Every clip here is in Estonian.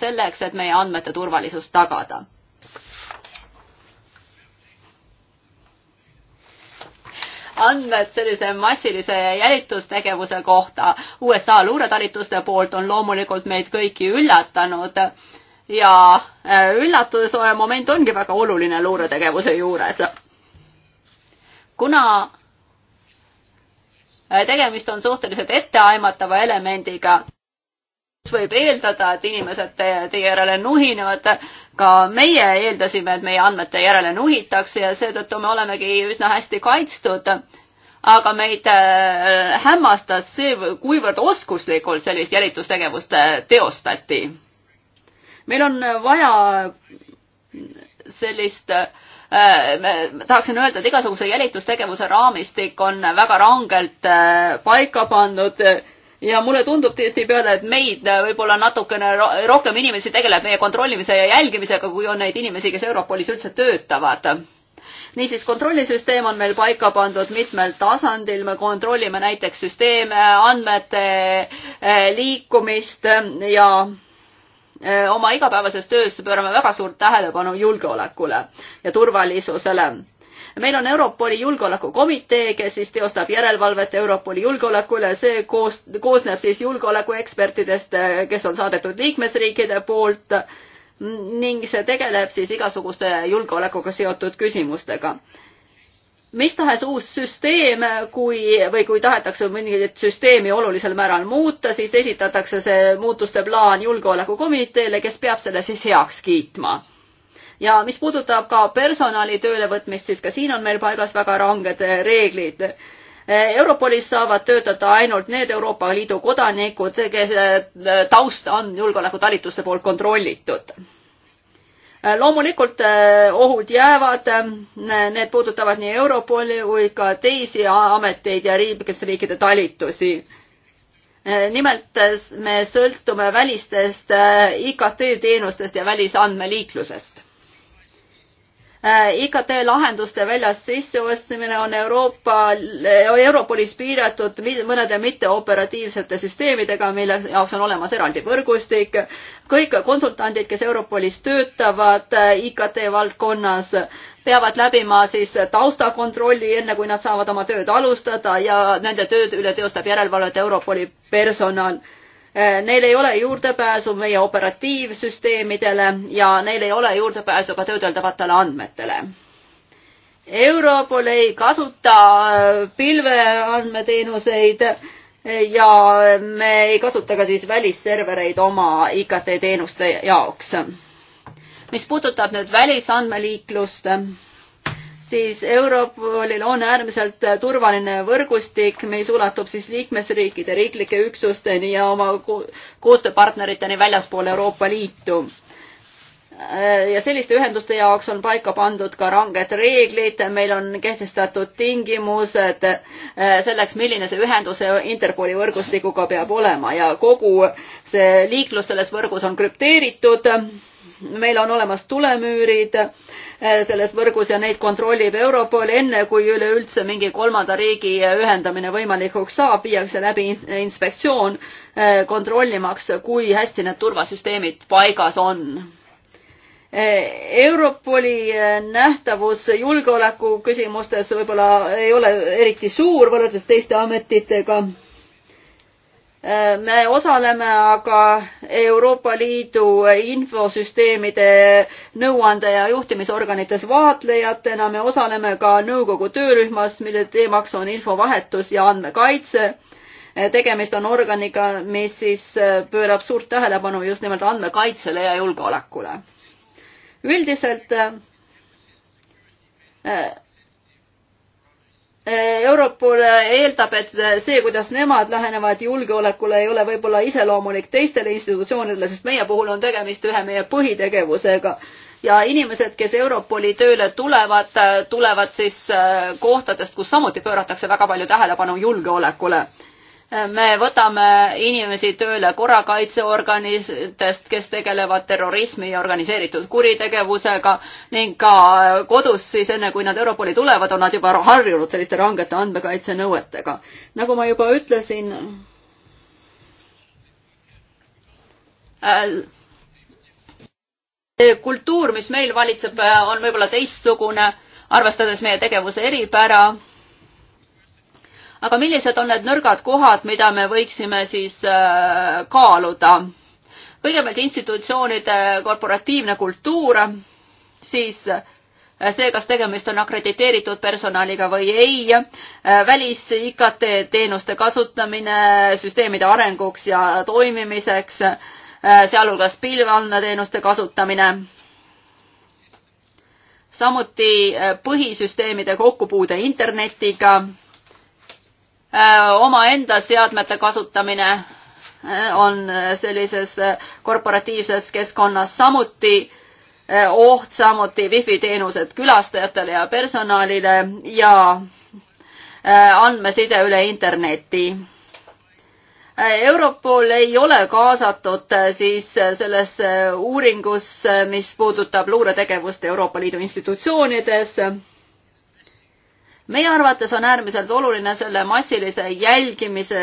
selleks, et meie andmete turvalisust tagada. andmed sellise massilise jälitustegevuse kohta USA luuretalituste poolt on loomulikult meid kõiki üllatanud ja äh, üllatuse moment ongi väga oluline luuretegevuse juures. kuna äh, tegemist on suhteliselt etteaimatava elemendiga, võib eeldada, et inimesed teie, teie järele nuhinevad. ka meie eeldasime, et meie andmete järele nuhitakse ja seetõttu me olemegi üsna hästi kaitstud. aga meid äh, hämmastas see, kuivõrd oskuslikult sellist jälitustegevust äh, teostati. meil on vaja sellist äh, ma tahaksin öelda, et igasuguse jälitustegevuse raamistik on väga rangelt paika pandud ja mulle tundub tihtipeale, et meid äh, võib-olla natukene rohkem inimesi tegeleb meie kontrollimise ja jälgimisega, kui on neid inimesi, kes Europolis üldse töötavad. niisiis, kontrollisüsteem on meil paika pandud mitmel tasandil, me kontrollime näiteks süsteeme, andmete äh, liikumist ja äh, oma igapäevases töös pöörame väga suurt tähelepanu julgeolekule ja turvalisusele meil on Europoli Julgeolekukomitee, kes siis teostab järelevalvet Europoli julgeoleku üle, see koos, koosneb siis julgeolekuekspertidest, kes on saadetud liikmesriikide poolt ning see tegeleb siis igasuguste julgeolekuga seotud küsimustega mis tahes uus süsteem, kui, või kui tahetakse mingit süsteemi olulisel määral muuta, siis esitatakse see muutuste plaan julgeolekukomiteele, kes peab selle siis heaks kiitma ja mis puudutab ka personali töölevõtmist, siis ka siin on meil paigas väga ranged eh, reeglid. Eh, Europolis saavad töötada ainult need Euroopa Liidu kodanikud, kes eh, taust on julgeolekutalituste poolt kontrollitud loomulikult ohud jäävad, need puudutavad nii Europoli kui ka teisi ameteid ja liikmesriikide talitusi. nimelt me sõltume välistest IKT teenustest ja välisandmeliiklusest Äh, IKT lahenduste väljas sisseostmine on Euroopa, äh, Europolis piiratud mõnede mitteoperatiivsete süsteemidega, mille jaoks on olemas eraldi võrgustik. kõik konsultandid, kes Europolis töötavad äh, IKT valdkonnas, peavad läbima siis taustakontrolli, enne kui nad saavad oma tööd alustada ja nende tööd üle teostab järelevalvet Europoli personal Eh, neil ei ole juurdepääsu meie operatiivsüsteemidele ja neil ei ole juurdepääsu ka töödeldavatele andmetele. Europol ei kasuta eh, pilveandmeteenuseid ja me ei kasuta ka siis välisservereid oma IKT teenuste jaoks. mis puudutab nüüd välisandmeliiklust, siis Europolil on äärmiselt turvaline võrgustik, mis ulatub siis liikmesriikide riiklike üksusteni ja oma koostööpartneriteni väljaspool Euroopa Liitu. ja selliste ühenduste jaoks on paika pandud ka ranged reeglid, meil on kehtestatud tingimused eh, selleks, milline see ühendus Interpoli võrgustikuga peab olema ja kogu see liiklus selles võrgus on krüpteeritud, meil on olemas tulemüürid Äh, selles võrgus ja neid kontrollib Europol, enne kui üleüldse mingi kolmanda riigi ühendamine võimalikuks saab, viiakse läbi inspektsioon äh, kontrollimaks, kui hästi need turvasüsteemid paigas on äh, Europoli nähtavus julgeoleku küsimustes võib-olla ei ole eriti suur võrreldes teiste ametitega me osaleme aga Euroopa Liidu infosüsteemide nõuande ja juhtimisorganites vaatlejatena, me osaleme ka nõukogu töörühmas, mille teemaks on infovahetus ja andmekaitse. tegemist on organiga, mis siis pöörab suurt tähelepanu just nimelt andmekaitsele ja julgeolekule. üldiselt Äh, Europol eeldab, et see, kuidas nemad lähenevad julgeolekule, ei ole võib-olla iseloomulik teistele institutsioonidele, sest meie puhul on tegemist ühe meie põhitegevusega. ja inimesed, kes Europoli tööle tulevad, tulevad siis äh, kohtadest, kus samuti pööratakse väga palju tähelepanu julgeolekule me võtame inimesi tööle korrakaitseorganitest, kes tegelevad terrorismi ja organiseeritud kuritegevusega ning ka kodus siis enne, kui nad Europoli tulevad, on nad juba harjunud selliste rangete andmekaitsenõuetega. nagu ma juba ütlesin äh,, kultuur, mis meil valitseb, on võib-olla teistsugune, arvestades meie tegevuse eripära aga millised on need nõrgad kohad, mida me võiksime siis äh, kaaluda? kõigepealt institutsioonide korporatiivne kultuur, siis äh, see, kas tegemist on akrediteeritud personaliga või ei, äh, välis IKT teenuste kasutamine süsteemide arenguks ja toimimiseks, sealhulgas pilveandmeteenuste kasutamine samuti põhisüsteemide kokkupuude internetiga Äh, omaenda seadmete kasutamine äh, on äh, sellises korporatiivses keskkonnas samuti oht, samuti wifi teenused külastajatele ja personalile ja andmeside üle interneti. Europol ei ole kaasatud siis sellesse uuringusse, mis puudutab luuretegevust Euroopa Liidu institutsioonides meie arvates on äärmiselt oluline selle massilise jälgimise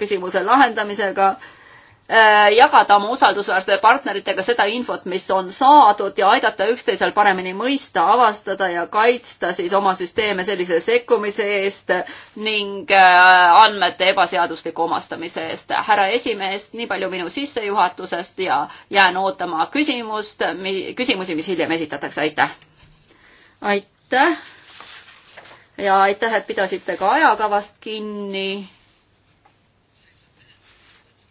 küsimuse lahendamisega äh, jagada oma usaldusväärsete partneritega seda infot, mis on saadud ja aidata üksteisel paremini mõista, avastada ja kaitsta siis oma süsteeme sellise sekkumise eest ning äh, andmete ebaseadusliku omastamise eest. härra esimees, nii palju minu sissejuhatusest ja jään ootama küsimust, küsimusi, mis hiljem esitatakse, aitäh! aitäh! ja aitäh, et pidasite ka ajakavast kinni.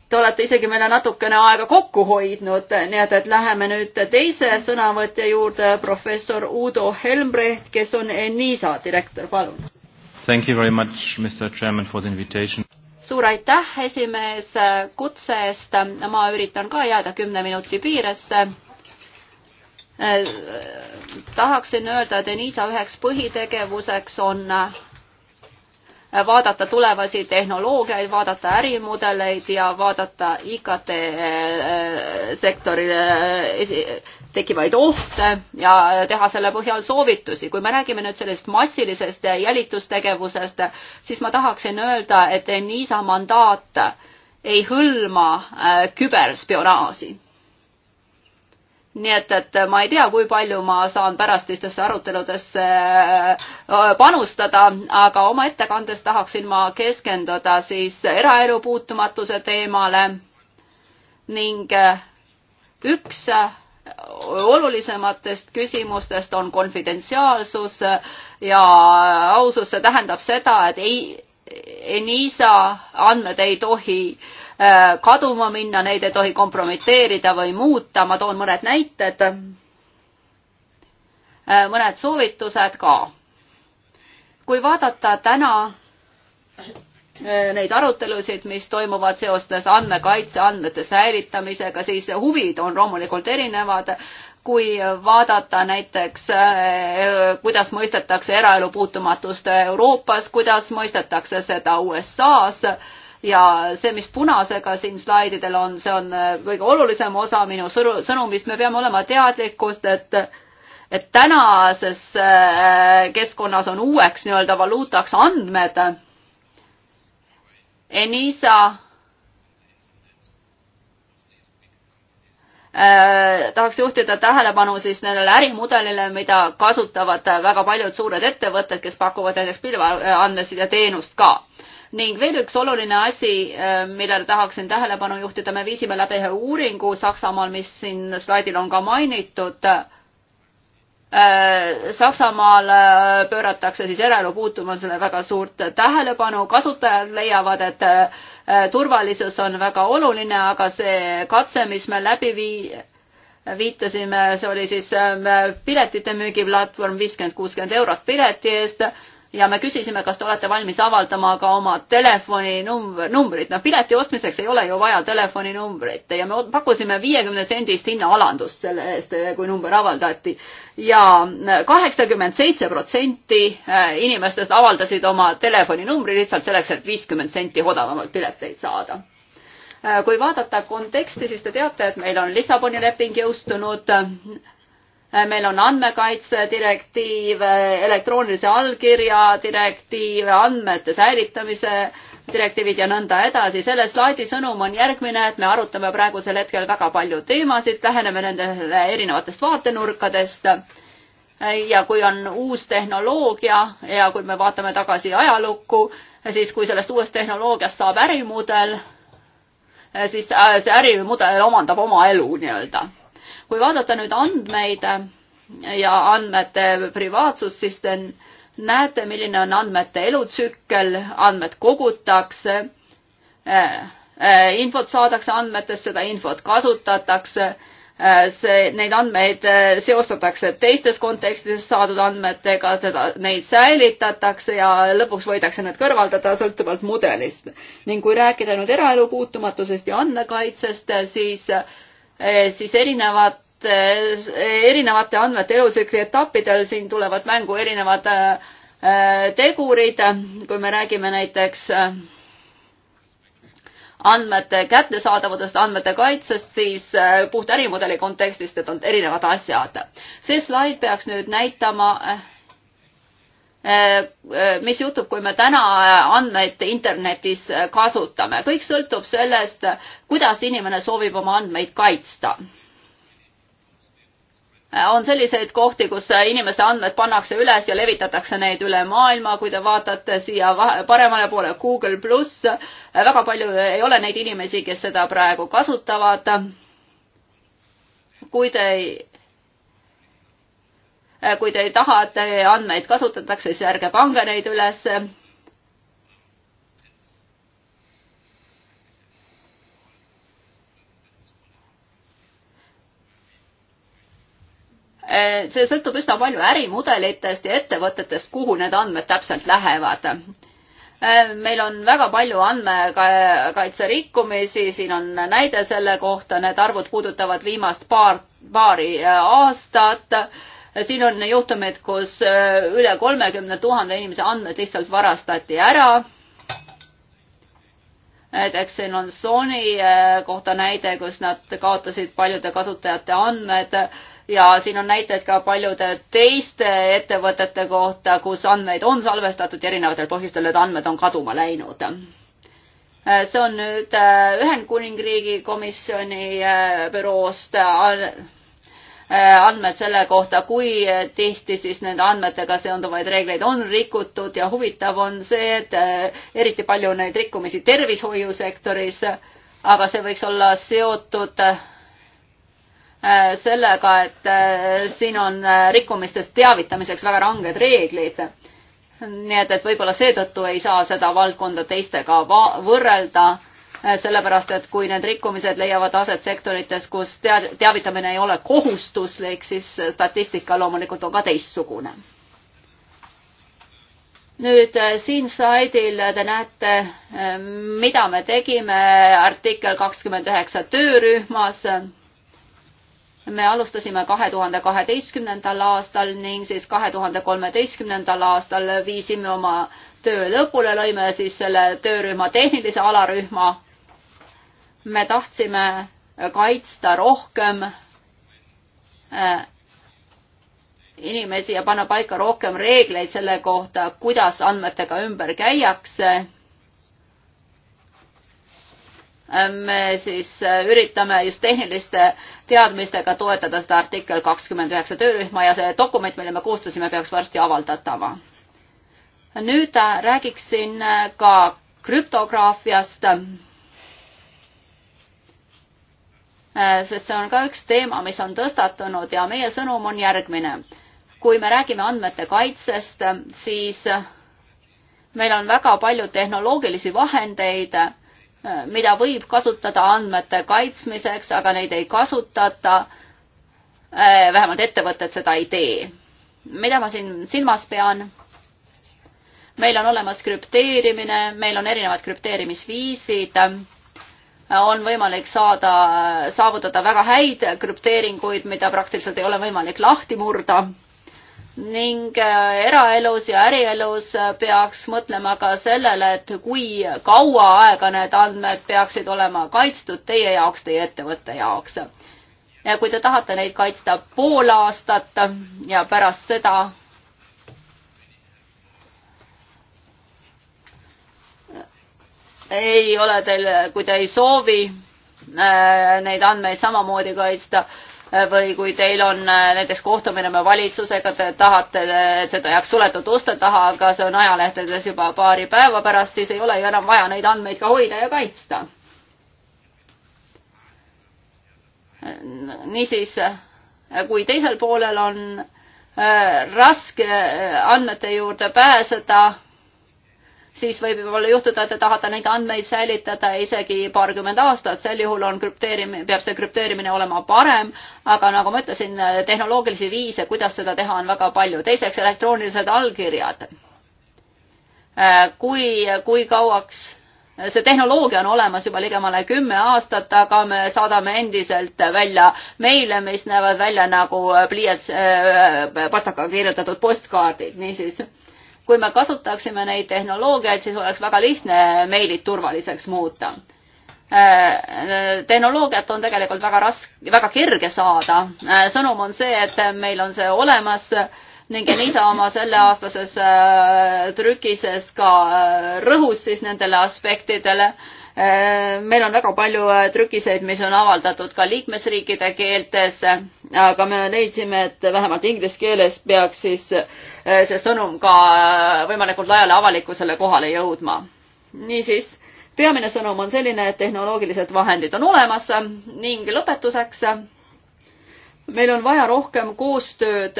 Te olete isegi meile natukene aega kokku hoidnud, nii et, et läheme nüüd teise sõnavõtja juurde, professor Udo Helmbrecht, kes on ENISA direktor, palun. Thank you very much, Mr Chairman, for the invitation suur aitäh, esimees, kutse eest. ma üritan ka jääda kümne minuti piiresse Äh, tahaksin öelda, et Enisa üheks põhitegevuseks on äh, vaadata tulevasi tehnoloogiaid, vaadata ärimudeleid ja vaadata IKT äh, sektorile tekivaid ohte ja teha selle põhjal soovitusi. kui me räägime nüüd sellest massilisest jälitustegevusest, siis ma tahaksin öelda, et Enisa mandaat ei hõlma küberspionaaži nii et, et ma ei tea, kui palju ma saan pärastistesse aruteludesse panustada, aga oma ettekandes tahaksin ma keskenduda siis eraelu puutumatuse teemale ning üks olulisematest küsimustest on konfidentsiaalsus ja ausus, see tähendab seda, et ei, ENISA andmed ei tohi äh, Äh, kaduma minna, neid ei tohi kompromiteerida või muuta, ma toon mõned näited, äh, mõned soovitused ka. kui vaadata täna äh, neid arutelusid, mis toimuvad seostes andmekaitse, andmete säilitamisega, siis huvid on loomulikult erinevad. kui vaadata näiteks, kuidas mõistetakse eraelu puutumatust Euroopas, kuidas mõistetakse seda USA-s, ja see, mis punasega siin slaididel on, see on äh, kõige olulisem osa minu sõnumist, me peame olema teadlikud, et et tänases äh, keskkonnas on uueks nii-öelda valuutaks andmed. Enisa äh, tahaks juhtida tähelepanu siis nendele ärimudelile, mida kasutavad väga paljud suured ettevõtted, kes pakuvad näiteks pilveandmesidet teenust ka ning veel üks oluline asi, äh, millele tahaksin tähelepanu juhtida, me viisime läbi ühe uuringu Saksamaal, mis siin slaidil on ka mainitud. Äh, Saksamaal äh, pööratakse siis eraelu puutumusele väga suurt tähelepanu, kasutajad leiavad, et turvalisus on väga oluline, aga see katse, mis me läbi vii-, viitasime, see oli siis piletite müügiplatvorm, viiskümmend, kuuskümmend eurot pileti eest ja me küsisime, kas te olete valmis avaldama ka oma telefoninumbrit, noh pileti ostmiseks ei ole ju vaja telefoninumbrit ja me pakkusime viiekümne sendist hinnaalandust selle eest, kui number avaldati. ja kaheksakümmend seitse protsenti äh, inimestest avaldasid oma telefoninumbri lihtsalt selleks, et viiskümmend senti odavamalt pileteid saada. Äh, kui vaadata konteksti, siis te teate, et meil on Lissaboni leping jõustunud Äh, meil on andmekaitse direktiiv, äh, elektroonilise allkirja direktiiv, andmete säilitamise direktiivid ja nõnda edasi. selle slaidi sõnum on järgmine, et me arutame praegusel hetkel väga palju teemasid, läheneme nendele erinevatest vaatenurkadest. Äh, ja kui on uus tehnoloogia ja kui me vaatame tagasi ajalukku, siis kui sellest uuest tehnoloogiast saab ärimudel, siis see ärimudel omandab oma elu nii-öelda kui vaadata nüüd andmeid ja andmete privaatsust, siis te näete, milline on andmete elutsükkel, andmed kogutakse, infot saadakse andmetest, seda infot kasutatakse, see, neid andmeid seostatakse teistes kontekstides saadud andmetega, teda, neid säilitatakse ja lõpuks võidakse need kõrvaldada sõltuvalt mudelist. ning kui rääkida nüüd eraelu puutumatusest ja andmekaitsest, siis äh, Eh, siis erinevad eh, erinevate andmete elusükli etappidel, siin tulevad mängu erinevad eh, tegurid, kui me räägime näiteks andmete kättesaadavusest, andmete kaitsest, siis puht ärimudeli kontekstis need on erinevad asjad. see slaid peaks nüüd näitama, Äh, äh, mis juhtub, kui me täna andmeid internetis äh, kasutame. kõik sõltub sellest, kuidas inimene soovib oma andmeid kaitsta. on selliseid kohti, kus inimese andmed pannakse üles ja levitatakse neid üle maailma, kui te vaatate siia paremale poole Google pluss, väga palju ei ole neid inimesi, kes seda praegu kasutavad. kui te ei Äh, kui te ei taha, et teie andmeid kasutatakse, siis ärge pange neid üles. Äh, see sõltub üsna palju ärimudelitest ja ettevõtetest, kuhu need andmed täpselt lähevad äh, meil on väga palju andmekaitserikkumisi, siin on näide selle kohta, need arvud puudutavad viimast paar, paari aastat siin on juhtumeid, kus äh, üle kolmekümne tuhande inimese andmed lihtsalt varastati ära. näiteks siin on Sony äh, kohta näide, kus nad kaotasid paljude kasutajate andmed ja siin on näiteid ka paljude teiste ettevõtete kohta, kus andmeid on salvestatud ja erinevatel põhjustel need andmed on kaduma läinud äh, see on nüüd Ühendkuningriigi komisjoni büroost Äh, andmed selle kohta, kui tihti siis nende andmetega seonduvaid reegleid on rikutud ja huvitav on see, et äh, eriti palju on neid rikkumisi tervishoiusektoris, aga see võiks olla seotud äh, sellega, et siin on rikkumistest teavitamiseks väga ranged reeglid. nii et, et võib-olla seetõttu ei saa seda valdkonda teistega võrrelda Äh, sellepärast et kui need rikkumised leiavad aset sektorites, kus tead-, teavitamine ei ole kohustuslik, siis statistika loomulikult on ka teistsugune. nüüd äh, siin slaidil te näete, äh, mida me tegime artikkel kakskümmend üheksa töörühmas me alustasime kahe tuhande kaheteistkümnendal aastal ning siis kahe tuhande kolmeteistkümnendal aastal viisime oma töö lõpule, lõime siis selle töörühma tehnilise alarühma me tahtsime kaitsta rohkem äh, inimesi ja panna paika rohkem reegleid selle kohta, kuidas andmetega ümber käiakse. Äh, me siis äh, üritame just tehniliste teadmistega toetada seda artikkel kakskümmend üheksa töörühma ja see dokument, mille me koostasime, peaks varsti avaldatama. nüüd räägiksin ka krüptograafiast Äh, sest see on ka üks teema, mis on tõstatunud ja meie sõnum on järgmine. kui me räägime andmete kaitsest, siis äh, meil on väga palju tehnoloogilisi vahendeid, äh, mida võib kasutada andmete kaitsmiseks, aga neid ei kasutata. vähemalt ettevõtted seda ei tee. mida ma siin silmas pean? meil on olemas krüpteerimine, meil on erinevad krüpteerimisviisid on võimalik saada, saavutada väga häid krüpteeringuid, mida praktiliselt ei ole võimalik lahti murda. ning äh, eraelus ja ärielus peaks mõtlema ka sellele, et kui kaua aega need andmed peaksid olema kaitstud teie jaoks, teie ettevõtte jaoks. ja kui te tahate neid kaitsta pool aastat ja pärast seda ei ole teil, kui te ei soovi äh, neid andmeid samamoodi kaitsta äh, või kui teil on äh, näiteks kohtumine oma valitsusega, te tahate, et seda jääks suletud uste taha, aga see on ajalehtedes juba paari päeva pärast, siis ei ole ju enam vaja neid andmeid ka hoida ja kaitsta. niisiis, kui teisel poolel on raske andmete juurde pääseda siis võib võib-olla juhtuda, et te tahate neid andmeid säilitada isegi paarkümmend aastat, sel juhul on krüpteerimine, peab see krüpteerimine olema parem, aga nagu ma ütlesin, tehnoloogilisi viise, kuidas seda teha, on väga palju. teiseks, elektroonilised allkirjad. kui, kui kauaks see tehnoloogia on olemas juba ligemale kümme aastat, aga me saadame endiselt välja meile, mis näevad välja nagu pliiats äh,, pastakaga kirjutatud postkaardid, niisiis äh, kui me kasutaksime neid tehnoloogiaid, siis oleks väga lihtne meilid turvaliseks muuta. Äh, tehnoloogiat on tegelikult väga raske, väga kerge saada. Äh, sõnum on see, et meil on see olemas ning Enisa oma selleaastases äh, trükises ka rõhus siis nendele aspektidele Äh, meil on väga palju äh, trükiseid, mis on avaldatud ka liikmesriikide keeltes, aga me leidsime, et vähemalt inglise keeles peaks siis äh, see sõnum ka võimalikult laiale avalikkusele kohale jõudma. niisiis, peamine sõnum on selline, et tehnoloogilised vahendid on olemas ning lõpetuseks meil on vaja rohkem koostööd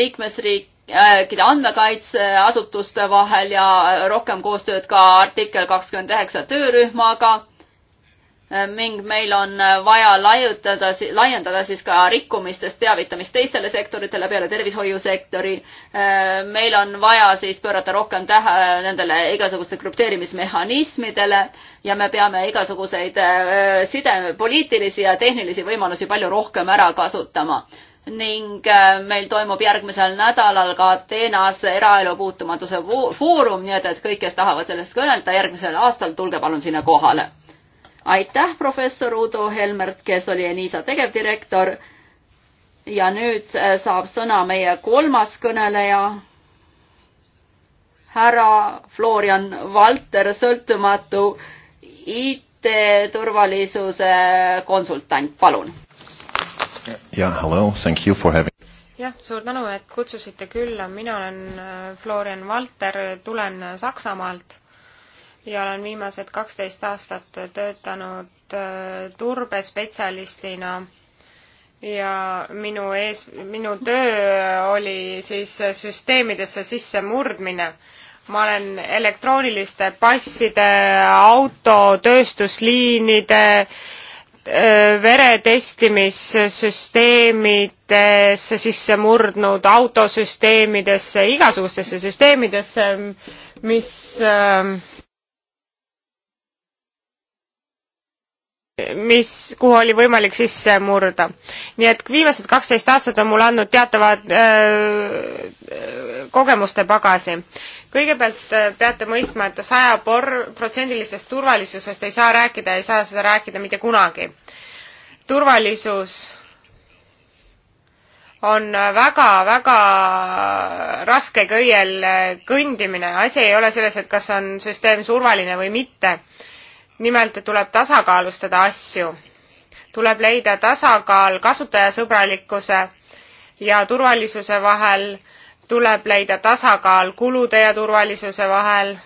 liikmesriik, Äh, andmekaitseasutuste vahel ja rohkem koostööd ka artikkel kakskümmend üheksa töörühmaga äh, ning meil on vaja laiutada, laiendada siis ka rikkumistest teavitamist teistele sektoritele peale tervishoiusektori. Äh, meil on vaja siis pöörata rohkem tähe nendele igasuguste krüpteerimismehhanismidele ja me peame igasuguseid side, poliitilisi ja tehnilisi võimalusi palju rohkem ära kasutama ning äh, meil toimub järgmisel nädalal ka Ateenas eraelu puutumatuse foorum, nii et, et kõik, kes tahavad sellest kõnelda järgmisel aastal, tulge palun sinna kohale. aitäh, professor Udo Helmert, kes oli Enisa tegevdirektor. ja nüüd äh, saab sõna meie kolmas kõneleja, härra Florian Valter, sõltumatu IT-turvalisuse konsultant, palun jah, hello, thank you for having jah, suur tänu, et kutsusite külla, mina olen äh, Florian Valter, tulen Saksamaalt ja olen viimased kaksteist aastat töötanud äh, turbespetsialistina ja minu ees, minu töö oli siis süsteemidesse sisse murdmine. ma olen elektrooniliste passide, auto, tööstusliinide äh, veretestimissüsteemidesse sisse murdnud, autosüsteemidesse, igasugustesse süsteemidesse, mis mis, kuhu oli võimalik sisse murda. nii et viimased kaksteist aastat on mulle andnud teatavad öö, äh, kogemuste pagasi. kõigepealt äh, peate mõistma et, et saja protsendilisest turvalisusest ei saa rääkida, ei saa seda rääkida mitte kunagi. turvalisus on väga-väga raske köiel kõndimine. asi ei ole selles, et kas on süsteem turvaline või mitte nimelt tuleb tasakaalustada asju, tuleb leida tasakaal kasutajasõbralikkuse ja turvalisuse vahel, tuleb leida tasakaal kulude ja turvalisuse vahel.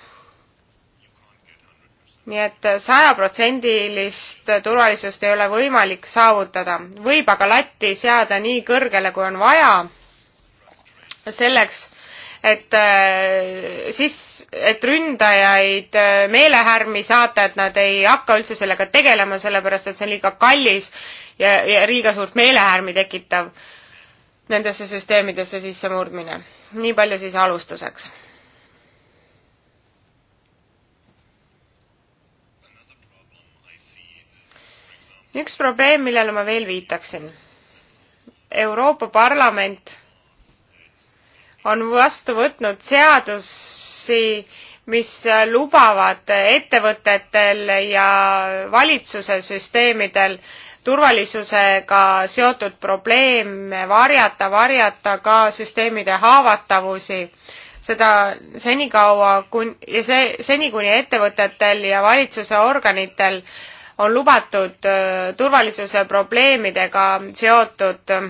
nii et sajaprotsendilist turvalisust ei ole võimalik saavutada, võib aga latti seada nii kõrgele, kui on vaja, selleks et äh, siis, et ründajaid äh, meelehärmi saata, et nad ei hakka üldse sellega tegelema, sellepärast et see on liiga kallis ja, ja liiga suurt meelehärmi tekitav nendesse süsteemidesse sissemurdmine. nii palju siis alustuseks. üks probleem, millele ma veel viitaksin. Euroopa Parlament on vastu võtnud seadusi, mis lubavad ettevõtetel ja valitsuse süsteemidel turvalisusega seotud probleeme varjata, varjata ka süsteemide haavatavusi. seda senikaua, kun- ja see seni, kuni ettevõtetel ja valitsuse organitel on lubatud äh, turvalisuse probleemidega seotud äh,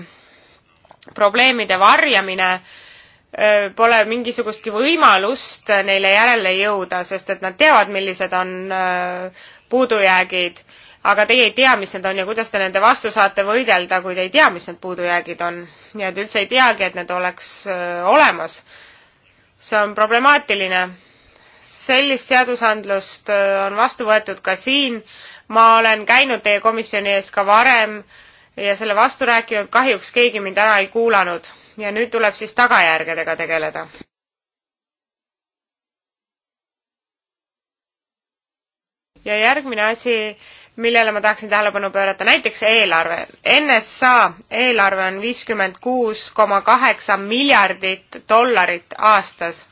probleemide varjamine pole mingisugustki võimalust neile järele jõuda, sest et nad teavad, millised on puudujäägid, aga teie ei tea, mis need on ja kuidas te nende vastu saate võidelda, kui te ei tea, mis need puudujäägid on. ja te üldse ei teagi, et need oleks olemas. see on problemaatiline. sellist seadusandlust on vastu võetud ka siin, ma olen käinud teie komisjoni ees ka varem ja selle vastu rääkinud, kahjuks keegi mind ära ei kuulanud ja nüüd tuleb siis tagajärgedega tegeleda. ja järgmine asi, millele ma tahaksin tähelepanu pöörata, näiteks eelarve. NSA eelarve on viiskümmend kuus koma kaheksa miljardit dollarit aastas.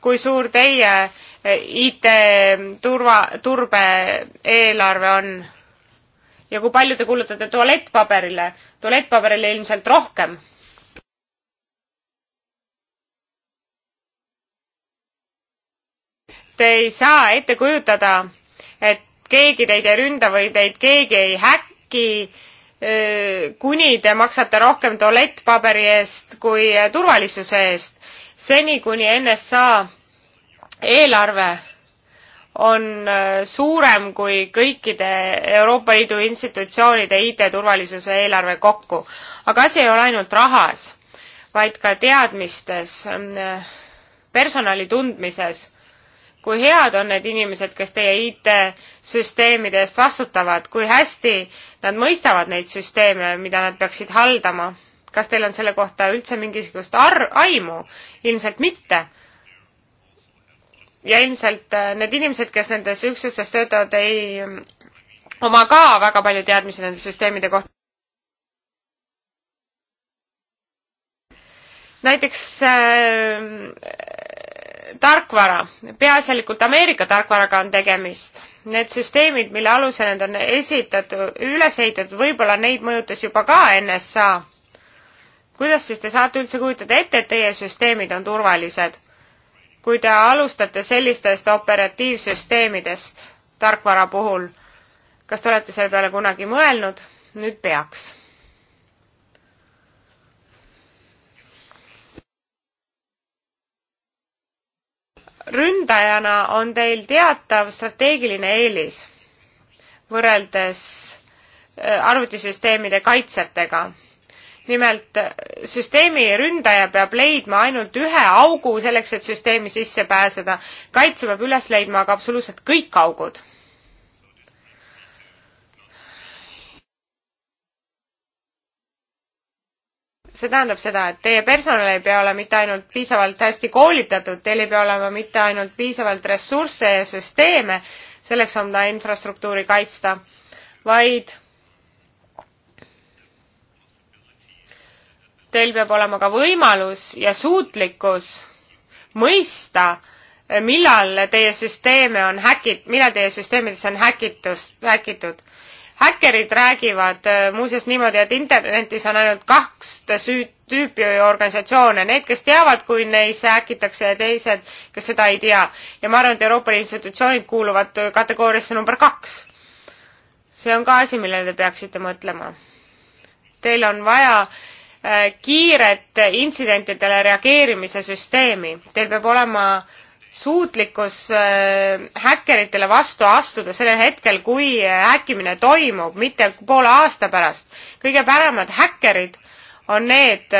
kui suur teie eh, IT-turva, turbe eelarve on? ja kui palju te kulutate tualettpaberile? tualettpaberile ilmselt rohkem Te ei saa ette kujutada, et keegi teid ei ründa või teid keegi ei häkki, kuni te maksate rohkem tualettpaberi eest kui turvalisuse eest. seni, kuni NSA eelarve on suurem kui kõikide Euroopa Liidu institutsioonide IT-turvalisuse eelarve kokku. aga asi ei ole ainult rahas, vaid ka teadmistes, personali tundmises kui head on need inimesed, kes teie IT-süsteemide eest vastutavad, kui hästi nad mõistavad neid süsteeme, mida nad peaksid haldama? kas teil on selle kohta üldse mingisugust ar-, aimu? ilmselt mitte. ja ilmselt äh, need inimesed, kes nendes üksustes töötavad, ei mm, oma ka väga palju teadmisi nende süsteemide kohta. näiteks äh, tarkvara, peaasjalikult Ameerika tarkvaraga on tegemist. Need süsteemid, mille alusel need on esitatud, üles ehitatud, võib-olla neid mõjutas juba ka NSA. kuidas siis te saate üldse kujutada ette, et teie süsteemid on turvalised, kui te alustate sellistest operatiivsüsteemidest tarkvara puhul? kas te olete selle peale kunagi mõelnud? nüüd peaks ründajana on teil teatav strateegiline eelis võrreldes äh, arvutisüsteemide kaitsjatega. nimelt süsteemi ründaja peab leidma ainult ühe augu selleks, et süsteemi sisse pääseda. kaitsja peab üles leidma aga absoluutselt kõik augud see tähendab seda, et teie personal ei pea olema mitte ainult piisavalt hästi koolitatud, teil ei pea olema mitte ainult piisavalt ressursse ja süsteeme selleks oma infrastruktuuri kaitsta, vaid teil peab olema ka võimalus ja suutlikkus mõista, millal teie süsteeme on häkit-, millal teie süsteemidesse on häkitust, häkitud häkkerid räägivad äh, muuseas niimoodi, et internetis on ainult kaks tüüpi organisatsioone, need, kes teavad, kui neisse häkitakse ja teised, kes seda ei tea. ja ma arvan, et Euroopa Liidu institutsioonid kuuluvad kategooriasse number kaks. see on ka asi, millele te peaksite mõtlema. Teil on vaja äh, kiiret intsidentidele reageerimise süsteemi, teil peab olema äh, suutlikkus äh, häkkeritele vastu astuda sellel hetkel, kui häkkimine toimub, mitte poole aasta pärast. kõige paremad häkkerid on need,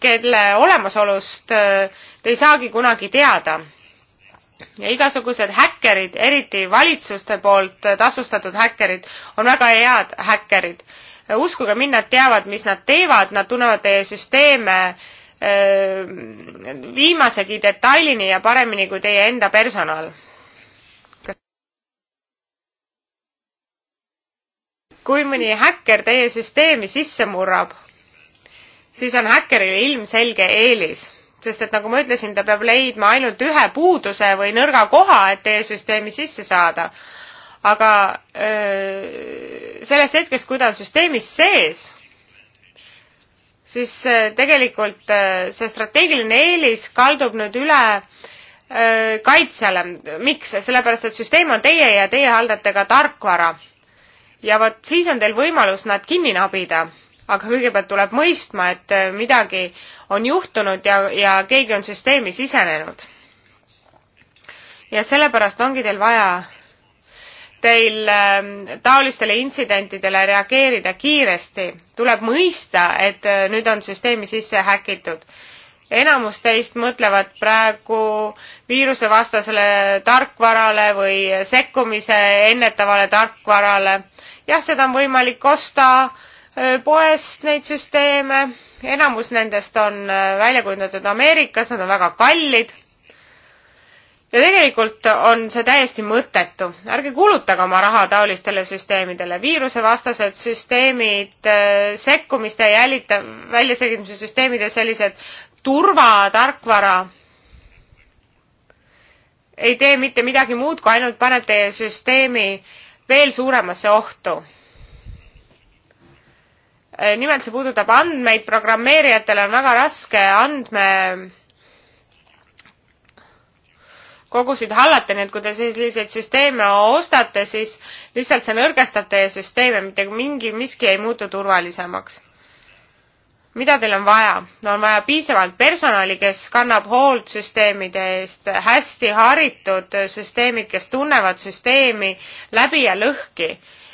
kelle olemasolust äh, te ei saagi kunagi teada. ja igasugused häkkerid, eriti valitsuste poolt tasustatud häkkerid, on väga head häkkerid. uskuge mind, nad teavad, mis nad teevad, nad tunnevad teie süsteeme äh, viimasegi detailini ja paremini kui teie enda personal. kui mõni häkker teie süsteemi sisse murrab, siis on häkkeril ilmselge eelis, sest et nagu ma ütlesin, ta peab leidma ainult ühe puuduse või nõrga koha, et teie süsteemi sisse saada. aga öö, sellest hetkest, kui ta on süsteemis sees siis äh, tegelikult äh, see strateegiline eelis kaldub nüüd üle äh, kaitsjale. miks? sellepärast, et süsteem on teie ja teie haldate ka tarkvara. ja vot siis on teil võimalus nad kinni nabida. aga kõigepealt tuleb mõistma, et midagi on juhtunud ja, ja keegi on süsteemi sisenenud. ja sellepärast ongi teil vaja teil ähm, taolistele intsidentidele reageerida kiiresti. tuleb mõista, et äh, nüüd on süsteemi sisse häkitud. enamus teist mõtlevad praegu viirusevastasele tarkvarale või sekkumise ennetavale tarkvarale. jah, seda on võimalik osta äh, poest neid süsteeme, enamus nendest on äh, välja kujundatud Ameerikas, nad on väga kallid ja tegelikult on see täiesti mõttetu. ärge kulutage oma raha taolistele süsteemidele. viirusevastased süsteemid, äh, sekkumiste jälita-, väljaselgitamise süsteemid ja sellised turvatarkvara ei tee mitte midagi muud, kui ainult paneb teie süsteemi veel suuremasse ohtu. Äh, nimelt see puudutab andmeid, programmeerijatele on väga raske andme kogusid hallata, nii et kui te selliseid süsteeme ostate, siis lihtsalt see nõrgestab teie süsteeme, mitte mingi miski ei muutu turvalisemaks. mida teil on vaja no? on vaja piisavalt personali, kes kannab hoolt süsteemide eest, hästi haritud süsteemid, kes tunnevad süsteemi läbi ja lõhki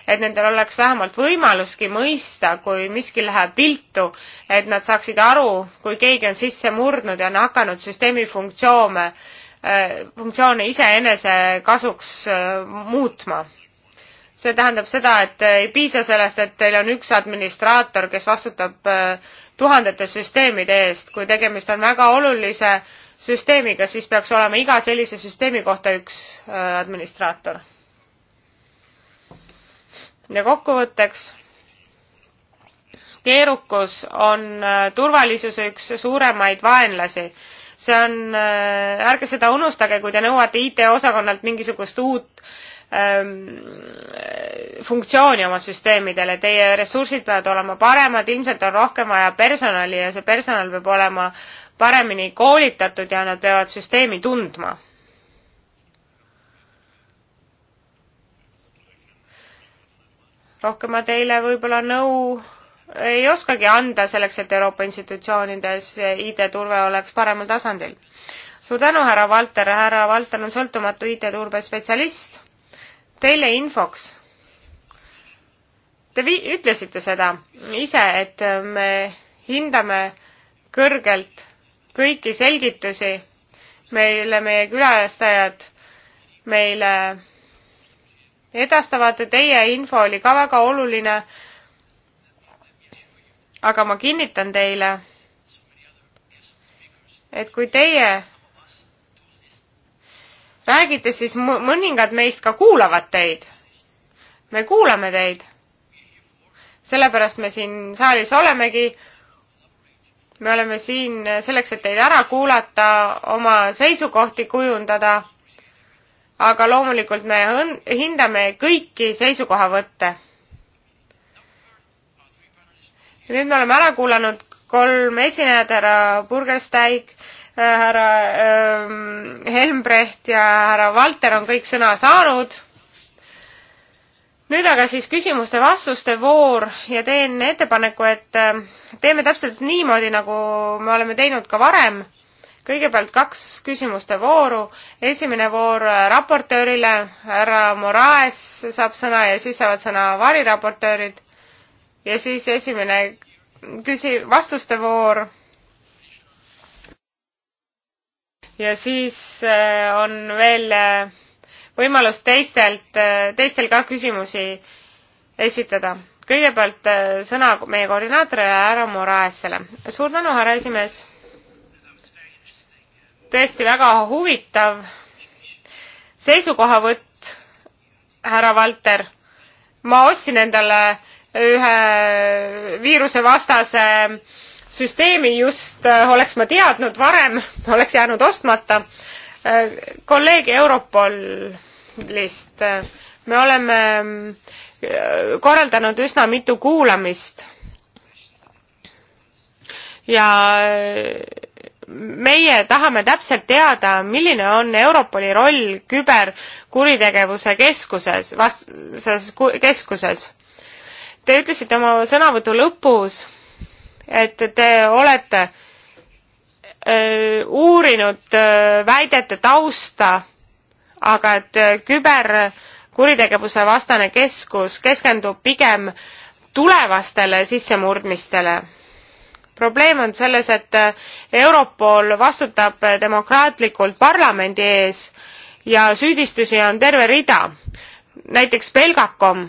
et nendel oleks vähemalt võimaluski mõista, kui miski läheb viltu, et nad saaksid aru, kui keegi on sisse murdnud ja on hakanud süsteemi funktsioone funktsioone iseenese kasuks äh, muutma see tähendab seda, et ei piisa sellest, et teil on üks administraator, kes vastutab äh, tuhandete süsteemide eest, kui tegemist on väga olulise süsteemiga, siis peaks olema iga sellise süsteemi kohta üks äh, administraator. ja kokkuvõtteks, keerukus on turvalisuse üks suuremaid vaenlasi see on, äh, ärge seda unustage, kui te nõuate IT-osakonnalt mingisugust uut ähm, funktsiooni oma süsteemidele, teie ressursid peavad olema paremad, ilmselt on rohkem vaja personali ja see personal peab olema paremini koolitatud ja nad peavad süsteemi tundma. rohkem ma teile võib-olla nõu ei oskagi anda selleks, et Euroopa institutsioonides IT-turve oleks paremal tasandil. suur tänu, härra Valter, härra Valter on sõltumatu IT-turbe spetsialist. Teile infoks. Te vi-, ütlesite seda ise, et me hindame kõrgelt kõiki selgitusi, meile meie külastajad meile edastavad, teie info oli ka väga oluline aga ma kinnitan teile, et kui teie räägite, siis mõningad meist ka kuulavad teid. me kuulame teid. sellepärast me siin saalis olemegi. me oleme siin selleks, et teid ära kuulata, oma seisukohti kujundada. aga loomulikult me hindame kõiki seisukohavõtte nüüd me oleme ära kuulanud kolm esinejat, härra Burgersteig, äh, härra ähm, Helmbrecht ja härra Valter on kõik sõna saanud. nüüd aga siis küsimuste-vastuste voor ja teen ettepaneku, et äh, teeme täpselt niimoodi, nagu me oleme teinud ka varem. kõigepealt kaks küsimuste vooru, esimene voor äh, raportöörile, härra Moraes saab sõna ja siis saavad sõna variraportöörid ja siis esimene küsi-, vastuste voor. ja siis äh, on veel äh, võimalus teistelt, äh, teistel ka küsimusi esitada. kõigepealt sõna meie koordinaatorile härra Moraesele. suur tänu, härra esimees. tõesti väga huvitav seisukohavõtt, härra Valter. ma ostsin endale äh, ühe viirusevastase süsteemi just äh, oleks ma teadnud varem, oleks jäänud ostmata. Äh, kolleeg Europolist, äh, me oleme korraldanud üsna mitu kuulamist. ja meie tahame täpselt teada, milline on Europoli roll küberkuritegevuse keskuses, vastases keskuses Te ütlesite oma sõnavõtu lõpus, et te olete öö, uurinud öö, väidete tausta, aga et küberkuritegevuse vastane keskus keskendub pigem tulevastele sissemurdmistele. probleem on selles, et Europol vastutab demokraatlikult parlamendi ees ja süüdistusi on terve rida. näiteks Belgacom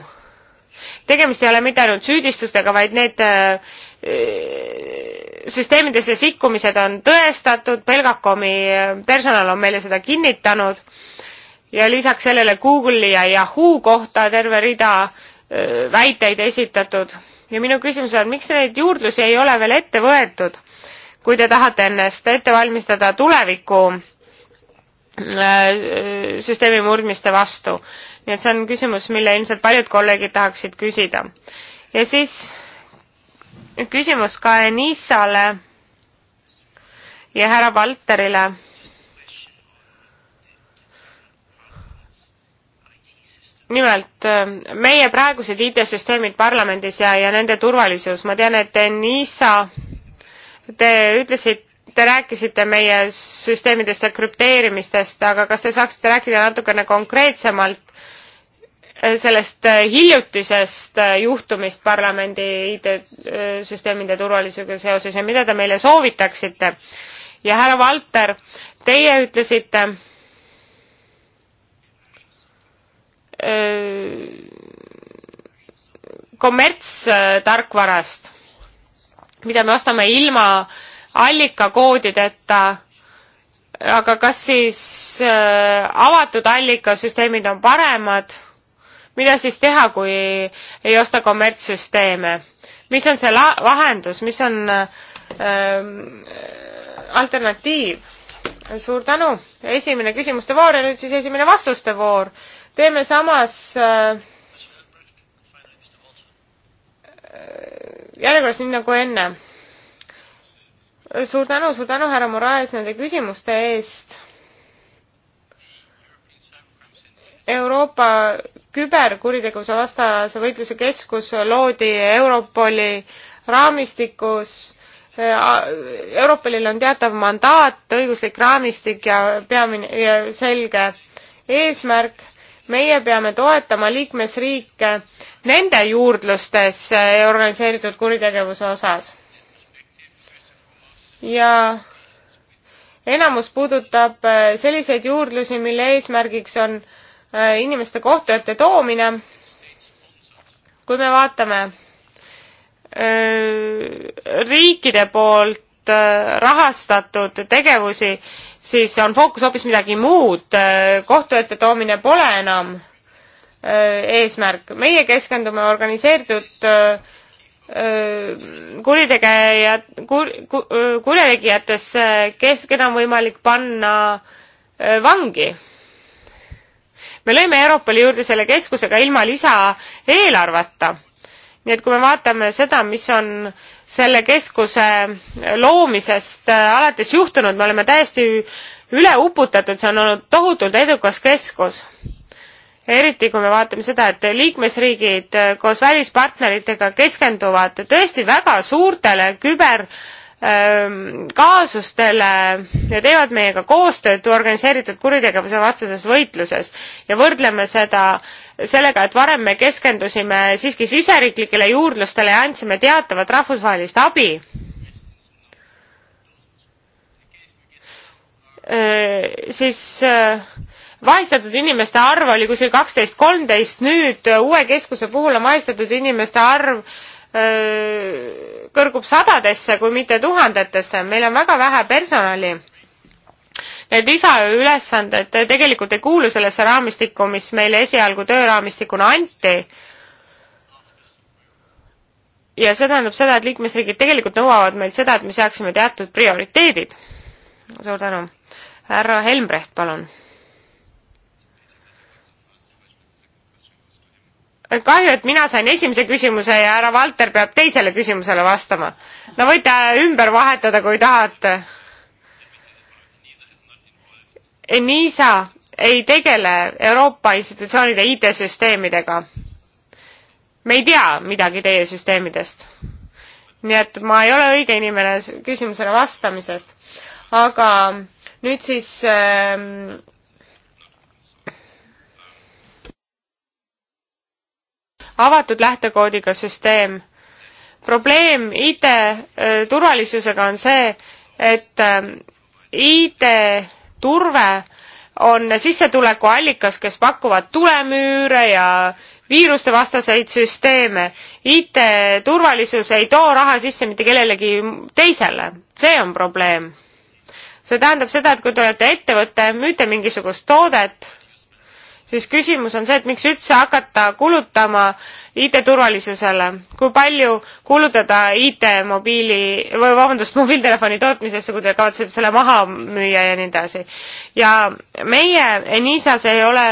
tegemist ei ole mitte ainult süüdistustega, vaid need äh, süsteemidesse sikkumised on tõestatud, Belgacomi äh, personal on meile seda kinnitanud ja lisaks sellele Google'i ja Yahoo kohta terve rida äh, väiteid esitatud. ja minu küsimus on, miks neid juurdlusi ei ole veel ette võetud, kui te tahate ennast ette valmistada tuleviku Äh, süsteemi murdmiste vastu. nii et see on küsimus, mille ilmselt paljud kolleegid tahaksid küsida. ja siis küsimus ka Enissale ja härra Valterile. nimelt äh, meie praegused IT-süsteemid parlamendis ja, ja nende turvalisus, ma tean, et Enissa Te ütlesite Te rääkisite meie süsteemidest ja krüpteerimistest, aga kas te saaksite rääkida natukene konkreetsemalt eh, sellest eh, hiljutisest eh, juhtumist parlamendi IT-süsteemide turvalisusega seoses ja mida te meile soovitaksite? ja härra Valter, teie ütlesite kommertstarkvarast, mida me ostame ilma äh, allikakoodideta, aga kas siis äh, avatud allikasüsteemid on paremad? mida siis teha, kui ei osta kommertssüsteeme? mis on see la-, lahendus, mis on ähm, alternatiiv? suur tänu, esimene küsimuste voor ja nüüd siis esimene vastuste voor. teeme samas äh, äh järjekorras nii nagu enne suur tänu, suur tänu, härra Moraes, nende küsimuste eest. Euroopa küberkuritegevuse vastase võitluse keskus loodi Europoli raamistikus. Europolil on teatav mandaat, õiguslik raamistik ja peamine ja selge eesmärk. meie peame toetama liikmesriike nende juurdlustes organiseeritud kuritegevuse osas ja enamus puudutab äh, selliseid juurdlusi, mille eesmärgiks on äh, inimeste kohtu ette toomine. kui me vaatame äh, riikide poolt rahastatud tegevusi, siis on fookus hoopis midagi muud. kohtu ette toomine pole enam eesmärk. meie keskendume organiseeritud kuritegijad, kur-, kurjategijatesse, kes, keda on võimalik panna vangi. me lõime Euroopale juurde selle keskusega ilma lisaeelarveta. nii et kui me vaatame seda, mis on selle keskuse loomisest alates juhtunud, me oleme täiesti üle uputatud, see on olnud tohutult edukas keskus eriti kui me vaatame seda, et liikmesriigid eh, koos välispartneritega keskenduvad tõesti väga suurtele küber ehm, kaasustele ja teevad meiega koostööd organiseeritud kuritegevuse vastases võitluses ja võrdleme seda sellega, et varem me keskendusime siiski siseriiklikele juurdlustele ja andsime teatavat rahvusvahelist abi. Eh, siis öö, eh, vahistatud inimeste arv oli kuskil kaksteist, kolmteist, nüüd äh, uue keskuse puhul on vahistatud inimeste arv öö, äh, kõrgub sadadesse, kui mitte tuhandetesse, meil on väga vähe personali. Need lisaülesanded äh, tegelikult ei kuulu sellesse raamistikku, mis meile esialgu tööraamistikuna anti. ja see tähendab seda, et liikmesriigid tegelikult nõuavad meilt seda, et me seaksime teatud prioriteedid. suur tänu. härra Helmbrecht, palun kahju, et mina sain esimese küsimuse ja härra Valter peab teisele küsimusele vastama. no võite ümber vahetada, kui tahate. Enisa ei tegele Euroopa institutsioonide IT-süsteemidega. me ei tea midagi teie süsteemidest. nii et ma ei ole õige inimene küsimusele vastamisest. aga nüüd siis äh, avatud lähtekoodiga süsteem. probleem IT äh, turvalisusega on see, et äh, IT turve on sissetulekuallikas, kes pakuvad tulemüüre ja viiruste vastaseid süsteeme. IT turvalisus ei too raha sisse mitte kellelegi teisele, see on probleem. see tähendab seda, et kui te olete ettevõte, müüte mingisugust toodet, siis küsimus on see, et miks üldse hakata kulutama IT-turvalisusele, kui palju kulutada IT-mobiili või vabandust, mobiiltelefoni tootmisesse, kui te kavatsete selle maha müüa ja nii edasi. ja meie Enisas ei ole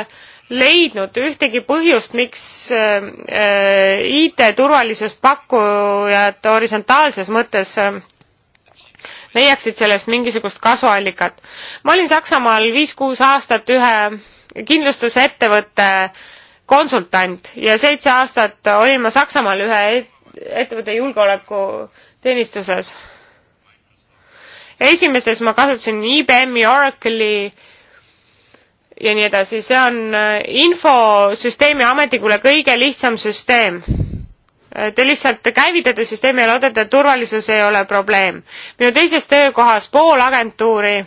leidnud ühtegi põhjust, miks äh, IT-turvalisust pakkujad horisontaalses mõttes äh, leiaksid sellest mingisugust kasuallikat. ma olin Saksamaal viis-kuus aastat ühe kindlustusettevõtte konsultant ja seitse aastat olin ma Saksamaal ühe ettevõtte julgeolekuteenistuses. esimeses ma kasutasin IBM-i, Oracle'i ja nii edasi, see on äh, infosüsteemi ametnikule kõige lihtsam süsteem. Äh, te lihtsalt käivitate süsteemi ja loodate, et turvalisus ei ole probleem. minu teises töökohas pool agentuuri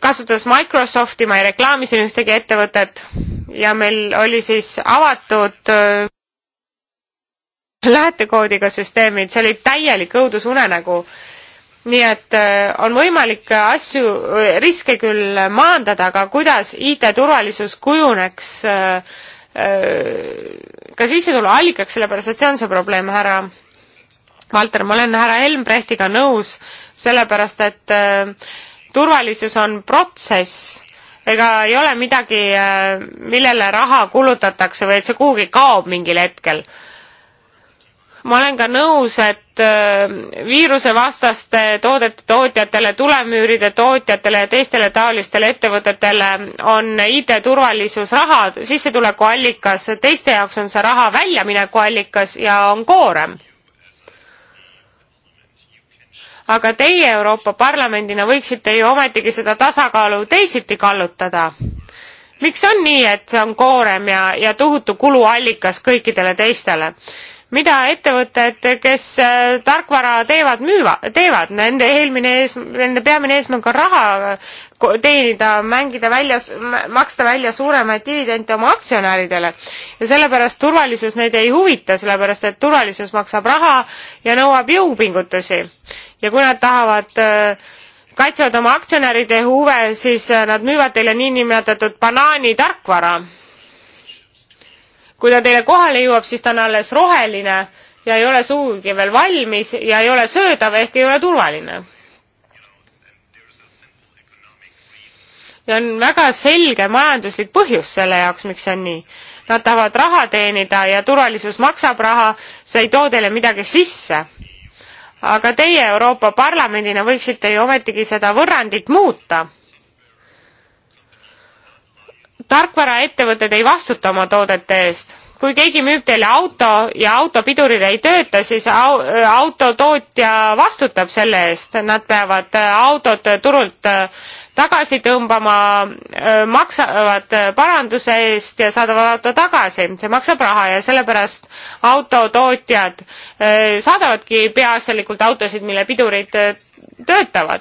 kasutades Microsofti, ma ei reklaami siin ühtegi ettevõtet ja meil oli siis avatud äh, lähetekoodiga süsteemid, see oli täielik õudusunenägu. nii et äh, on võimalik asju, äh, riske küll maandada, aga kuidas IT-turvalisus kujuneks ka sissetuluallikaks, sellepärast et see on see probleem, härra Valter, ma olen härra Helmbrechtiga nõus, sellepärast et äh, turvalisus on protsess, ega ei ole midagi, äh, millele raha kulutatakse või et see kuhugi kaob mingil hetkel ma olen ka nõus, et äh, viirusevastaste toodete tootjatele, tulemüüride tootjatele ja teistele taolistele ettevõtetele on IT-turvalisus raha sissetulekuallikas, teiste jaoks on see raha väljaminekuallikas ja on koorem aga teie Euroopa Parlamendina võiksite ju ometigi seda tasakaalu teisiti kallutada. miks on nii, et see on koorem ja, ja tohutu kuluallikas kõikidele teistele? mida ettevõtted, kes äh, tarkvara teevad, müüva-, teevad, nende eelmine ees-, nende peamine eesmärk on raha teenida, mängida välja, maksta välja suuremaid dividende oma aktsionäridele. ja sellepärast turvalisus neid ei huvita, sellepärast et turvalisus maksab raha ja nõuab jõupingutusi ja kui nad tahavad äh, kaitsevad oma aktsionäride huve, siis äh, nad müüvad teile niinimetatud banaanitarkvara. kui ta teile kohale jõuab, siis ta on alles roheline ja ei ole sugugi veel valmis ja ei ole söödav ehk ei ole turvaline. ja on väga selge majanduslik põhjus selle jaoks, miks see on nii. Nad tahavad raha teenida ja turvalisus maksab raha, see ei too teile midagi sisse aga teie Euroopa Parlamendina võiksite ju ometigi seda võrrandit muuta. tarkvaraettevõtted ei vastuta oma toodete eest kui keegi müüb teile auto ja autopidurid ei tööta, siis au, autotootja vastutab selle eest, nad peavad autod turult tagasi tõmbama, maksavad paranduse eest ja saadavad auto tagasi, see maksab raha ja sellepärast autotootjad saadavadki peaasjalikult autosid, mille pidurid töötavad.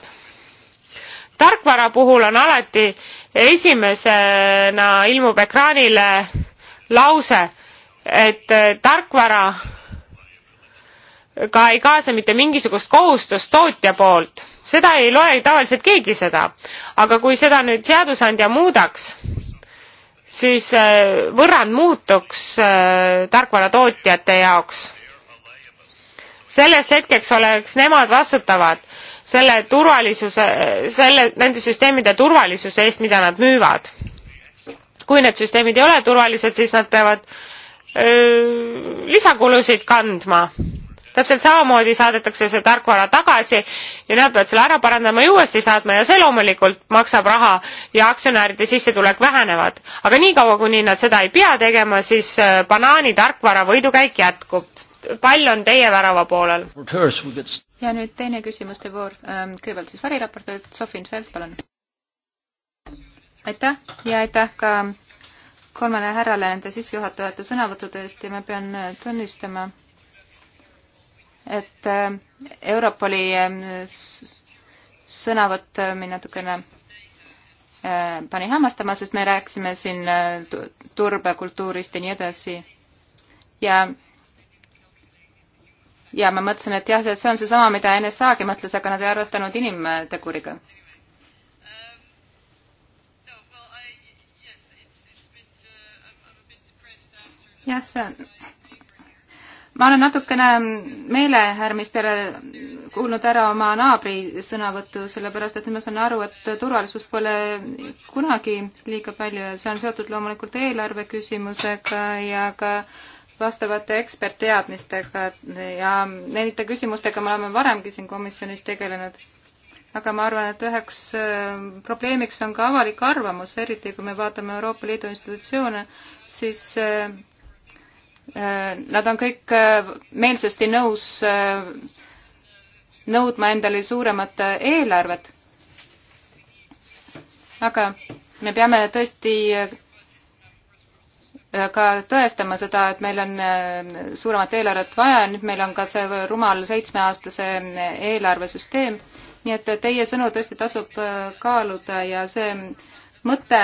tarkvara puhul on alati esimesena ilmub ekraanile lause, et tarkvara ka ei kaasa mitte mingisugust kohustust tootja poolt seda ei loe tavaliselt keegi seda. aga kui seda nüüd seadusandja muudaks, siis äh, võrrand muutuks äh, tarkvaratootjate jaoks. sellest hetkeks oleks nemad vastutavad selle turvalisuse, selle, nende süsteemide turvalisuse eest, mida nad müüvad. kui need süsteemid ei ole turvalised, siis nad peavad öö, äh, lisakulusid kandma täpselt samamoodi saadetakse see tarkvara tagasi ja nad peavad selle ära parandama ja uuesti saatma ja see loomulikult maksab raha ja aktsionäride sissetulek vähenevad. aga niikaua, kuni nad seda ei pea tegema, siis äh, banaani tarkvara võidukäik jätkub. pall on teie värava poolel. ja nüüd teine küsimuste voor, ähm, kõigepealt siis variraportööd, Sofin Feld, palun. aitäh ja aitäh ka kolmele härrale nende sissejuhatavate sõnavõttude eest ja ma pean äh, tunnistama, et äh, Europoli ähm, sõnavõtt äh, mind natukene äh, pani hämmastama, sest me rääkisime siin turbekultuurist ja nii edasi. ja, ja ma mõtlesin, et jah, see on seesama, mida NSA-gi mõtles, aga nad ei arvestanud inimteguriga. jah, see on ma olen natukene meelehärmis peale kuulnud ära oma naabri sõnavõttu, sellepärast et ma saan aru, et turvalisust pole kunagi liiga palju ja see on seotud loomulikult eelarve küsimusega ja ka vastavate ekspertteadmistega ja nende küsimustega me oleme varemgi siin komisjonis tegelenud. aga ma arvan, et üheks äh, probleemiks on ka avalik arvamus, eriti kui me vaatame Euroopa Liidu institutsioone, siis äh, Äh, nad on kõik äh, meelsasti nõus äh, nõudma endale suuremat eelarvet. aga me peame tõesti ka tõestama seda, et meil on suuremat eelarvet vaja ja nüüd meil on ka see rumal seitsmeaastase eelarvesüsteem. nii et teie sõnu tõesti tasub kaaluda ja see mõte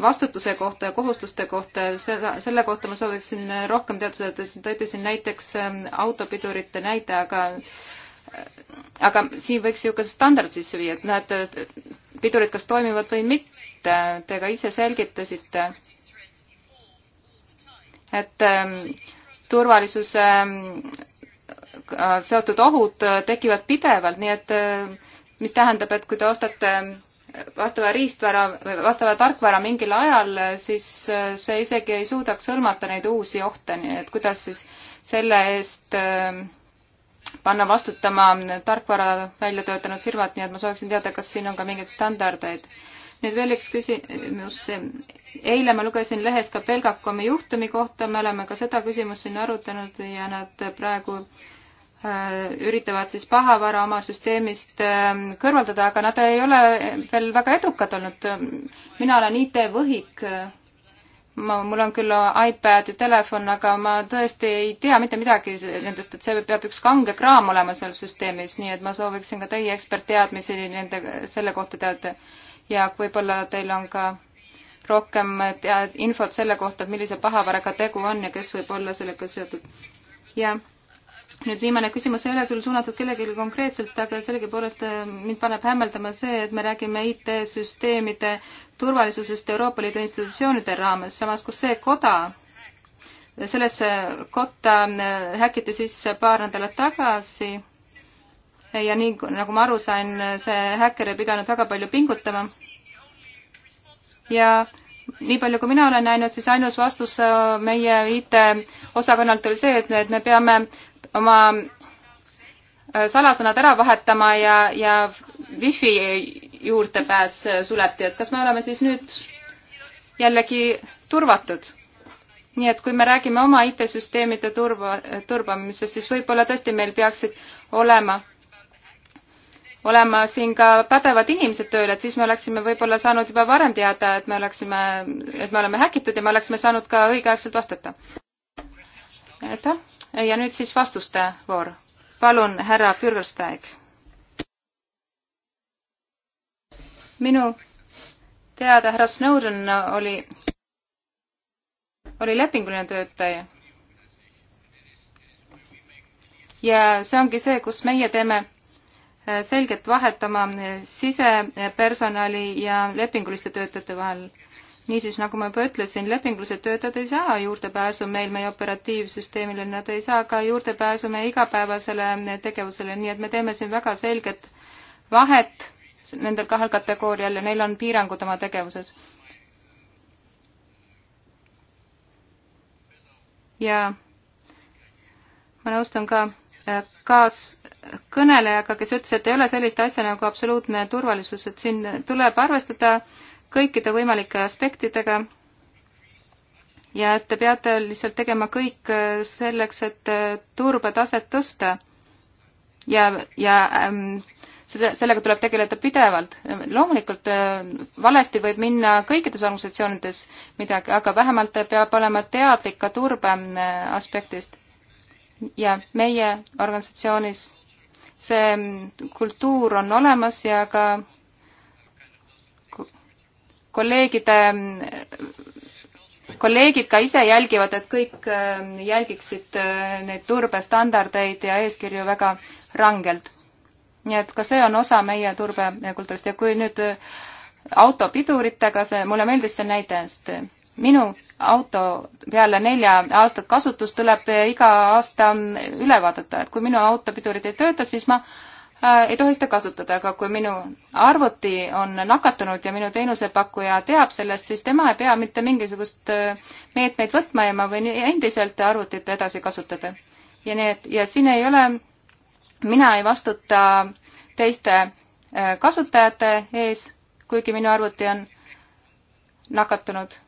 vastutuse kohta ja kohustuste kohta, seda, selle kohta ma sooviksin rohkem teada saada, te tõite siin näiteks ähm, autopidurite näide, aga äh, aga siin võiks ju ka standard sisse viia, et näed, pidurid kas toimivad või mitte, te ka ise selgitasite, et ähm, turvalisuse ähm, seotud ohud äh, tekivad pidevalt, nii et äh, mis tähendab, et kui te ostate vastava riistvara, vastava tarkvara mingil ajal, siis äh, see isegi ei suudaks hõlmata neid uusi ohte, nii et kuidas siis selle eest ähm, panna vastutama tarkvara välja töötanud firmat, nii et ma sooviksin teada, kas siin on ka mingeid standardeid. nüüd veel üks küsimus. eile ma lugesin lehest ka Belgacomi juhtumi kohta, me oleme ka seda küsimust siin arutanud ja nad praegu äh, Äh, üritavad siis pahavara oma süsteemist ähm, kõrvaldada, aga nad ei ole veel väga edukad olnud. mina olen IT-võhik. ma, mul on küll iPad ja telefon, aga ma tõesti ei tea mitte midagi nendest, et see peab üks kange kraam olema seal süsteemis, nii et ma sooviksin ka teie ekspertteadmisi nende, selle kohta teada. ja võib-olla teil on ka rohkem tead, äh, infot selle kohta, et millise pahavaraga tegu on ja kes võib olla sellega seotud. jah nüüd viimane küsimus ei ole küll suunatud kellelegi konkreetselt, aga sellegipoolest äh, mind paneb hämmeldama see, et me räägime IT-süsteemide turvalisusest Euroopa Liidu institutsioonide raames, samas kui see koda, sellesse äh, kotta äh, häkiti sisse paar nädalat tagasi ja nii, nagu ma aru sain, see häkker ei pidanud väga palju pingutama. ja nii palju, kui mina olen näinud, siis ainus vastus meie IT-osakonnalt oli see, et, et me peame oma äh, salasõnad ära vahetama ja, ja wifi juurdepääs äh, suleti, et kas me oleme siis nüüd jällegi turvatud? nii et kui me räägime oma IT-süsteemide turva, turbamisest, siis võib-olla tõesti meil peaksid olema, olema siin ka pädevad inimesed tööl, et siis me oleksime võib-olla saanud juba varem teada, et me oleksime, et me oleme häkitud ja me oleksime saanud ka õigeaegselt vastata. aitäh! ja nüüd siis vastuste voor. palun, härra Fürversteig. minu teada härra Snowden oli, oli lepinguline töötaja. ja see ongi see, kus meie teeme eh, selget vahet oma eh, sisepersonali ja lepinguliste töötajate vahel niisiis, nagu ma juba ütlesin, lepingulised töötajad ei saa juurdepääsu meil meie operatiivsüsteemile, nad ei saa ka juurdepääsu meie igapäevasele tegevusele, nii et me teeme siin väga selget vahet nendel kahel kategoorial ja neil on piirangud oma tegevuses. ja ma nõustun ka äh, kaaskõnelejaga, kes ütles, et ei ole sellist asja nagu absoluutne turvalisus, et siin tuleb arvestada äh, kõikide võimalike aspektidega ja et te peate lihtsalt tegema kõik selleks, et turbetaset tõsta ja, ja ähm, seda, sellega tuleb tegeleda pidevalt. loomulikult äh, valesti võib minna kõikides organisatsioonides midagi, aga vähemalt peab olema teadlik ka turbe äh, aspektist. ja meie organisatsioonis see mm, kultuur on olemas ja ka kolleegide, kolleegid ka ise jälgivad, et kõik ähm, jälgiksid äh, neid turbestandardeid ja eeskirju väga rangelt. nii et ka see on osa meie turbekultuurist ja kui nüüd äh, autopiduritega see, mulle meeldis see näide, sest äh, minu auto peale nelja aastat kasutust tuleb iga aasta ähm, üle vaadata, et kui minu autopidurid ei tööta, siis ma Äh, ei tohi seda kasutada, aga kui minu arvuti on nakatunud ja minu teenusepakkuja teab sellest, siis tema ei pea mitte mingisugust äh, meetmeid võtma ja ma võin endiselt arvutit edasi kasutada. ja nii, et ja siin ei ole, mina ei vastuta teiste äh, kasutajate ees, kuigi minu arvuti on nakatunud.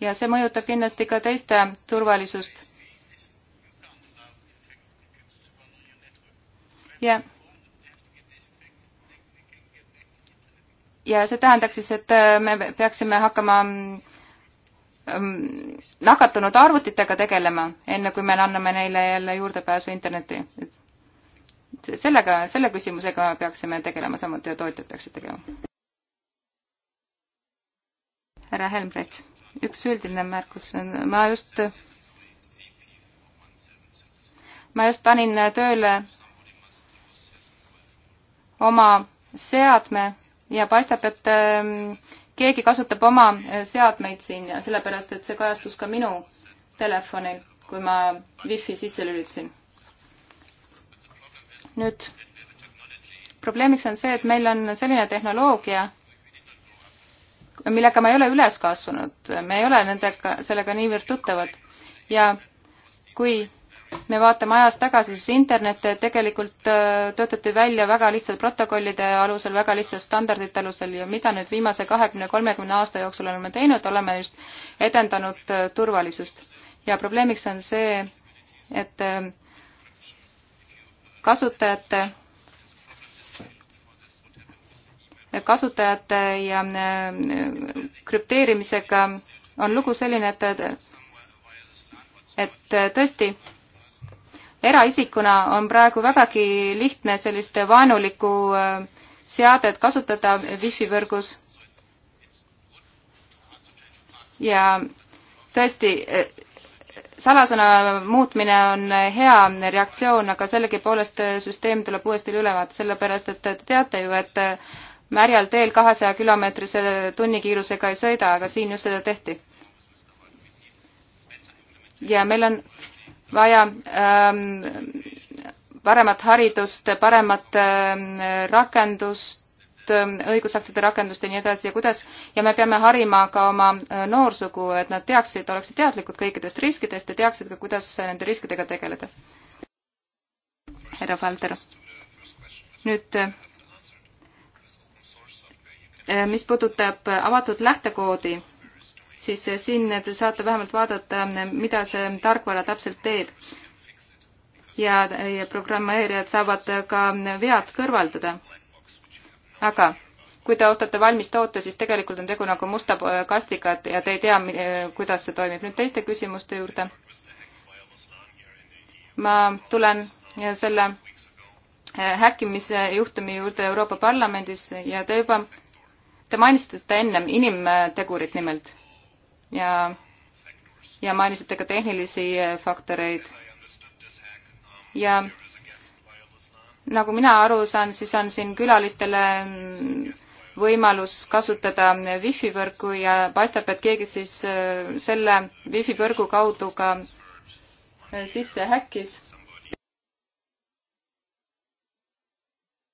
ja see mõjutab kindlasti ka teiste turvalisust ja ja see tähendaks siis, et äh, me peaksime hakkama mm, mm, nakatunud arvutitega tegelema, enne kui me anname neile jälle juurdepääsu internetti. sellega, selle küsimusega peaksime tegelema samuti ja tootjad peaksid tegelema. härra Helmbrecht, üks üldine märkus, ma just, ma just panin tööle oma seadme ja paistab, et ähm, keegi kasutab oma äh, seadmeid siin ja sellepärast, et see kajastus ka minu telefonil, kui ma wifi sisse lülitasin. nüüd probleemiks on see, et meil on selline tehnoloogia, millega ma ei ole üles kasvanud, me ei ole nendega, sellega niivõrd tuttavad ja kui me vaatame ajas tagasi, siis internet tegelikult äh, töötati välja väga lihtsate protokollide alusel, väga lihtsate standardite alusel ja mida nüüd viimase kahekümne, kolmekümne aasta jooksul oleme teinud, oleme just edendanud äh, turvalisust. ja probleemiks on see, et äh, kasutajate kasutajate ja krüpteerimisega on lugu selline, et et tõesti eraisikuna on praegu vägagi lihtne sellist vaenulikku äh, seadet kasutada wifi võrgus. ja tõesti, äh, salasõna muutmine on hea reaktsioon, aga sellegipoolest äh, süsteem tuleb uuesti üle vaadata, sellepärast et te teate ju, et märjal teel kahesaja kilomeetrise tunnikiirusega ei sõida, aga siin just seda tehti. ja meil on vaja ähm, paremat haridust, paremat ähm, rakendust, ähm, õigusaktide rakendust ja nii edasi ja kuidas ja me peame harima ka oma äh, noorsugu, et nad teaksid, oleksid teadlikud kõikidest riskidest ja teaksid ka, kuidas nende riskidega tegeleda. härra Valter, nüüd äh, mis puudutab avatud lähtekoodi siis siin te saate vähemalt vaadata, mida see tarkvara täpselt teeb. ja, ja programmeerijad saavad ka vead kõrvaldada. aga kui te ostate valmis toote, siis tegelikult on tegu nagu musta kastiga ja te ei tea, kuidas see toimib. nüüd teiste küsimuste juurde. ma tulen selle äh, häkkimise juhtumi juurde Euroopa Parlamendis ja te juba, te mainisite seda ennem, inimtegurit nimelt ja, ja mainisite ka tehnilisi eh, faktoreid. ja nagu mina aru saan, siis on siin külalistele mm, võimalus kasutada eh, wifi võrku ja paistab, et keegi siis eh, selle wifi võrgu kaudu ka sisse häkkis.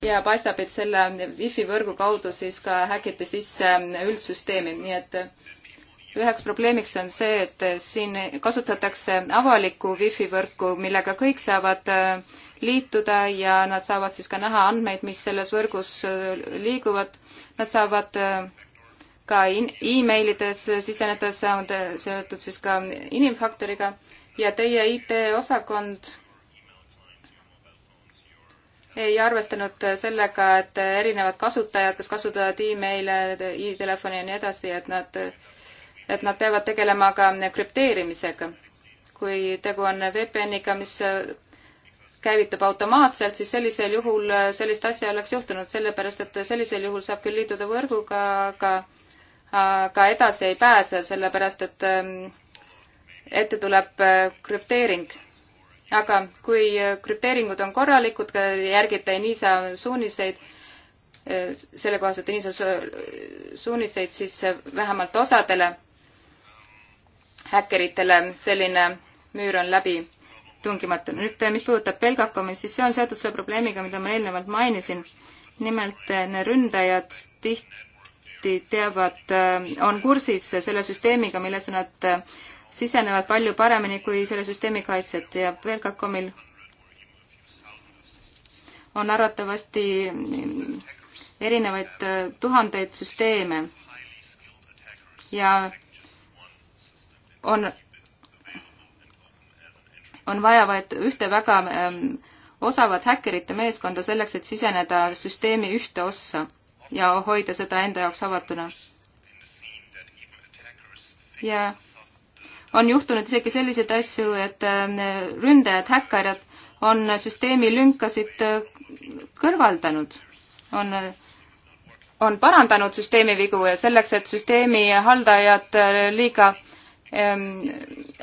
ja paistab, et selle wifi võrgu kaudu siis ka häkiti sisse mm, üldsüsteemi, nii et üheks probleemiks on see, et siin kasutatakse avalikku wifi võrku, millega kõik saavad äh, liituda ja nad saavad siis ka näha andmeid, mis selles võrgus äh, liiguvad. Nad saavad äh, ka emailides siseneda, see on seotud siis ka inimfaktoriga ja teie IT-osakond ei arvestanud sellega, et erinevad kasutajad, kes kasutavad email'e, i-telefoni ja nii edasi, et nad et nad peavad tegelema ka krüpteerimisega. kui tegu on VPN-iga, mis äh, käivitub automaatselt, siis sellisel juhul äh, sellist asja oleks juhtunud, sellepärast et sellisel juhul saab küll liituda võrguga, aga aga äh, edasi ei pääse, sellepärast et ähm, ette tuleb krüpteering. aga kui krüpteeringud on korralikud, järgite NISA suuniseid, sellekohaselt NISA suuniseid, siis vähemalt osadele häkkeritele selline müür on läbi tungimatu. nüüd, eh, mis puudutab Belgacomi, siis see on seotud selle probleemiga, mida ma eelnevalt mainisin. nimelt eh, need ründajad tihti teavad, eh, on kursis selle süsteemiga, millesse nad sisenevad palju paremini kui selle süsteemi kaitsjad ja Belgacomil on arvatavasti mm, erinevaid tuhandeid süsteeme ja on, on vaja vaid ühte väga ähm, osavat häkkerite meeskonda selleks, et siseneda süsteemi ühte ossa ja hoida seda enda jaoks avatuna. ja on juhtunud isegi selliseid asju, et ähm, ründajad, häkkerjad on süsteemi lünkasid äh, kõrvaldanud, on, on parandanud süsteemi vigu ja selleks, et süsteemi haldajad äh, liiga äh, Ehm,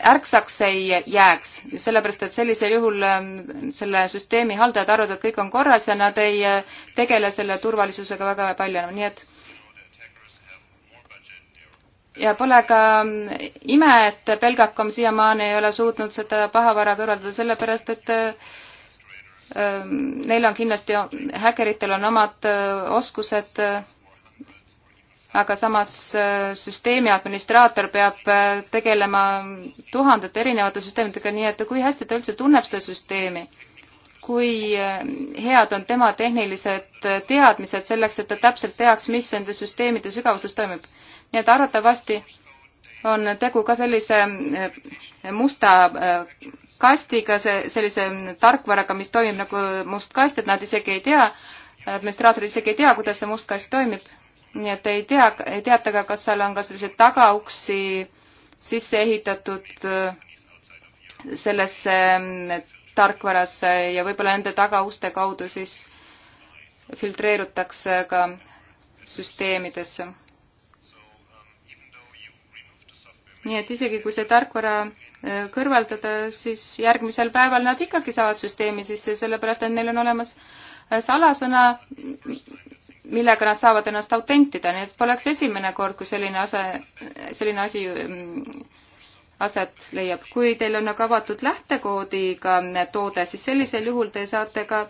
ärksaks ei jääks, sellepärast et sellisel juhul ehm, selle süsteemi haldajad arvavad, et kõik on korras ja nad ei eh, tegele selle turvalisusega väga palju enam, nii et ja pole ka ehm, ime, et Belgacom siiamaani ei ole suutnud seda pahavara kõrvaldada, sellepärast et neil on kindlasti, häkkeritel on omad eh, oskused eh, aga samas äh, süsteemi administraator peab äh, tegelema tuhandete erinevate süsteemidega, nii et kui hästi ta üldse tunneb seda süsteemi, kui äh, head on tema tehnilised teadmised selleks, et ta täpselt teaks, mis nende süsteemide sügavustes toimub. nii et arvatavasti on tegu ka sellise musta kastiga, see, sellise tarkvaraga, mis toimib nagu must kast, et nad isegi ei tea, administraatorid isegi ei tea, kuidas see must kast toimib nii et ei tea, ei teata ka, kas seal on ka selliseid tagauksi sisse ehitatud äh, sellesse mm, tarkvarasse ja võib-olla nende tagauste kaudu siis filtreerutakse ka süsteemidesse. nii et isegi, kui see tarkvara äh, kõrvaldada, siis järgmisel päeval nad ikkagi saavad süsteemi sisse, sellepärast et neil on olemas äh, salasõna, millega nad saavad ennast autentida, nii et poleks esimene kord, kui selline ase, selline asi mm, aset leiab. kui teil on aga avatud lähtekoodiga toode, siis sellisel juhul te saate ka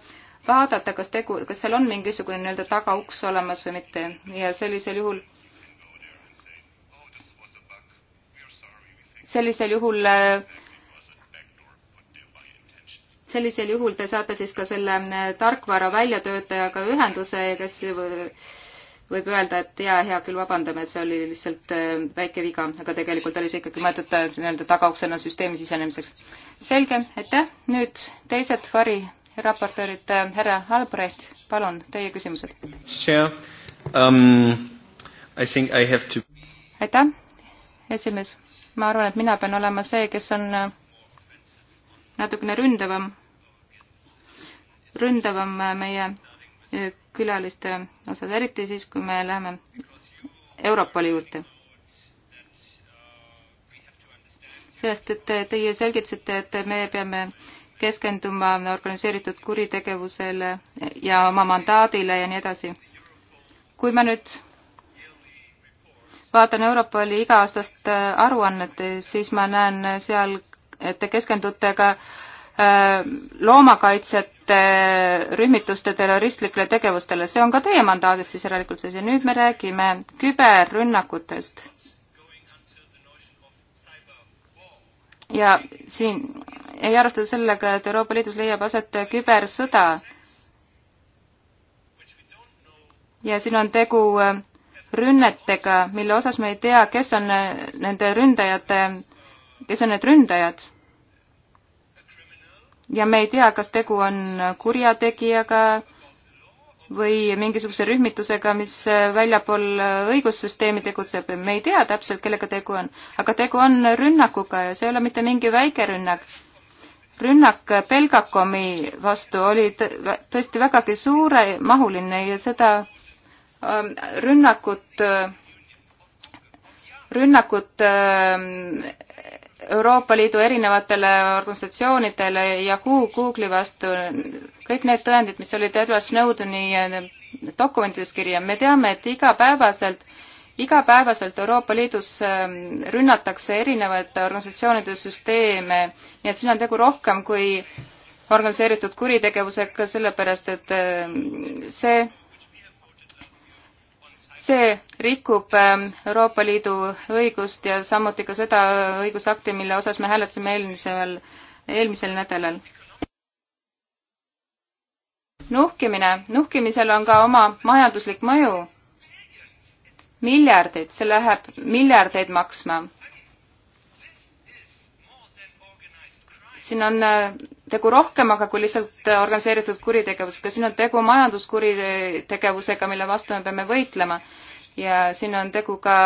vaadata, kas tegu, kas seal on mingisugune nii-öelda tagauks olemas või mitte ja sellisel juhul sellisel juhul äh, sellisel juhul te saate siis ka selle mm, tarkvara väljatöötajaga ühenduse, kes võib öelda, et jaa, hea küll, vabandame, et see oli lihtsalt äh, väike viga, aga tegelikult oli see ikkagi mõeldud äh, nii-öelda tagauksena süsteemi sisenemiseks. selge, aitäh, nüüd teised Fari raportöörid, äh, härra Albrecht, palun, teie küsimused. Um, to... aitäh, esimees, ma arvan, et mina pean olema see, kes on natukene ründavam, ründavam meie eh, külaliste osas, eriti siis, kui me läheme Europoli juurde. sellest, et teie selgitasite, et me peame keskenduma organiseeritud kuritegevusele ja oma mandaadile ja nii edasi. kui ma nüüd vaatan Europoli iga-aastast eh, aruannet, siis ma näen seal et te keskendute ka äh, loomakaitsjate rühmituste terroristlikele tegevustele, see on ka teie mandaadis siis järelikult sees ja nüüd me räägime küberrünnakutest. ja siin ei arvestada sellega, et Euroopa Liidus leiab aset kübersõda. ja siin on tegu äh, rünnetega, mille osas me ei tea, kes on äh, nende ründajate kes on need ründajad. ja me ei tea, kas tegu on kurjategijaga või mingisuguse rühmitusega, mis väljapool õigussüsteemi tegutseb, me ei tea täpselt, kellega tegu on, aga tegu on rünnakuga ja see ei ole mitte mingi väike rünnak. rünnak Belgacomi vastu oli tõesti vägagi suuremahuline ja seda ähm, rünnakut, äh, rünnakut ähm, Euroopa Liidu erinevatele organisatsioonidele ja Google'i vastu, kõik need tõendid, mis olid Edward Snowdeni eh, dokumentides kirja, me teame, et igapäevaselt, igapäevaselt Euroopa Liidus eh, rünnatakse erinevate organisatsioonide süsteeme, nii et siin on tegu rohkem kui organiseeritud kuritegevusega, sellepärast et eh, see see rikub ähm, Euroopa Liidu õigust ja samuti ka seda õigusakti, mille osas me hääletasime eelmisel, eelmisel nädalal. nuhkimine, nuhkimisel on ka oma majanduslik mõju. miljardid, see läheb miljardeid maksma. siin on äh, tegu rohkem, aga kui lihtsalt äh, organiseeritud kuritegevusega, siin on tegu majanduskuritegevusega, mille vastu me peame võitlema ja siin on tegu ka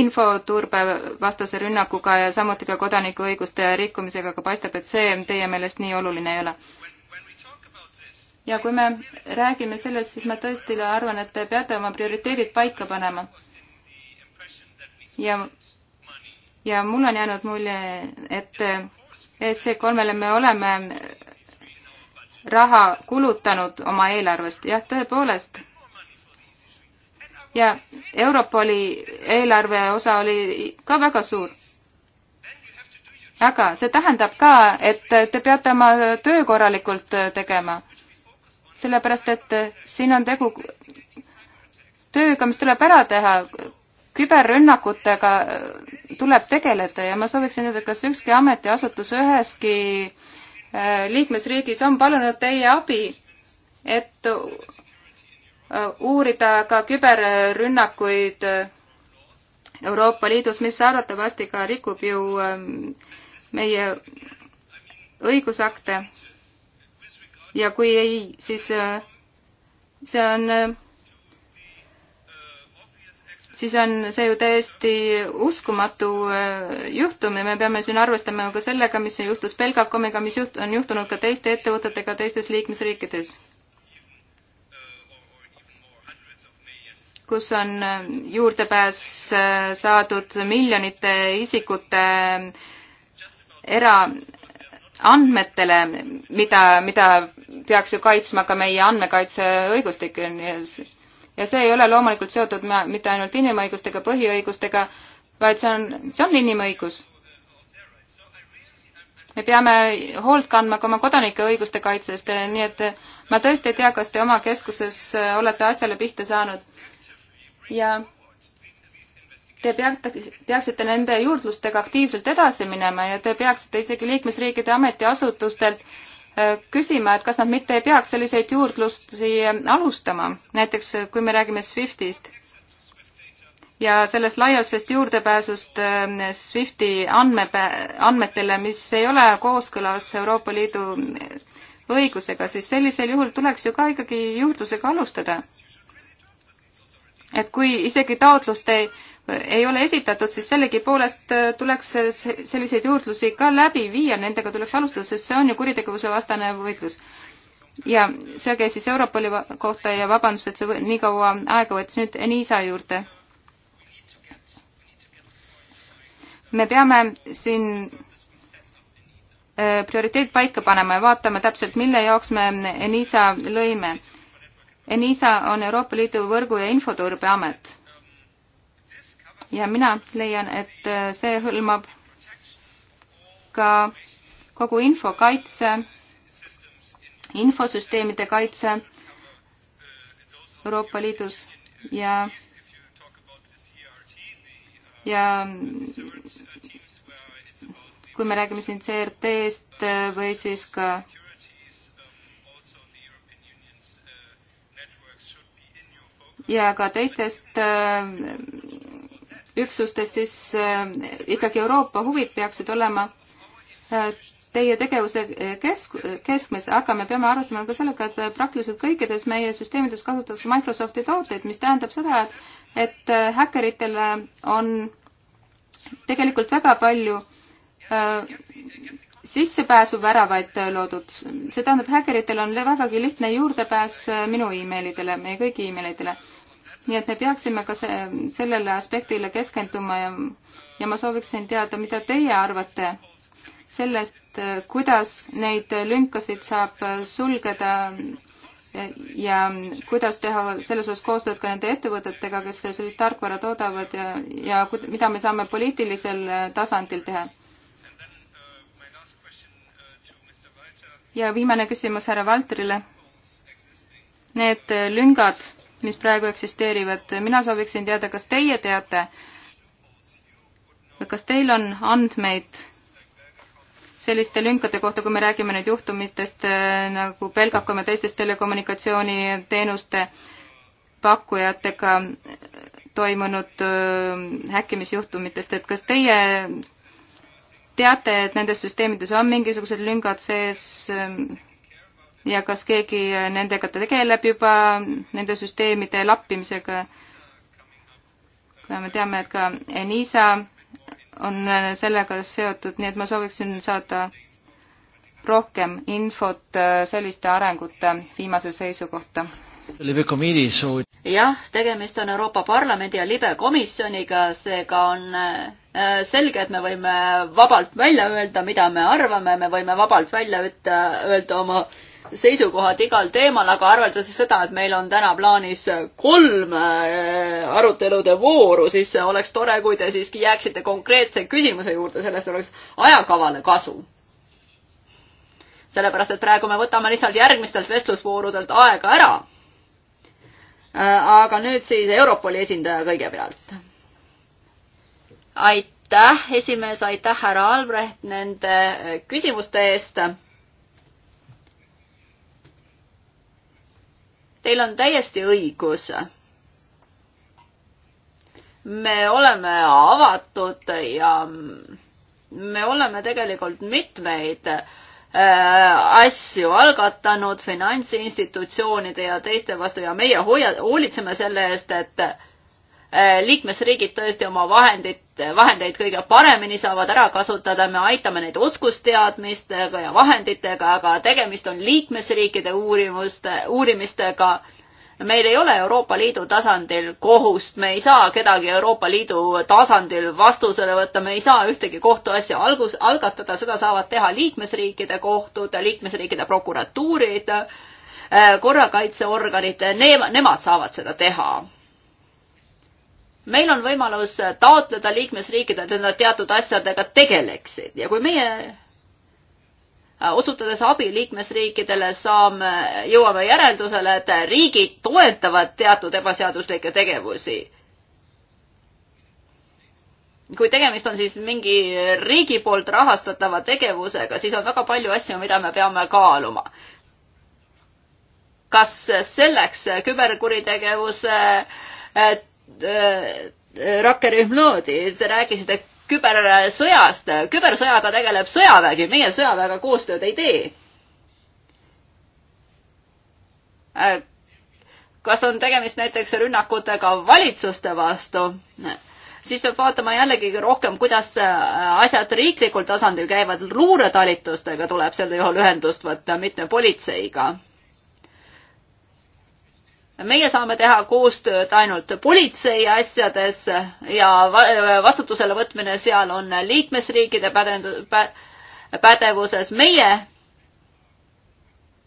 infoturbe vastase rünnakuga ja samuti ka kodanikuõiguste rikkumisega, aga paistab, et see teie meelest nii oluline ei ole. ja kui me räägime sellest, siis ma tõesti arvan, et te peate oma prioriteedid paika panema. ja ja mul on jäänud mulje, et ESC kolmele me oleme raha kulutanud oma eelarvest, jah, tõepoolest. ja Europoli eelarve osa oli ka väga suur. aga see tähendab ka, et te peate oma töö korralikult tegema. sellepärast, et siin on tegu tööga, mis tuleb ära teha, küberrünnakutega tuleb tegeleda ja ma sooviksin öelda, kas ükski ametiasutus üheski äh, liikmesriigis on palunud teie abi, et äh, uurida ka küberrünnakuid äh, Euroopa Liidus, mis arvatavasti ka rikub ju meie õigusakte. ja kui ei, siis see on siis on see ju täiesti uskumatu äh, juhtum ja me peame siin arvestama ju ka sellega, mis juhtus Belgacomiga, mis juht-, on juhtunud ka teiste ettevõtetega teistes liikmesriikides. kus on äh, juurdepääs äh, saadud miljonite isikute eraandmetele, mida, mida peaks ju kaitsma ka meie andmekaitseõigustik, nii et ja see ei ole loomulikult seotud mitte ainult inimõigustega, põhiõigustega, vaid see on, see on inimõigus. me peame hoolt kandma ka oma kodanike õiguste kaitsest, nii et ma tõesti ei tea, kas te oma keskuses olete asjale pihta saanud ja te peate, peaksite nende juurdlustega aktiivselt edasi minema ja te peaksite isegi liikmesriikide ametiasutustelt äh, küsima, et kas nad mitte ei peaks selliseid juurdlusi alustama, näiteks kui me räägime SWIFTist ja sellest laialdasest juurdepääsust äh, SWIFTi andmepä-, andmetele, mis ei ole kooskõlas Euroopa Liidu õigusega, siis sellisel juhul tuleks ju ka ikkagi juurdlusega alustada. et kui isegi taotlust ei ei ole esitatud, siis sellegipoolest äh, tuleks äh, selliseid juurdlusi ka läbi viia, nendega tuleks alustada, sest see on ju kuritegevuse vastane võitlus. ja see käis siis Europoli kohta ja vabandust, et see nii kaua aega võttis, nüüd Enisa juurde. me peame siin äh, prioriteet paika panema ja vaatama täpselt, mille jaoks me Enisa lõime. Enisa on Euroopa Liidu võrgu- ja infoturbeamet ja mina leian, et äh, see hõlmab ka kogu infokaitse, infosüsteemide kaitse Euroopa Liidus ja ja kui me räägime siin CRT-st äh, või siis ka ja ka teistest äh, üksustes, siis äh, ikkagi Euroopa huvid peaksid olema äh, teie tegevuse äh, kesk, keskmes, aga me peame arvestama ka sellega, et praktiliselt kõikides meie süsteemides kasutatakse Microsofti tooteid, mis tähendab seda, et, et häkkeritele on tegelikult väga palju äh, sissepääsuväravaid loodud. see tähendab, häkkeritel on vägagi lihtne juurdepääs minu emailidele, meie kõigi emailidele nii et me peaksime ka see, sellele aspektile keskenduma ja, ja ma sooviksin teada, mida teie arvate sellest, kuidas neid lünkasid saab sulgeda ja, ja kuidas teha selles osas koostööd ka nende ettevõtetega, kes sellist tarkvara toodavad ja, ja mida me saame poliitilisel tasandil teha. ja viimane küsimus härra Valterile. Need lüngad mis praegu eksisteerivad. mina sooviksin teada, kas teie teate, kas teil on andmeid selliste lünkade kohta, kui me räägime nüüd juhtumitest äh, nagu Belgacom ja teistest telekommunikatsiooniteenuste pakkujatega äh, toimunud äh, häkkimisjuhtumitest, et kas teie teate, et nendes süsteemides on mingisugused lüngad sees, ja kas keegi nendega tegeleb juba, nende süsteemide lappimisega. me teame, et ka Enisa on sellega seotud, nii et ma sooviksin saada rohkem infot äh, selliste arengute viimase seisu kohta. jah, tegemist on Euroopa Parlamendi ja libe komisjoniga, seega on äh, selge, et me võime vabalt välja öelda, mida me arvame, me võime vabalt välja ütta, öelda oma äh, seisukohad igal teemal, aga arvestades seda, et meil on täna plaanis kolm äh, arutelude vooru, siis oleks tore, kui te siiski jääksite konkreetse küsimuse juurde, sellest oleks ajakavale kasu. sellepärast, et praegu me võtame lihtsalt järgmistelt vestlusvoorudelt aega ära. Äh, aga nüüd siis Europoli esindaja kõigepealt. aitäh, esimees, aitäh, härra Albrecht, nende küsimuste eest Teil on täiesti õigus. me oleme avatud ja me oleme tegelikult mitmeid äh, asju algatanud finantsinstitutsioonide ja teiste vastu ja meie hoia-, hoolitseme selle eest, et Äh, liikmesriigid tõesti oma vahendit, vahendeid kõige paremini saavad ära kasutada, me aitame neid oskusteadmistega ja vahenditega, aga tegemist on liikmesriikide uurimuste, uurimistega. meil ei ole Euroopa Liidu tasandil kohust, me ei saa kedagi Euroopa Liidu tasandil vastusele võtta, me ei saa ühtegi kohtuasja algus, algatada, seda saavad teha liikmesriikide kohtud, liikmesriikide prokuratuurid, äh, korrakaitseorganid, nemad saavad seda teha meil on võimalus taotleda liikmesriikidelt, et nad teatud asjadega tegeleksid ja kui meie äh, osutades abi liikmesriikidele saame, äh, jõuame järeldusele, et riigid toetavad teatud ebaseaduslikke tegevusi. kui tegemist on siis mingi riigi poolt rahastatava tegevusega, siis on väga palju asju, mida me peame kaaluma. kas selleks küberkuritegevuse äh, Äh, äh, rakkerühm loodi, te rääkisite kübersõjast, äh, kübersõjaga tegeleb sõjavägi, meie sõjaväega koostööd ei tee. kas on tegemist näiteks rünnakutega valitsuste vastu? siis peab vaatama jällegi rohkem, kuidas asjad riiklikul tasandil käivad, luuretalitustega tuleb sel juhul ühendust võtta, mitte politseiga meie saame teha koostööd ainult politsei asjades ja vastutusele võtmine seal on liikmesriikide pädevuses. meie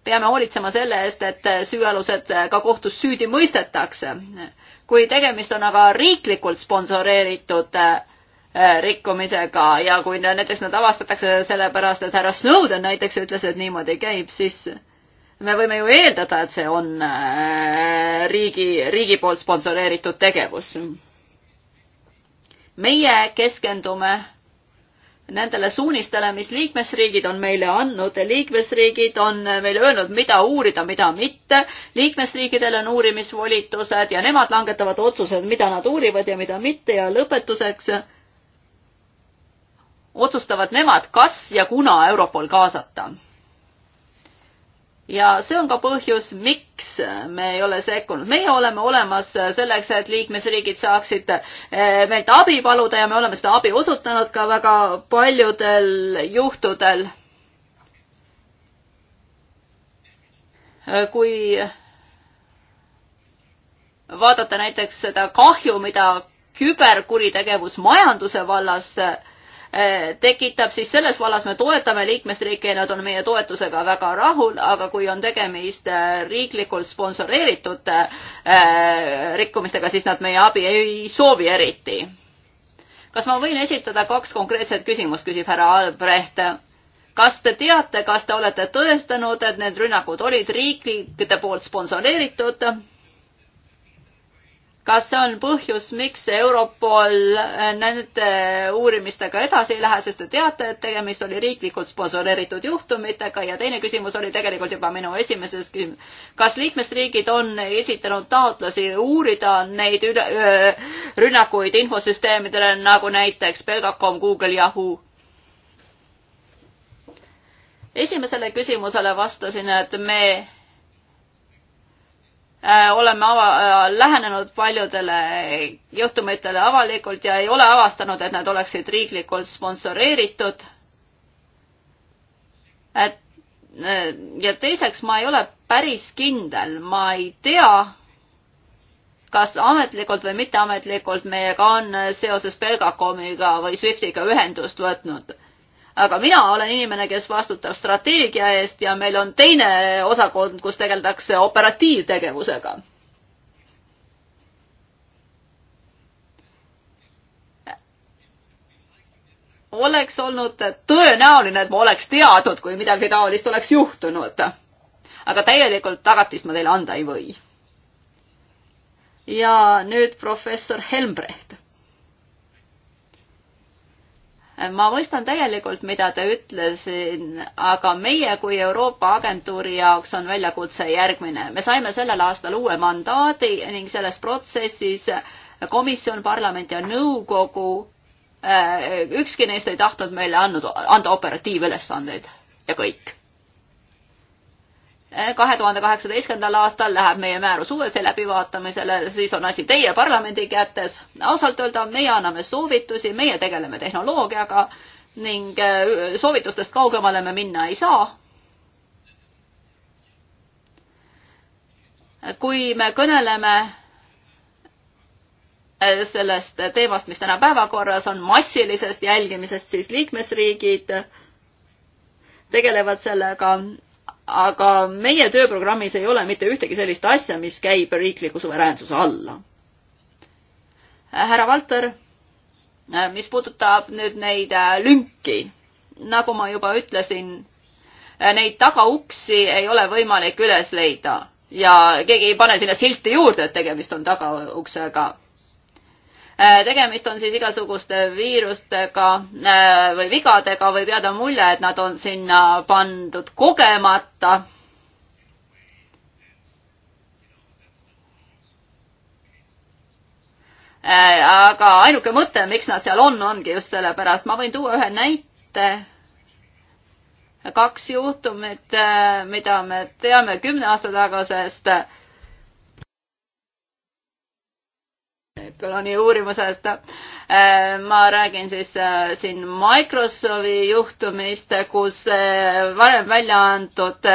peame hoolitsema selle eest, et süüalused ka kohtus süüdi mõistetakse. kui tegemist on aga riiklikult sponsoreeritud äh, rikkumisega ja kui näiteks nad avastatakse sellepärast, et härra Snowden näiteks ütles, et niimoodi käib, siis me võime ju eeldada, et see on äh, riigi, riigi poolt sponsoreeritud tegevus. meie keskendume nendele suunistele, mis liikmesriigid on meile andnud, liikmesriigid on meile öelnud, mida uurida, mida mitte, liikmesriikidel on uurimisvolitused ja nemad langetavad otsused, mida nad uurivad ja mida mitte ja lõpetuseks otsustavad nemad, kas ja kuna Europol kaasata ja see on ka põhjus, miks me ei ole sekkunud. meie oleme olemas selleks, et liikmesriigid saaksid eh, meilt abi paluda ja me oleme seda abi osutanud ka väga paljudel juhtudel. kui vaadata näiteks seda kahju, mida küberkuritegevus majanduse vallas äh, Äh, tekitab, siis selles vallas me toetame liikmesriike ja nad on meie toetusega väga rahul, aga kui on tegemist äh, riiklikult sponsoreeritud äh, rikkumistega, siis nad meie abi ei soovi eriti. kas ma võin esitada kaks konkreetset küsimust, küsib härra Albrecht. kas te teate, kas te olete tõestanud, et need rünnakud olid riikide poolt sponsoreeritud? kas see on põhjus, miks Europol äh, nende uurimistega edasi ei lähe, sest te teate, et tegemist oli riiklikult sponsoreeritud juhtumitega ja teine küsimus oli tegelikult juba minu esimeses küsimuses. kas liikmesriigid on esitanud taotlusi uurida neid üle, öö, rünnakuid infosüsteemidele nagu näiteks Belgacom, Google, Yahoo? esimesele küsimusele vastasin, et me Äh, oleme ava-, äh, lähenenud paljudele juhtumitele avalikult ja ei ole avastanud, et nad oleksid riiklikult sponsoreeritud. et äh, ja teiseks, ma ei ole päris kindel, ma ei tea, kas ametlikult või mitteametlikult meiega on seoses Belgacomiga või Swiftiga ühendust võtnud aga mina olen inimene, kes vastutab strateegia eest ja meil on teine osakond, kus tegeldakse operatiivtegevusega. oleks olnud tõenäoline, et ma oleks teadnud, kui midagi taolist oleks juhtunud. aga täielikult tagatist ma teile anda ei või. ja nüüd professor Helmbrecht ma mõistan täielikult, mida te ütlesin, aga meie kui Euroopa agentuuri jaoks on väljakutse järgmine. me saime sellel aastal uue mandaadi ning selles protsessis komisjon, parlament ja nõukogu, äh, ükski neist ei tahtnud meile andnud, anda operatiivülesandeid ja kõik kahe tuhande kaheksateistkümnendal aastal läheb meie määrus uuesti läbivaatamisele, siis on asi teie parlamendi kätes. ausalt öelda, meie anname soovitusi, meie tegeleme tehnoloogiaga ning äh, soovitustest kaugemale me minna ei saa. kui me kõneleme äh, sellest teemast, mis täna päevakorras on, massilisest jälgimisest, siis liikmesriigid tegelevad sellega aga meie tööprogrammis ei ole mitte ühtegi sellist asja, mis käib riikliku suveräänsuse alla. härra Valter, mis puudutab nüüd neid äh, lünki, nagu ma juba ütlesin, äh, neid tagauksi ei ole võimalik üles leida ja keegi ei pane sinna silti juurde, et tegemist on tagauksega Äh, tegemist on siis igasuguste viirustega äh, või vigadega, võib jääda mulje, et nad on sinna pandud kogemata. Äh, aga ainuke mõte, miks nad seal on, ongi just sellepärast, ma võin tuua ühe näite kaks juhtumit, mida me teame kümne aasta tagasest Coloni uurimusest. Äh, ma räägin siis äh, siin Microsofti juhtumist, kus äh, varem välja antud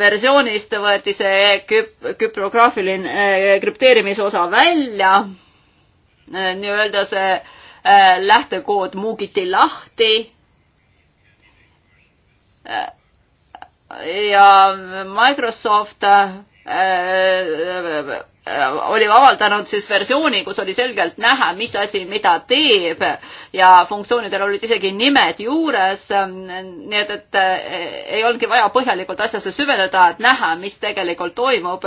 versioonist võeti see küp-, krüptograafiline krüpteerimisosa välja, nii-öelda see lähtekood muugiti lahti ja Microsoft Äh, oli avaldanud siis versiooni, kus oli selgelt näha, mis asi mida teeb ja funktsioonidel olid isegi nimed juures. nii et, et äh, ei olnudki vaja põhjalikult asjasse süveneda, et näha, mis tegelikult toimub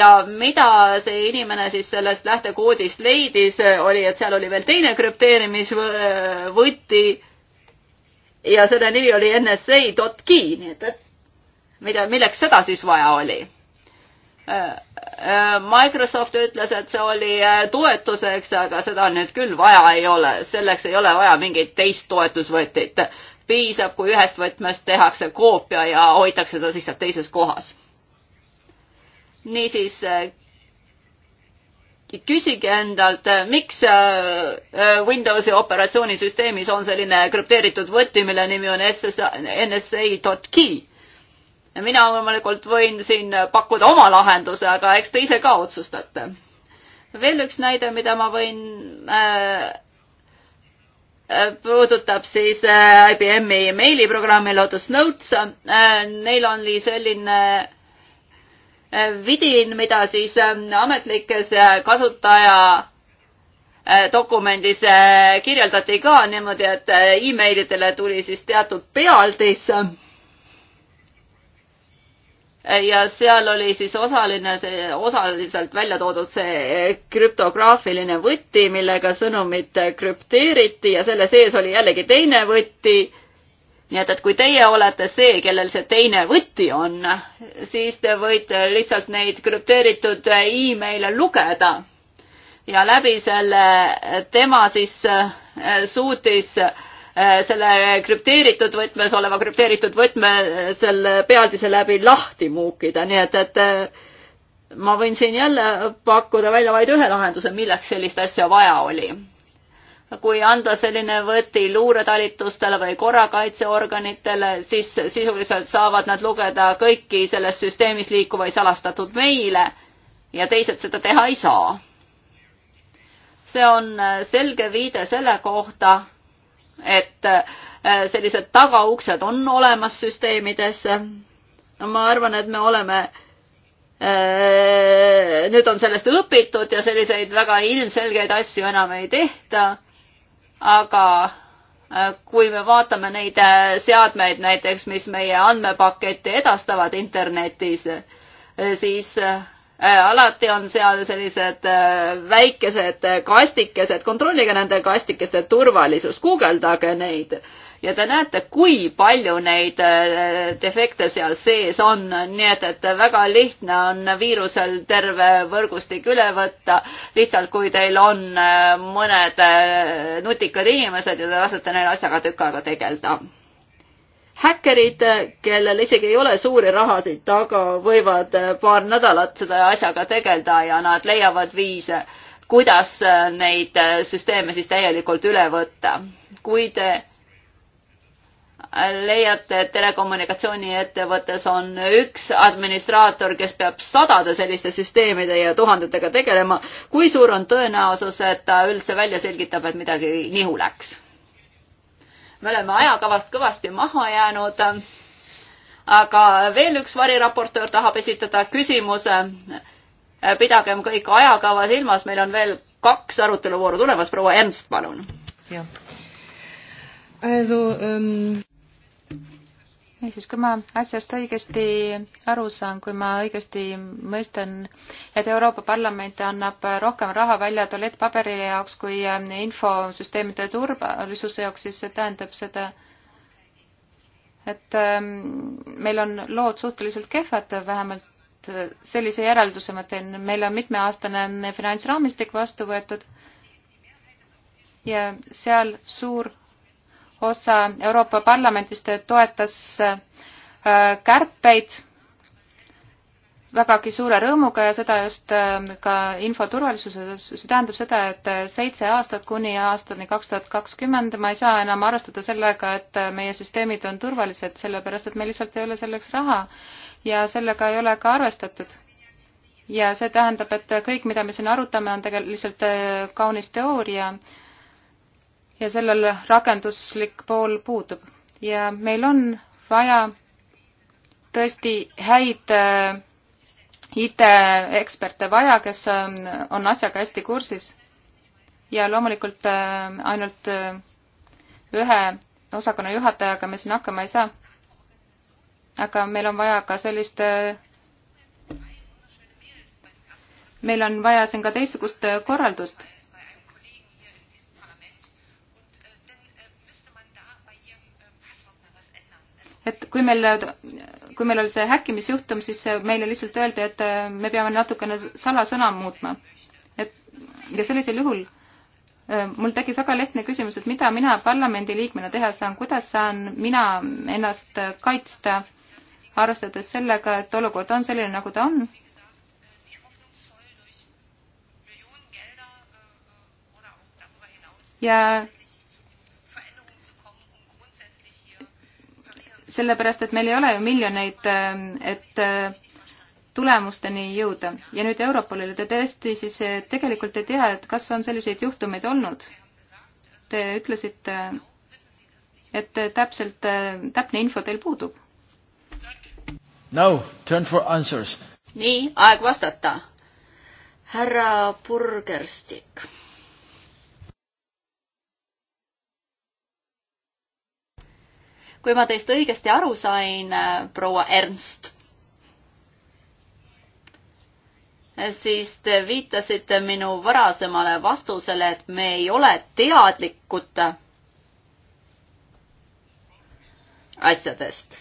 ja mida see inimene siis sellest lähtekoodist leidis, oli, et seal oli veel teine krüpteerimisvõti ja selle nimi oli NSA.ki, nii et, et mida, milleks seda siis vaja oli Microsoft ütles, et see oli äh, toetuseks, aga seda nüüd küll vaja ei ole, selleks ei ole vaja mingit teist toetusvõtit. piisab, kui ühest võtmest tehakse koopia ja hoitakse seda lihtsalt teises kohas. niisiis äh, küsige endalt, äh, miks Windowsi operatsioonisüsteemis on selline krüpteeritud võti, mille nimi on NSA.key mina loomulikult võin siin pakkuda oma lahenduse, aga eks te ise ka otsustate. veel üks näide, mida ma võin äh, äh puudutab siis äh, IBM-i meiliprogrammi Lotus Notes äh,. Neil on selline äh, vidin, mida siis äh, ametlikes kasutaja dokumendis kirjeldati ka niimoodi, et emailidele tuli siis teatud pealdis äh, ja seal oli siis osaline see, osaliselt välja toodud see eh, krüptograafiline võti, millega sõnumid krüpteeriti ja selle sees oli jällegi teine võti. nii et, et kui teie olete see, kellel see teine võti on, siis te võite lihtsalt neid krüpteeritud eh, email'e lugeda. ja läbi selle tema siis eh, suutis äh, Äh, selle krüpteeritud võtmes oleva krüpteeritud võtme selle pealdise läbi lahti muukida, nii et, et äh, ma võin siin jälle pakkuda välja vaid ühe lahenduse, milleks sellist asja vaja oli. kui anda selline võti luuretalitustele või korrakaitseorganitele, siis sisuliselt saavad nad lugeda kõiki selles süsteemis liikuvaid salastatud meile ja teised seda teha ei saa. see on selge viide selle kohta et äh, sellised tagauksed on olemas süsteemides. ma arvan, et me oleme äh, nüüd on sellest õpitud ja selliseid väga ilmselgeid asju enam ei tehta. aga äh, kui me vaatame neid seadmeid näiteks, mis meie andmepaketti edastavad internetis, siis Äh, alati on seal sellised äh, väikesed äh, kastikesed, kontrollige nende kastikeste turvalisust, guugeldage neid ja te näete, kui palju neid defekte seal sees on, nii et, et väga lihtne on viirusel terve võrgustik üle võtta. lihtsalt, kui teil on mõned nutikad inimesed ja te lasete neil asjaga tükk aega tegeleda häkkerid, kellel isegi ei ole suuri rahasid taga, võivad eh, paar nädalat seda asjaga tegeleda ja nad leiavad viise, kuidas eh, neid eh, süsteeme siis täielikult üle võtta. kui te leiate, et telekommunikatsiooniettevõttes on üks administraator, kes peab sadade selliste süsteemide ja tuhandetega tegelema, kui suur on tõenäosus, et ta üldse välja selgitab, et midagi nihu läks? me oleme ajakavast kõvasti maha jäänud. aga veel üks variraportöör tahab esitada küsimuse. pidagem kõik ajakava silmas, meil on veel kaks aruteluvooru tulemas. proua Ernst, palun. jah. Also ähm niisiis, kui ma asjast õigesti aru saan, kui ma õigesti mõistan, et Euroopa Parlament annab rohkem raha välja tualettpaberile jaoks kui ähm, infosüsteemide turvalisuse jaoks, siis see tähendab seda, et ähm, meil on lood suhteliselt kehvad, vähemalt äh, sellise järelduse ma teen. meil on mitmeaastane finantsraamistik vastu võetud ja seal suur osa Euroopa Parlamendist toetas äh, kärpeid vägagi suure rõõmuga ja seda just äh, ka infoturvalisuses, see tähendab seda, et äh, seitse aastat kuni aastani kaks tuhat kakskümmend ma ei saa enam arvestada sellega, et meie süsteemid on turvalised, sellepärast et meil lihtsalt ei ole selleks raha ja sellega ei ole ka arvestatud. ja see tähendab, et kõik, mida me siin arutame, on tegelikult lihtsalt kaunis teooria ja sellel rakenduslik pool puudub. ja meil on vaja tõesti häid äh, IT-eksperte vaja, kes äh, on asjaga hästi kursis ja loomulikult äh, ainult ühe osakonna juhatajaga me siin hakkama ei saa. aga meil on vaja ka sellist, meil on vaja siin ka teistsugust korraldust et kui meil, kui meil oli see häkkimisjuhtum, siis meile lihtsalt öeldi, et äh, me peame natukene salasõna muutma. et ja sellisel juhul äh, mul tekib väga lihtne küsimus, et mida mina parlamendiliikmena teha saan, kuidas saan mina ennast kaitsta, arvestades sellega, et olukord on selline, nagu ta on ja sellepärast et meil ei ole ju miljoneid, et tulemusteni jõuda. ja nüüd Europolile, te tõesti siis eh, tegelikult ei tea, et kas on selliseid juhtumeid olnud? Te ütlesite, et täpselt, eh, täpne info teil puudub. Now turn for answers. nii, aeg vastata. härra Burgerstik kui ma teist õigesti aru sain, äh, proua Ernst, siis te viitasite minu varasemale vastusele, et me ei ole teadlikud asjadest.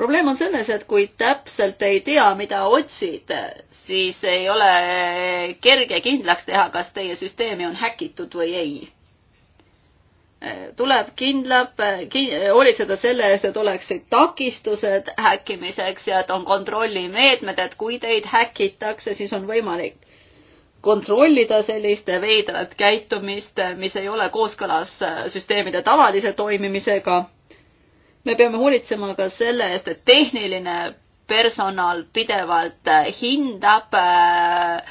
probleem on selles, et kui täpselt ei tea, mida otsid, siis ei ole kerge kindlaks teha, kas teie süsteemi on häkitud või ei tuleb kindlab kin,, hoolitseda selle eest, et oleksid takistused häkkimiseks ja et on kontrollimeetmed, et kui teid häkitakse, siis on võimalik kontrollida sellist veidrat käitumist, mis ei ole kooskõlas äh, süsteemide tavalise toimimisega. me peame hoolitsema ka selle eest, et tehniline personal pidevalt äh, hindab äh,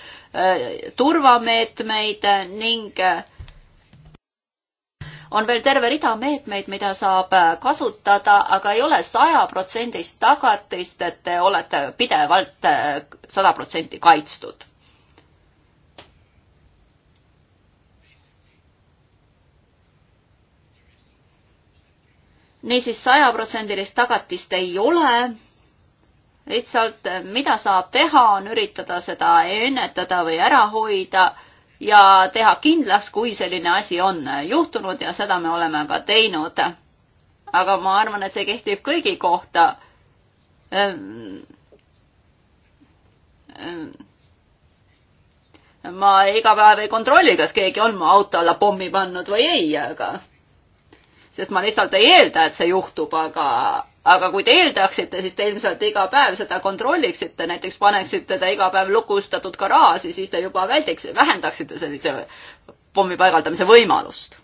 turvameetmeid ning äh, on veel terve rida meetmeid, mida saab äh, kasutada, aga ei ole sajaprotsendist tagatist, et te olete pidevalt äh, sada protsenti kaitstud. niisiis, sajaprotsendilist tagatist ei ole lihtsalt äh, mida saab teha, on üritada seda ennetada või ära hoida ja teha kindlaks, kui selline asi on juhtunud ja seda me oleme ka teinud. aga ma arvan, et see kehtib kõigi kohta. Ehm, ehm, ma iga päev ei kontrolli, kas keegi on mu auto alla pommi pannud või ei, aga sest ma lihtsalt ei eelda, et see juhtub, aga aga kui te eeldaksite, siis te ilmselt iga päev seda kontrolliksite, näiteks paneksite ta iga päev lukustatud garaaži, siis te juba väldiks, vähendaksite sellise pommi paigaldamise võimalust.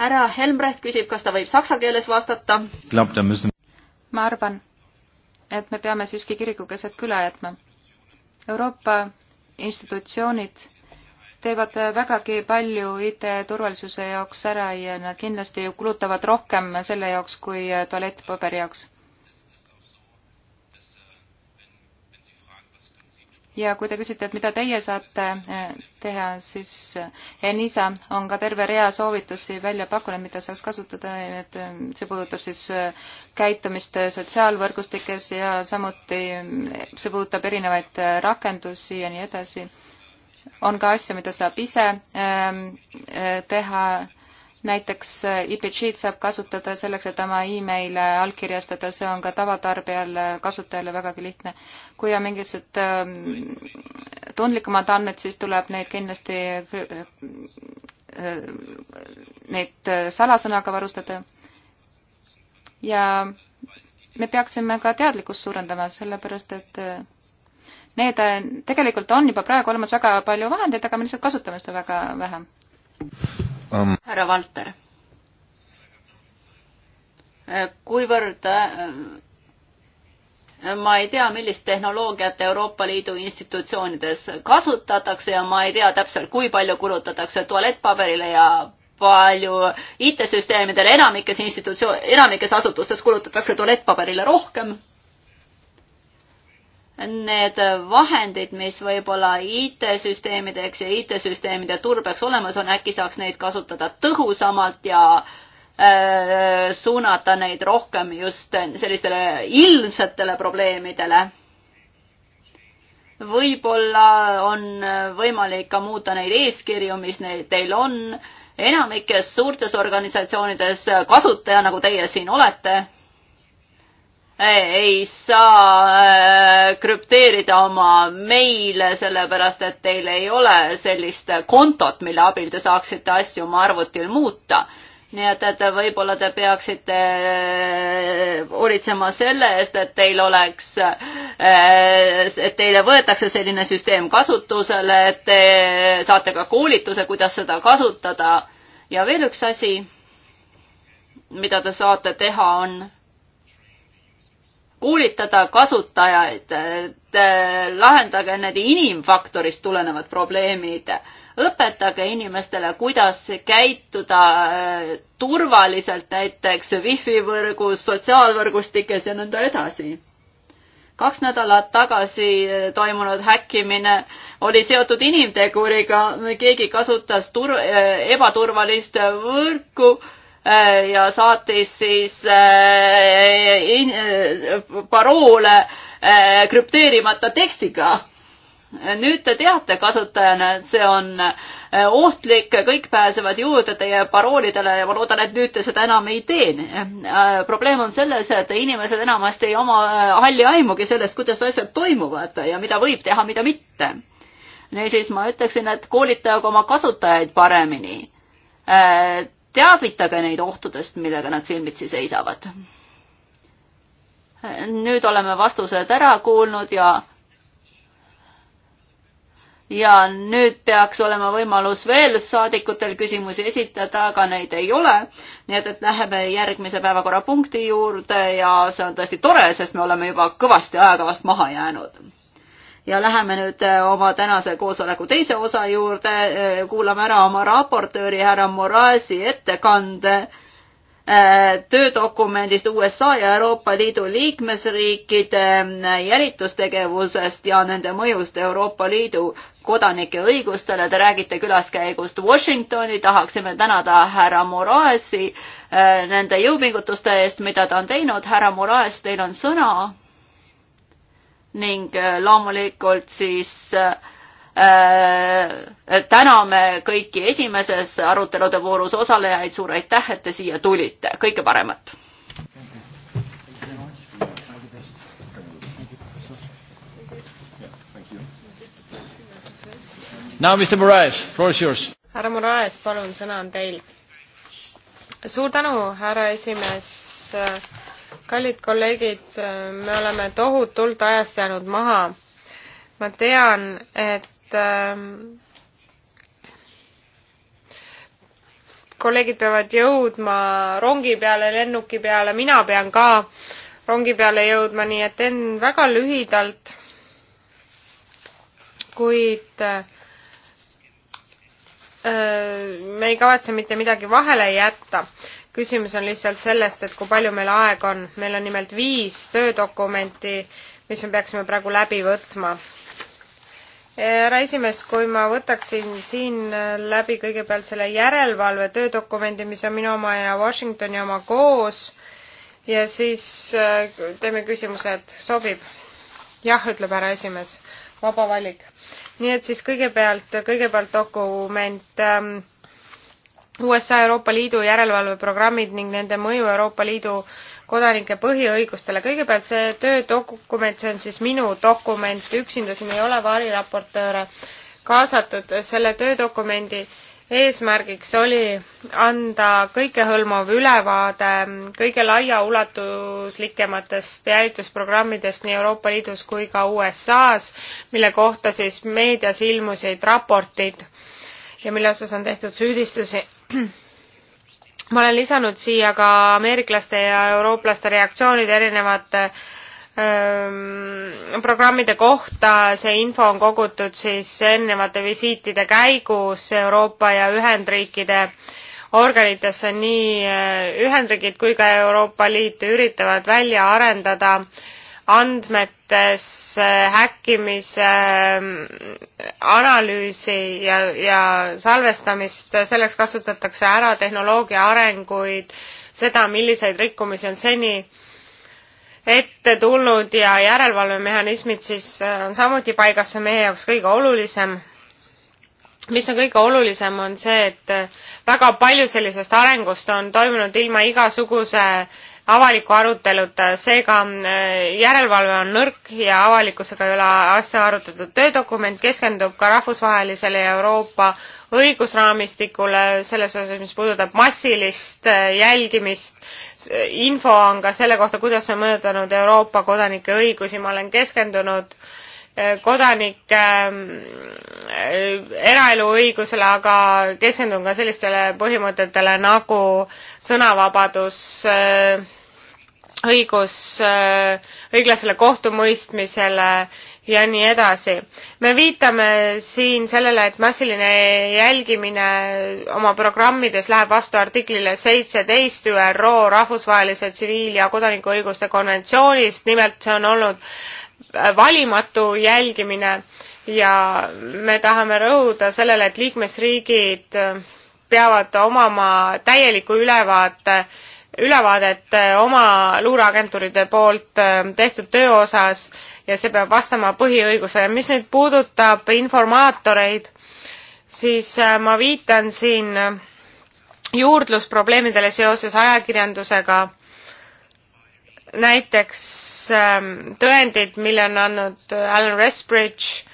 härra Helmbrecht küsib, kas ta võib saksa keeles vastata. ma arvan, et me peame siiski kirikukeset küla jätma. Euroopa institutsioonid teevad vägagi palju IT-turvalisuse jaoks ära ja nad kindlasti kulutavad rohkem selle jaoks kui tualettpaberi jaoks. ja kui te küsite, et mida teie saate eh, teha, siis eh, ENISA on ka terve rea soovitusi välja pakkunud, mida saaks kasutada, et eh, see puudutab siis käitumist sotsiaalvõrgustikes ja samuti see puudutab erinevaid rakendusi ja nii edasi on ka asju, mida saab ise ähm, äh, teha, näiteks äh, IPG-d saab kasutada selleks, et oma email'e allkirjastada, see on ka tavatarbijale, äh, kasutajale vägagi lihtne. kui on mingisugused ähm, tundlikumad andmed, siis tuleb neid kindlasti, neid salasõnaga varustada ja me peaksime ka teadlikkust suurendama, sellepärast et Need äh, tegelikult on juba praegu olemas väga palju vahendeid, aga me lihtsalt kasutame seda väga vähe um.. härra Valter. Äh, kuivõrd äh, ma ei tea, millist tehnoloogiat Euroopa Liidu institutsioonides kasutatakse ja ma ei tea täpselt, kui palju kulutatakse tualettpaberile ja palju IT-süsteemidele, enamikes institutsioon, enamikes asutustes kulutatakse tualettpaberile rohkem need vahendid, mis võib-olla IT-süsteemideks ja IT-süsteemide turbeks olemas on, äkki saaks neid kasutada tõhusamalt ja äh, suunata neid rohkem just sellistele ilmsetele probleemidele. võib-olla on võimalik ka muuta neid eeskirju, mis neil, teil on. enamikes suurtes organisatsioonides kasutaja, nagu teie siin olete ei saa äh, krüpteerida oma meile, sellepärast et teil ei ole sellist kontot, mille abil te saaksite asju oma arvutil muuta. nii et, et võib-olla te peaksite äh, hoolitsema selle eest, et teil oleks, äh, et teile võetakse selline süsteem kasutusele, et te saate ka koolituse, kuidas seda kasutada. ja veel üks asi, mida te saate teha, on koolitada kasutajaid, äh, lahendage need inimfaktorist tulenevad probleemid, õpetage inimestele, kuidas käituda äh, turvaliselt näiteks wifi võrgus, sotsiaalvõrgustikes ja nõnda edasi. kaks nädalat tagasi äh, toimunud häkkimine oli seotud inimteguriga, keegi kasutas tur-, ebaturvalist võrku Äh, ja saatis siis äh, äh, paroole krüpteerimata tekstiga nüüd te teate kasutajana, et see on ohtlik, kõik pääsevad juurde teie paroolidele ja ma loodan, et nüüd te seda enam ei tee. probleem on selles, et inimesed enamasti ei oma halli aimugi sellest, kuidas asjad toimuvad ja mida võib teha, mida mitte. niisiis ma ütleksin, et koolitage oma kasutajaid paremini teadvitage neid ohtudest, millega nad silmitsi seisavad. nüüd oleme vastused ära kuulnud ja ja nüüd peaks olema võimalus veel saadikutel küsimusi esitada, aga neid ei ole. nii et, et läheme järgmise päevakorrapunkti juurde ja see on tõesti tore, sest me oleme juba kõvasti ajakavast maha jäänud ja läheme nüüd äh, oma tänase koosoleku teise osa juurde, äh, kuulame ära oma raportööri härra Moraesi ettekande äh, töödokumendist USA ja Euroopa Liidu liikmesriikide jälitustegevusest ja nende mõjust Euroopa Liidu kodanike õigustele. Te räägite külaskäigust Washingtoni, tahaksime tänada härra Moraesi nende jõupingutuste eest, mida ta on teinud. härra Moraes, teil on sõna ning äh, loomulikult siis äh, äh, täname kõiki esimeses arutelude voorus osalejaid, suur aitäh, et te siia tulite, kõike paremat! Now Mr Moraes, floor is yours. härra Moraes, palun, sõna on teil. suur tänu, härra esimees kallid kolleegid, me oleme tohutult ajast jäänud maha. ma tean, et ähm, kolleegid peavad jõudma rongi peale, lennuki peale, mina pean ka rongi peale jõudma, nii et teen väga lühidalt. kuid äh, me ei kavatse mitte midagi vahele jätta küsimus on lihtsalt sellest, et kui palju meil aega on. meil on nimelt viis töödokumenti, mis me peaksime praegu läbi võtma. Äh, härra esimees, kui ma võtaksin siin äh, läbi kõigepealt selle järelevalve töödokumendi, mis on minu oma ja Washingtoni oma koos ja siis äh, teeme küsimused, sobib? jah, ütleb härra esimees, vaba valik. nii et siis kõigepealt, kõigepealt dokument ähm, USA Euroopa Liidu järelevalveprogrammid ning nende mõju Euroopa Liidu kodanike põhiõigustele. kõigepealt see töödokument, see on siis minu dokument, üksinda siin ei ole variraportööre kaasatud, selle töödokumendi eesmärgiks oli anda kõikehõlmav ülevaade kõige laiaulatuslikematest jälitusprogrammidest nii Euroopa Liidus kui ka USA-s, mille kohta siis meedias ilmusid raportid ja mille osas on tehtud süüdistusi ma olen lisanud siia ka ameeriklaste ja eurooplaste reaktsioonid erinevate öö, ähm, programmide kohta, see info on kogutud siis erinevate visiitide käigus Euroopa ja Ühendriikide organitesse, nii äh, Ühendriigid kui ka Euroopa Liit üritavad välja arendada äh, andmetesse häkkimise ähm, analüüsi ja, ja salvestamist, selleks kasutatakse ära tehnoloogia arenguid, seda, milliseid rikkumisi on seni ette tulnud ja järelevalvemehhanismid siis äh, on samuti paigas, see on meie jaoks kõige olulisem. mis on kõige olulisem, on see, et väga palju sellisest arengust on toimunud ilma igasuguse äh, avalikku aruteluta, seega äh, järelevalve on nõrk ja avalikkusega ei ole asja arutatud. töödokument keskendub ka rahvusvahelisele ja Euroopa õigusraamistikule selles osas, mis puudutab massilist äh, jälgimist. Äh, info on ka selle kohta, kuidas on mõjutanud Euroopa kodanike õigusi. ma olen keskendunud äh, kodanike ähm, eraelu õigusele, aga keskendun ka sellistele põhimõtetele nagu sõnavabadus, äh, õigus äh, õiglasele kohtumõistmisele ja nii edasi. me viitame siin sellele, et massiline jälgimine oma programmides läheb vastu artiklile seitseteist ÜRO rahvusvahelise tsiviil- ja kodanikuõiguste konventsioonist, nimelt see on olnud valimatu jälgimine ja me tahame rõhuda sellele, et liikmesriigid peavad omama täieliku ülevaate, ülevaadet oma luureagentuuride poolt ähm, tehtud töö osas ja see peab vastama põhiõigusele. mis nüüd puudutab informaatoreid, siis äh, ma viitan siin äh, juurdlusprobleemidele seoses ajakirjandusega näiteks ähm, tõendid, mille on andnud äh, Alan Resbridge,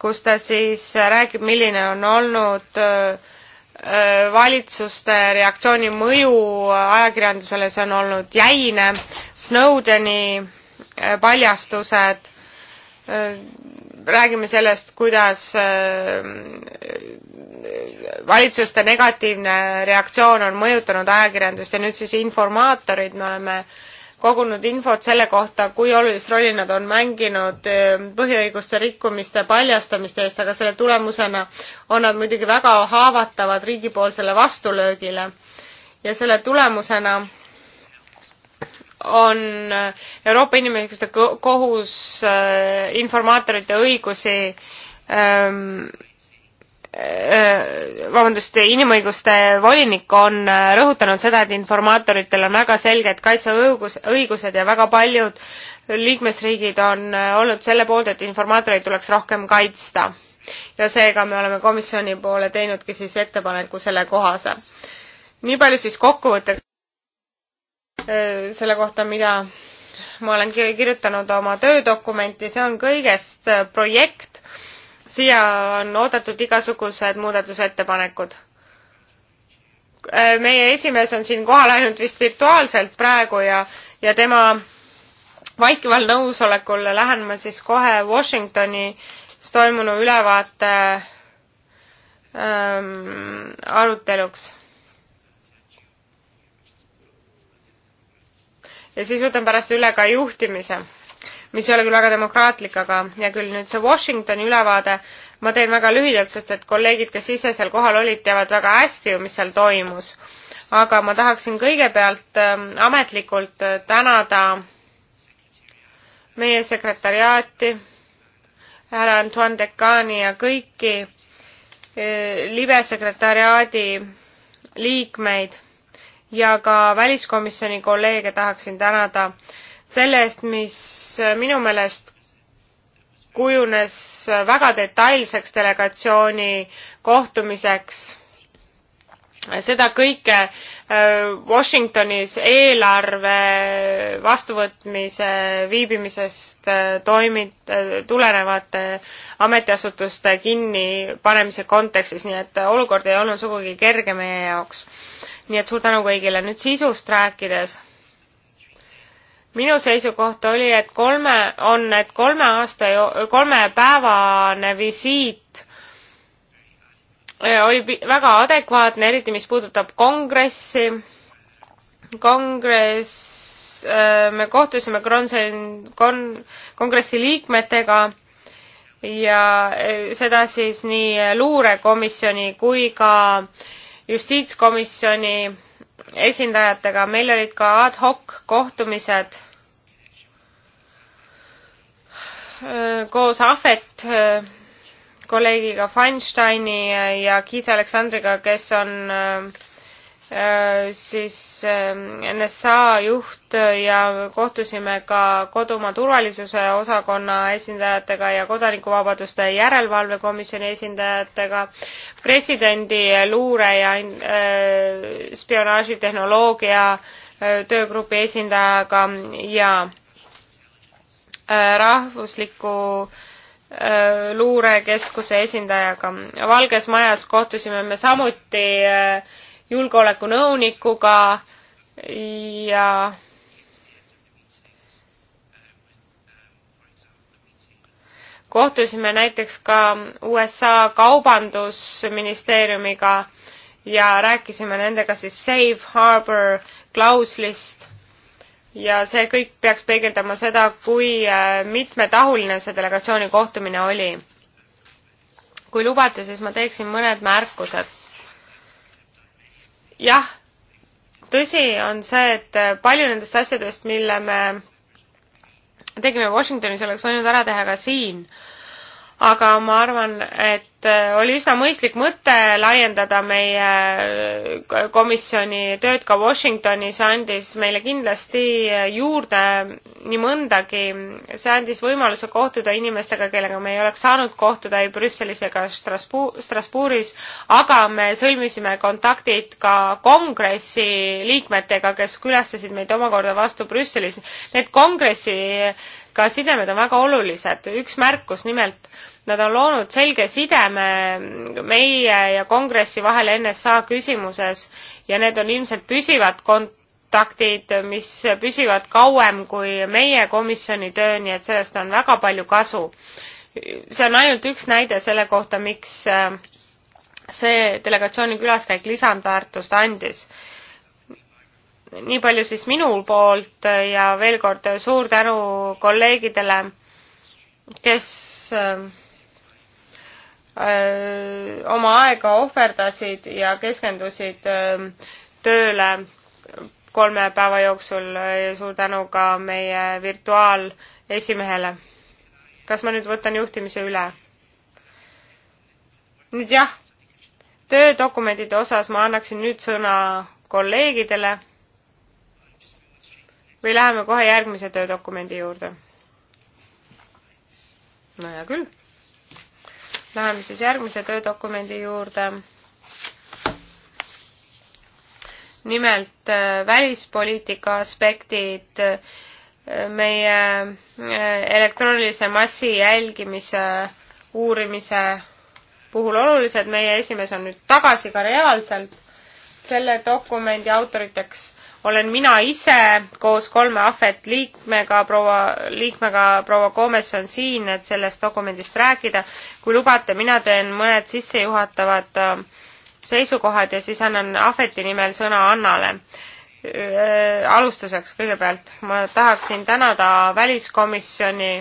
kus ta siis äh, räägib, milline on olnud äh, valitsuste reaktsiooni mõju ajakirjandusele, see on olnud jäine, Snowdeni paljastused, räägime sellest, kuidas valitsuste negatiivne reaktsioon on mõjutanud ajakirjandust ja nüüd siis informaatorid, me oleme kogunud infot selle kohta, kui olulist rolli nad on mänginud e, põhiõiguste rikkumiste paljastamiste eest, aga selle tulemusena on nad muidugi väga haavatavad riigipoolsele vastulöögile. ja selle tulemusena on Euroopa Inimõiguste Kohus e, informaatorite õigusi ähm, Äh, vabandust, inimõiguste volinik on äh, rõhutanud seda, et informaatoritel on väga selged kaitseõigus, õigused ja väga paljud liikmesriigid on äh, olnud selle poolt, et informaatoreid tuleks rohkem kaitsta. ja seega me oleme komisjoni poole teinudki siis ettepaneku selle kohase. nii palju siis kokkuvõtteks selle kohta, mida ma olen kirjutanud oma töödokumenti, see on kõigest projekt siia on oodatud igasugused muudatusettepanekud. Äh, meie esimees on siin kohal ainult vist virtuaalselt praegu ja, ja tema vaikival nõusolekul lähen ma siis kohe Washingtonis toimunu ülevaate ähm, aruteluks. ja siis võtan pärast üle ka juhtimise mis ei ole küll väga demokraatlik, aga hea küll, nüüd see Washingtoni ülevaade, ma teen väga lühidalt, sest et kolleegid, kes ise seal kohal olid, teavad väga hästi ju, mis seal toimus. aga ma tahaksin kõigepealt ähm, äh, ametlikult tänada meie sekretariaati, härra Antoine Decani ja kõiki äh, libesekretariaadi liikmeid ja ka väliskomisjoni kolleege tahaksin tänada äh, selle eest, mis äh, minu meelest kujunes äh, väga detailseks delegatsiooni kohtumiseks. seda kõike äh, Washingtonis eelarve vastuvõtmise viibimisest toimid, tulenevate ametiasutuste kinnipanemise kontekstis, nii et olukord ei olnud sugugi kerge meie jaoks. nii et suur tänu kõigile. nüüd sisust rääkides minu seisukoht oli, et kolme, on, et kolme aasta, kolmepäevane visiit eh, oli väga adekvaatne, eriti mis puudutab kongressi. kongress, eh, me kohtusime Gronsen- kon,, kongressi liikmetega ja eh, seda siis nii luurekomisjoni kui ka justiitskomisjoni esindajatega, meil olid ka ad hoc kohtumised äh, koos Ahvet äh, kolleegiga Feinsteini ja Keith Aleksandriga, kes on äh, Äh, siis ähm, NSA juht äh, ja kohtusime ka kodumaa turvalisuse osakonna esindajatega ja kodanikuvabaduste järelevalvekomisjoni esindajatega, presidendi äh, luure ja äh, spionaažitehnoloogia töögrupi esindajaga ja rahvusliku äh, luurekeskuse esindajaga. Valges Majas kohtusime me samuti äh, julgeolekunõunikuga ja kohtusime näiteks ka USA kaubandusministeeriumiga ja rääkisime nendega siis safe harbor klauslist ja see kõik peaks peegeldama seda, kui äh, mitmetahuline see delegatsiooni kohtumine oli. kui lubate, siis ma teeksin mõned märkused jah, tõsi on see, et palju nendest asjadest, mille me tegime Washingtonis, oleks võinud ära teha ka siin. aga ma arvan, et Äh, oli üsna mõistlik mõte laiendada meie äh, komisjoni tööd ka Washingtonis, andis meile kindlasti äh, juurde nii mõndagi, see andis võimaluse kohtuda inimestega, kellega me ei oleks saanud kohtuda ei Brüsselis ega Strasbourg, Strasbourgis, aga me sõlmisime kontaktid ka kongressi liikmetega, kes külastasid meid omakorda vastu Brüsselis. Need kongressi ka sidemed on väga olulised. üks märkus nimelt, nad on loonud selge sideme meie ja kongressi vahel NSA küsimuses ja need on ilmselt püsivad kontaktid, mis püsivad kauem kui meie komisjoni töö, nii et sellest on väga palju kasu. see on ainult üks näide selle kohta, miks äh, see delegatsiooni külaskäik lisandväärtust andis nii palju siis minu poolt ja veel kord suur tänu kolleegidele, kes äh, oma aega ohverdasid ja keskendusid äh, tööle kolme päeva jooksul. suur tänu ka meie virtuaalesimehele. kas ma nüüd võtan juhtimise üle? nüüd jah, töödokumentide osas ma annaksin nüüd sõna kolleegidele või läheme kohe järgmise töödokumendi juurde? no hea küll. Läheme siis järgmise töödokumendi juurde. nimelt äh, välispoliitika aspektid äh, meie äh, elektroonilise massi jälgimise uurimise puhul olulised, meie esimees on nüüd tagasi ka reaalselt. selle dokumendi autoriteks olen mina ise koos kolme ahvet liikmega, proua, liikmega proua Koomes on siin, et sellest dokumendist rääkida. kui lubate, mina teen mõned sissejuhatavad äh, seisukohad ja siis annan ahveti nimel sõna Annale äh, alustuseks kõigepealt ma tahaksin tänada väliskomisjoni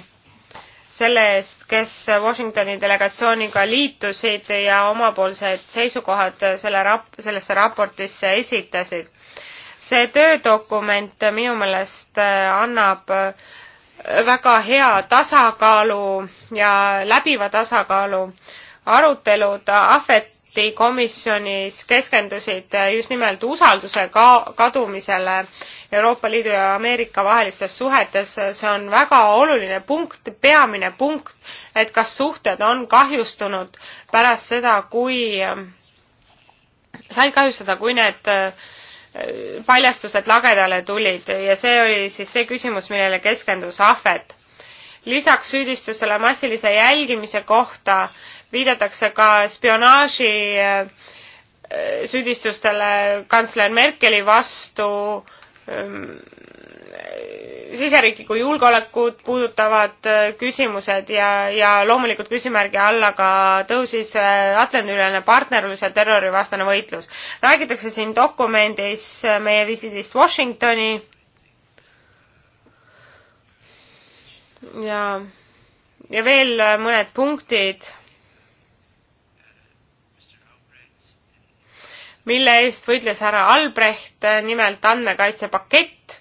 selle eest, kes Washingtoni delegatsiooniga liitusid ja omapoolsed seisukohad selle rap-, sellesse raportisse esitasid see töödokument minu meelest äh, annab äh, väga hea tasakaalu ja läbiva tasakaalu arutelud Ahveti komisjonis keskendusid äh, just nimelt usalduse ka-, kadumisele Euroopa Liidu ja Ameerika vahelistes suhetes, see on väga oluline punkt, peamine punkt, et kas suhted on kahjustunud pärast seda, kui, said kahjustada, kui need äh, paljastused lagedale tulid ja see oli siis see küsimus, millele keskendus Ahvet. lisaks süüdistusele massilise jälgimise kohta viidatakse ka spionaaži äh, süüdistustele kantsler Merkeli vastu ähm, siseriiklikku julgeolekut puudutavad äh, küsimused ja, ja loomulikult küsimärgi alla ka tõusis äh, Atlandi-ülene partnerlus ja terrorivastane võitlus. räägitakse siin dokumendis äh, meie visiidist Washingtoni ja, ja veel mõned punktid mille eest võitles härra Albrecht, nimelt andmekaitsepakett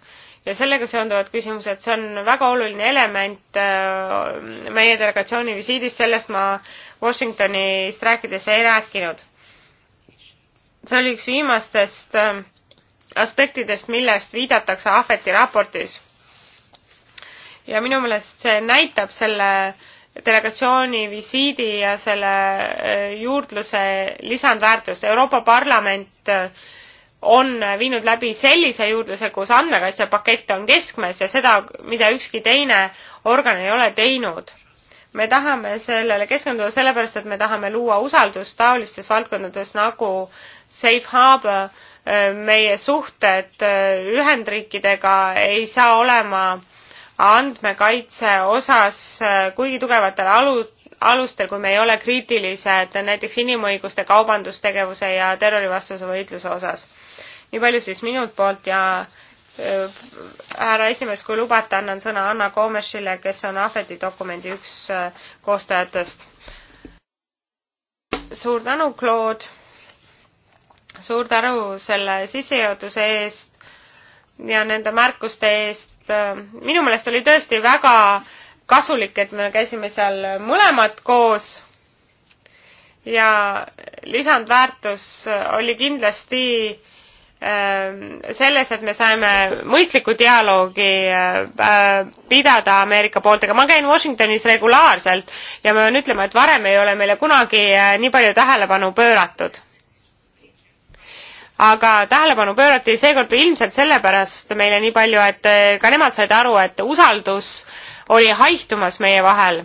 ja sellega seonduvad küsimused, see on väga oluline element äh, meie delegatsiooni visiidis, sellest ma Washingtonist rääkides ei rääkinud. see oli üks viimastest äh, aspektidest, millest viidatakse Ahveti raportis. ja minu meelest see näitab selle delegatsiooni visiidi ja selle äh, juurdluse lisandväärtust. Euroopa Parlament äh, on viinud läbi sellise juurdluse, kus andmekaitsepakett on keskmes ja seda, mida ükski teine organ ei ole teinud. me tahame sellele keskenduda sellepärast, et me tahame luua usaldust taolistes valdkondades nagu safe harbor, meie suhted äh, Ühendriikidega ei saa olema andmekaitse osas äh, kuigi tugevatel alu-, alustel, kui me ei ole kriitilised näiteks inimõiguste, kaubandustegevuse ja terrorivastase võitluse osas nii palju siis minu poolt ja härra esimees, kui lubate, annan sõna Anna Koomešile, kes on Ahveti dokumendi üks koostajatest. suur tänu, Claude! suur tänu selle sissejuhatuse eest ja nende märkuste eest. minu meelest oli tõesti väga kasulik, et me käisime seal mõlemad koos ja lisandväärtus oli kindlasti äh, Ähm, selles, et me saime mõistliku dialoogi äh, äh, pidada Ameerika pooltega. ma käin Washingtonis regulaarselt ja ma pean ütlema, et varem ei ole meile kunagi äh, nii palju tähelepanu pööratud. aga tähelepanu pöörati seekord ilmselt sellepärast meile nii palju, et ka nemad said aru, et usaldus oli haihtumas meie vahel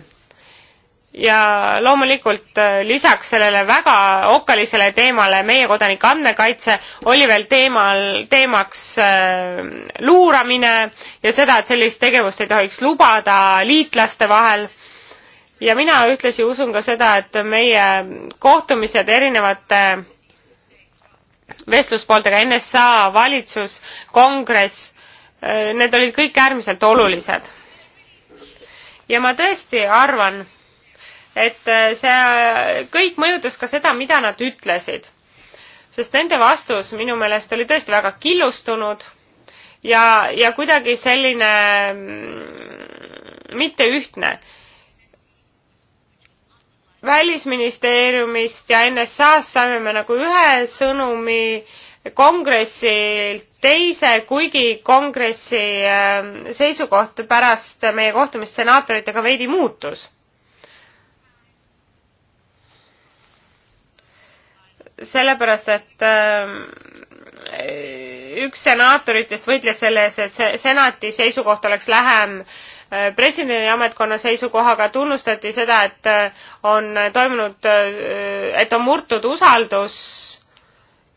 ja loomulikult äh, lisaks sellele väga okkalisele teemale meie kodanike andmekaitse oli veel teemal, teemaks äh, luuramine ja seda, et sellist tegevust ei tohiks lubada liitlaste vahel. ja mina ühtlasi usun ka seda, et meie kohtumised erinevate vestluspooltega NSA, valitsus, kongress, äh, need olid kõik äärmiselt olulised. ja ma tõesti arvan, et äh, see kõik mõjutas ka seda, mida nad ütlesid. sest nende vastus minu meelest oli tõesti väga killustunud ja, ja kuidagi selline mm, mitteühtne. välisministeeriumist ja NSA-st saime me nagu ühe sõnumi kongressilt teise, kuigi kongressi äh, seisukoht pärast meie kohtumist senaatoritega veidi muutus sellepärast, et äh, üks senaatoritest võitles selle eest, et senati seisukoht oleks lähem äh, presidendi ametkonna seisukohaga tunnustati seda, et äh, on toimunud, et on murtud usaldus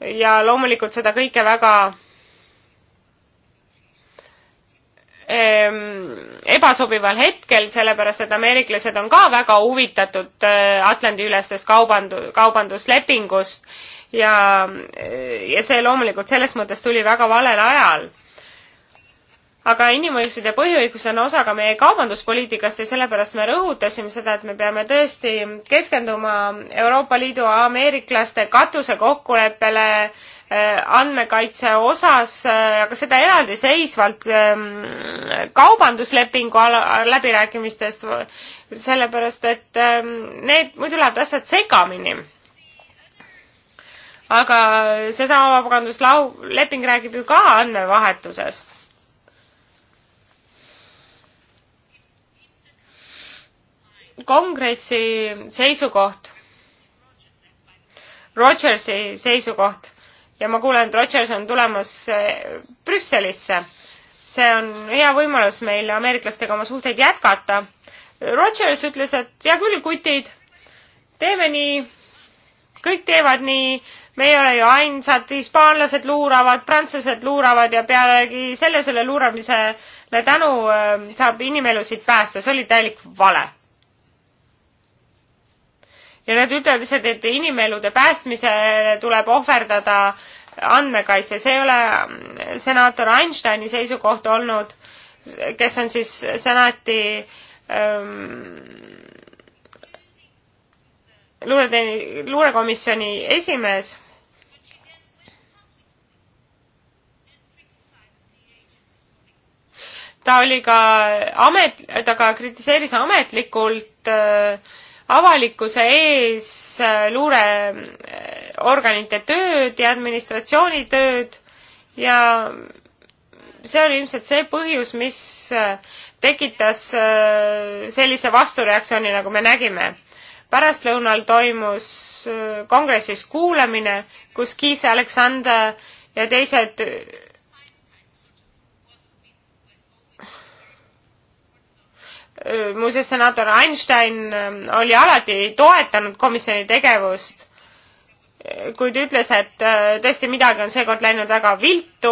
ja loomulikult seda kõike väga Ehm, ebasobival hetkel, sellepärast et ameeriklased on ka väga huvitatud äh, Atlandi-ülestest kaubandu-, kaubanduslepingust ja, äh, ja see loomulikult selles mõttes tuli väga valel ajal aga inimõigused ja põhiõigused on osa ka meie kaubanduspoliitikast ja sellepärast me rõhutasime seda, et me peame tõesti keskenduma Euroopa Liidu ameeriklaste katusekokkuleppele äh, Äh, andmekaitse osas, äh, aga seda eraldiseisvalt ähm, kaubanduslepingu läbirääkimistest, sellepärast et ähm, need, muidu lähevad asjad segamini. aga seesama vabakaubandusleping räägib ju ka andmevahetusest. kongressi seisukoht, Rogersi seisukoht ja ma kuulen, et Rodgers on tulemas eh, Brüsselisse. see on hea võimalus meil ameeriklastega oma suhteid jätkata. Rodgers ütles, et hea küll, kutid, teeme nii, kõik teevad nii, me ei ole ju ainsad, hispaanlased luuravad, prantslased luuravad ja pealegi selle, selle luuramisele tänu eh, saab inimelusid päästa, see oli täielik vale ja nad ütlesid, et inimelude päästmisele tuleb ohverdada andmekaitse, see ei ole mm, senaator Einsteini seisukoht olnud, kes on siis senati ähm, mm, luureteeni-, luurekomisjoni esimees. ta oli ka amet, ta ka kritiseeris ametlikult äh, avalikkuse ees äh, luureorganite tööd ja administratsiooni tööd ja see oli ilmselt see põhjus, mis äh, tekitas äh, sellise vastureaktsiooni, nagu me nägime. pärastlõunal toimus kongressis kuulamine, kus Keith Alexander ja teised muuseas senaator Einstein ähm, oli alati toetanud komisjoni tegevust, kuid ütles, et äh, tõesti midagi on seekord läinud väga viltu,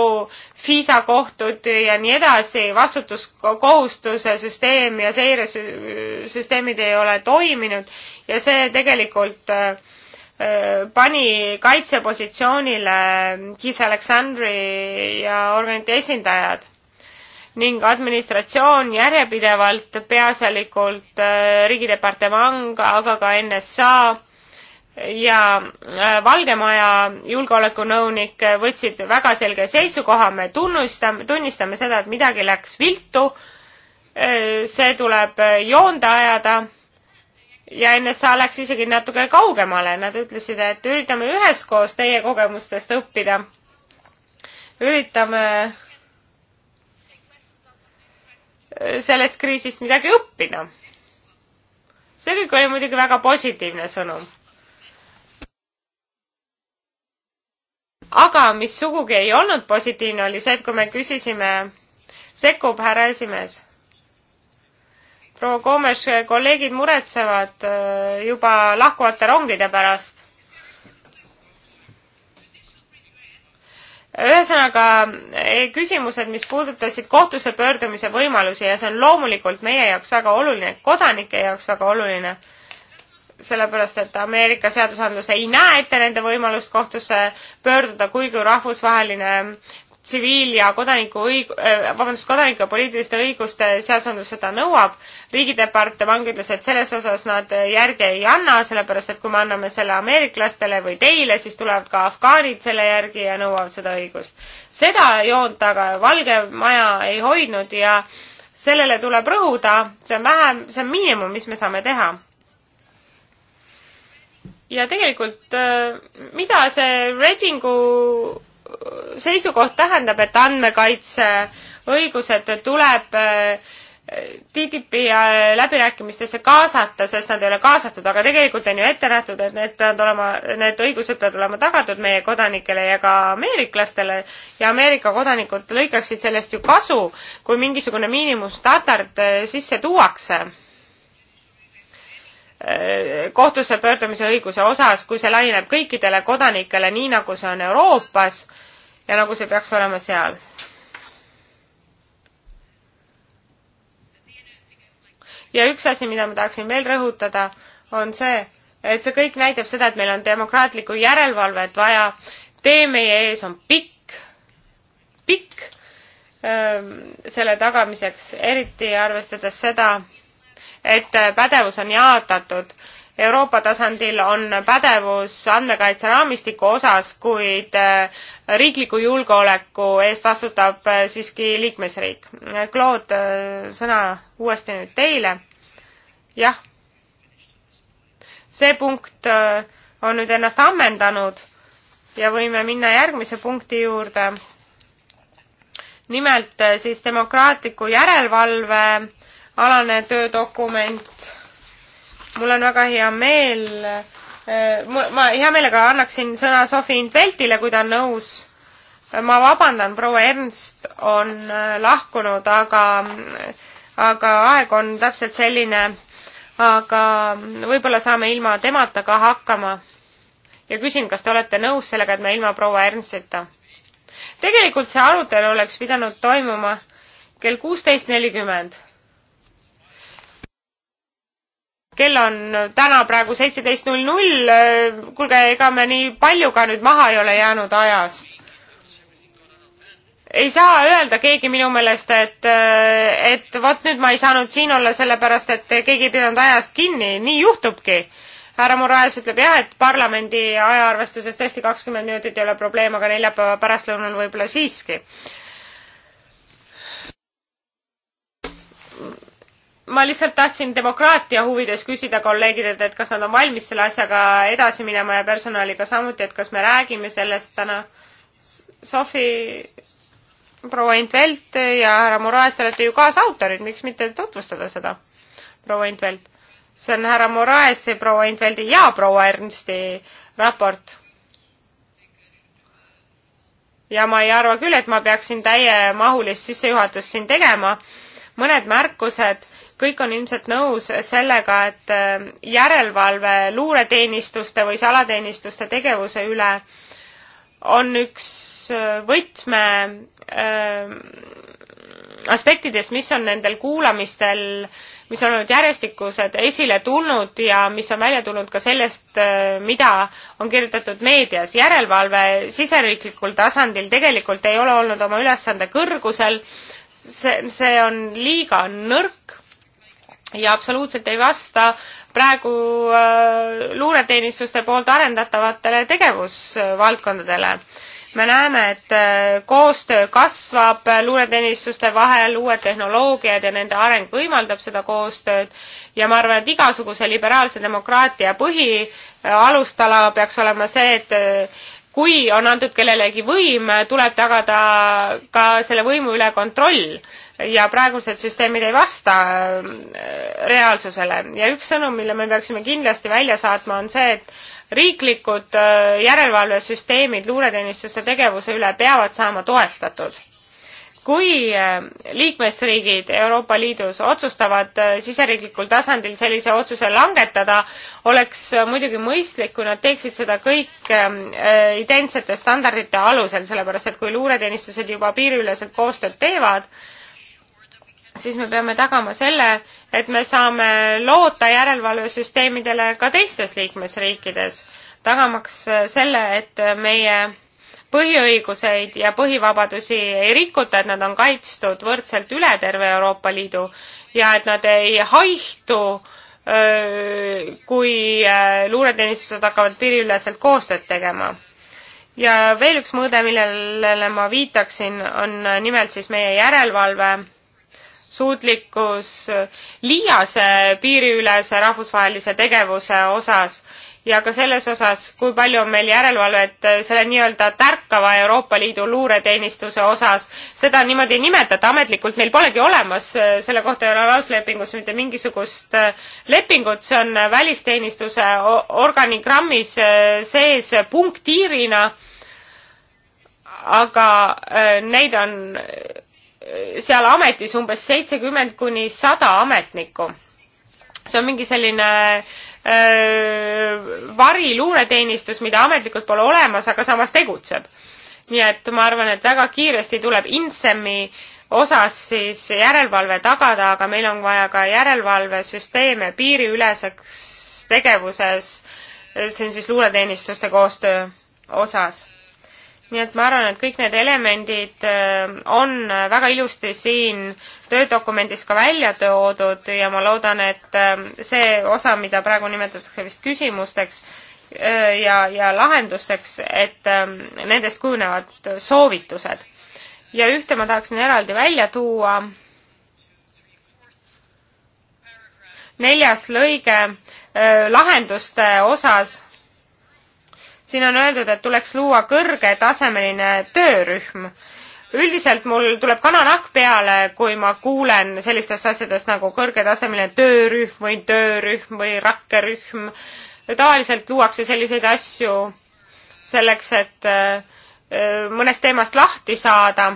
FISA kohtud ja nii edasi, vastutuskohustuse süsteem ja seiresüsteemid ei ole toiminud ja see tegelikult äh, äh, pani kaitsepositsioonile Keith Alexandri ja organite esindajad ning administratsioon järjepidevalt, peaasjalikult äh, riigidepartement, aga ka NSA ja äh, Valge Maja julgeolekunõunik võtsid väga selge seisukoha, me tunnustame, tunnistame seda, et midagi läks viltu, äh, see tuleb joonde ajada ja NSA läks isegi natuke kaugemale, nad ütlesid, et üritame üheskoos teie kogemustest õppida, üritame sellest kriisist midagi õppida. see kõik oli muidugi väga positiivne sõnum. aga mis sugugi ei olnud positiivne, oli see, et kui me küsisime, sekkub härra esimees proua Koomes, kolleegid muretsevad äh, juba lahkuvate rongide pärast. ühesõnaga eh, küsimused, mis puudutasid kohtusse pöördumise võimalusi ja see on loomulikult meie jaoks väga oluline, kodanike jaoks väga oluline, sellepärast et Ameerika seadusandlus ei näe ette nende võimalust kohtusse pöörduda, kuigi rahvusvaheline tsiviil- ja kodaniku õig-, äh, vabandust, kodanike poliitiliste õiguste seadusandlus seda nõuab. riigidepartement ütles, et selles osas nad järge ei anna, sellepärast et kui me anname selle ameeriklastele või teile, siis tulevad ka afgaanid selle järgi ja nõuavad seda õigust. seda joont aga Valge Maja ei hoidnud ja sellele tuleb rõhuda, see on vähem, see on miinimum, mis me saame teha ja tegelikult äh, mida see Redingu seisukoht tähendab, et andmekaitse õigused tuleb äh, TTIP-i läbirääkimistesse kaasata, sest nad ei ole kaasatud, aga tegelikult on ju ette nähtud, et need peavad olema, need õigused peavad olema tagatud meie kodanikele ja ka ameeriklastele ja Ameerika kodanikud lõikaksid sellest ju kasu, kui mingisugune miinimumstandard äh, sisse tuuakse Eh, kohtusse pöördumise õiguse osas, kui see laieneb kõikidele kodanikele, nii nagu see on Euroopas ja nagu see peaks olema seal. ja üks asi, mida ma tahaksin veel rõhutada, on see, et see kõik näitab seda, et meil on demokraatlikku järelevalvet vaja. tee meie ees on pikk, pikk ehm, selle tagamiseks, eriti arvestades seda, et pädevus on jaotatud. Euroopa tasandil on pädevus andmekaitse raamistiku osas, kuid äh, riikliku julgeoleku eest vastutab äh, siiski liikmesriik. Claude, äh, sõna uuesti nüüd teile. jah, see punkt on nüüd ennast ammendanud ja võime minna järgmise punkti juurde. nimelt siis demokraatliku järelevalve alane töödokument. mul on väga hea meel, eh, ma hea meelega annaksin sõna Sofi Intveltile, kui ta on nõus ma vabandan, proua Ernst on eh, lahkunud, aga, aga aeg on täpselt selline, aga võib-olla saame ilma temata ka hakkama. ja küsin, kas te olete nõus sellega, et me ilma proua Ernstita? tegelikult see arutelu oleks pidanud toimuma kell kuusteist nelikümmend kell on täna praegu seitseteist null null, kuulge, ega me nii palju ka nüüd maha ei ole jäänud ajast. ei saa öelda keegi minu meelest, et, et vot nüüd ma ei saanud siin olla, sellepärast et keegi ei pidanud ajast kinni, nii juhtubki. härra Moraes ütleb jah, et parlamendi ajaarvestuses tõesti kakskümmend minutit ei ole probleem, aga neljapäeva pärastlõunal võib-olla siiski ma lihtsalt tahtsin demokraatia huvides küsida kolleegidelt, et kas nad on valmis selle asjaga edasi minema ja personaliga samuti, et kas me räägime sellest täna. Sofi, proua Intvelt ja härra Moraes, te olete ju kaasautorid, miks mitte tutvustada seda, proua Intvelt? see on härra Moraesi, proua Intveldi ja proua Ernsti raport. ja ma ei arva küll, et ma peaksin täiemahulist sissejuhatust siin tegema mõned märkused kõik on ilmselt nõus sellega, et äh, järelevalve luureteenistuste või salateenistuste tegevuse üle on üks äh, võtme äh, aspektidest, mis on nendel kuulamistel, mis on olnud järjestikused, esile tulnud ja mis on välja tulnud ka sellest, mida on kirjutatud meedias. järelevalve siseriiklikul tasandil tegelikult ei ole olnud oma ülesande kõrgusel, see, see on liiga nõrk ja absoluutselt ei vasta praegu äh, luureteenistuste poolt arendatavatele tegevusvaldkondadele. me näeme, et äh, koostöö kasvab luureteenistuste vahel, uued tehnoloogiad ja nende areng võimaldab seda koostööd ja ma arvan, et igasuguse liberaalse demokraatia põhialustala peaks olema see, et äh, kui on antud kellelegi võim, tuleb tagada ka selle võimu üle kontroll ja praegused süsteemid ei vasta äh, reaalsusele ja üks sõnum, mille me peaksime kindlasti välja saatma, on see, et riiklikud äh, järelevalvesüsteemid luureteenistuste tegevuse üle peavad saama toestatud. kui äh, liikmesriigid Euroopa Liidus otsustavad siseriiklikul tasandil sellise otsuse langetada, oleks muidugi mõistlik, kui nad teeksid seda kõik ähm, identsete standardite alusel, sellepärast et kui luureteenistused juba piiriüleselt koostööd teevad, siis me peame tagama selle, et me saame loota järelevalvesüsteemidele ka teistes liikmesriikides, tagamaks selle, et meie põhiõiguseid ja põhivabadusi ei rikuta, et nad on kaitstud võrdselt üle terve Euroopa Liidu ja et nad ei haihtu, kui äh, luureteenistused hakkavad piiriüleselt koostööd tegema. ja veel üks mõõde, millele ma viitaksin, on nimelt siis meie järelevalve suutlikkus liiase piiriülese rahvusvahelise tegevuse osas ja ka selles osas, kui palju on meil järelevalvet selle nii-öelda tärkava Euroopa Liidu luureteenistuse osas, seda niimoodi ei nimetata ametlikult, neil polegi olemas, eh, selle kohta ei ole aluslepingus mitte mingisugust eh, lepingut, see on välisteenistuse organigrammis eh, sees punktiirina, aga neid on seal ametis umbes seitsekümmend kuni sada ametnikku. see on mingi selline öö, variluureteenistus, mida ametlikult pole olemas, aga samas tegutseb. nii et ma arvan, et väga kiiresti tuleb Insemi osas siis järelevalve tagada, aga meil on vaja ka järelevalvesüsteeme piiriüleseks tegevuses, see on siis luureteenistuste koostöö osas nii et ma arvan, et kõik need elemendid äh, on äh, väga ilusti siin töödokumendis ka välja toodud ja ma loodan, et äh, see osa, mida praegu nimetatakse vist küsimusteks ja, ja lahendusteks, et nendest kujunevad soovitused. ja ühte ma tahaksin eraldi välja tuua neljas lõige eh, lahenduste osas siin on öeldud, et tuleks luua kõrgetasemeline töörühm. üldiselt mul tuleb kananahk peale, kui ma kuulen sellistest asjadest nagu kõrgetasemeline töörühm või töörühm või rakkerühm. tavaliselt luuakse selliseid asju selleks, et äh, mõnest teemast lahti saada.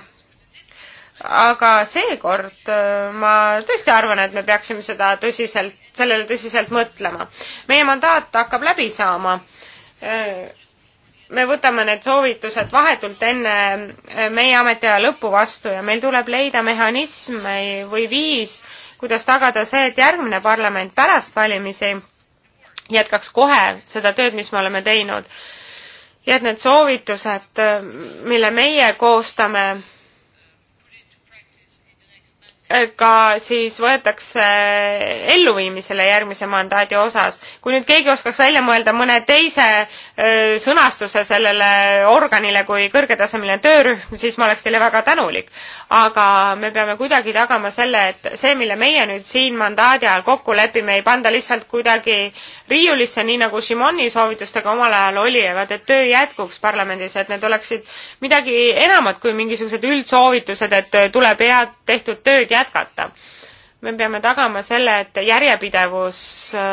aga seekord äh, ma tõesti arvan, et me peaksime seda tõsiselt, sellele tõsiselt mõtlema. meie mandaat hakkab läbi saama äh, me võtame need soovitused vahetult enne äh, meie ametiaja lõppu vastu ja meil tuleb leida mehhanism või viis, kuidas tagada see, et järgmine parlament pärast valimisi jätkaks kohe seda tööd, mis me oleme teinud. ja et need soovitused, äh, mille meie koostame, ka siis võetakse elluviimisele järgmise mandaadi osas. kui nüüd keegi oskaks välja mõelda mõne teise öö, sõnastuse sellele organile kui kõrgetasemeline töörühm, siis ma oleks teile väga tänulik. aga me peame kuidagi tagama selle, et see, mille meie nüüd siin mandaadi ajal kokku lepime, ei panda lihtsalt kuidagi riiulisse, nii nagu Šimoni soovitustega omal ajal oli, vaid et töö jätkuks parlamendis, et need oleksid midagi enamat kui mingisugused üldsoovitused, et tuleb head tehtud tööd jätkata. me peame tagama selle, et järjepidevus äh,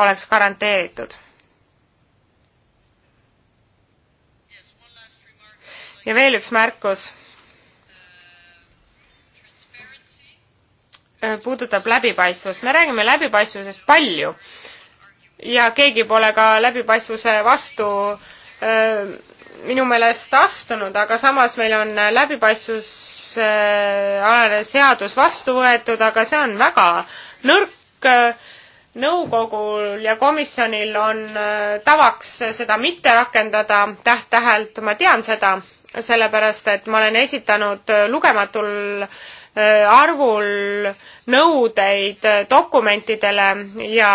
oleks garanteeritud. ja veel üks märkus. Äh, puudutab läbipaistvust. me räägime läbipaistvusest palju ja keegi pole ka läbipaistvuse vastu öö, äh, minu meelest astunud, aga samas meil on läbipaistvusalane seadus vastu võetud, aga see on väga nõrk. nõukogul ja komisjonil on äh, tavaks seda mitte rakendada täht-tähelt, ma tean seda, sellepärast et ma olen esitanud lugematul äh, arvul nõudeid dokumentidele ja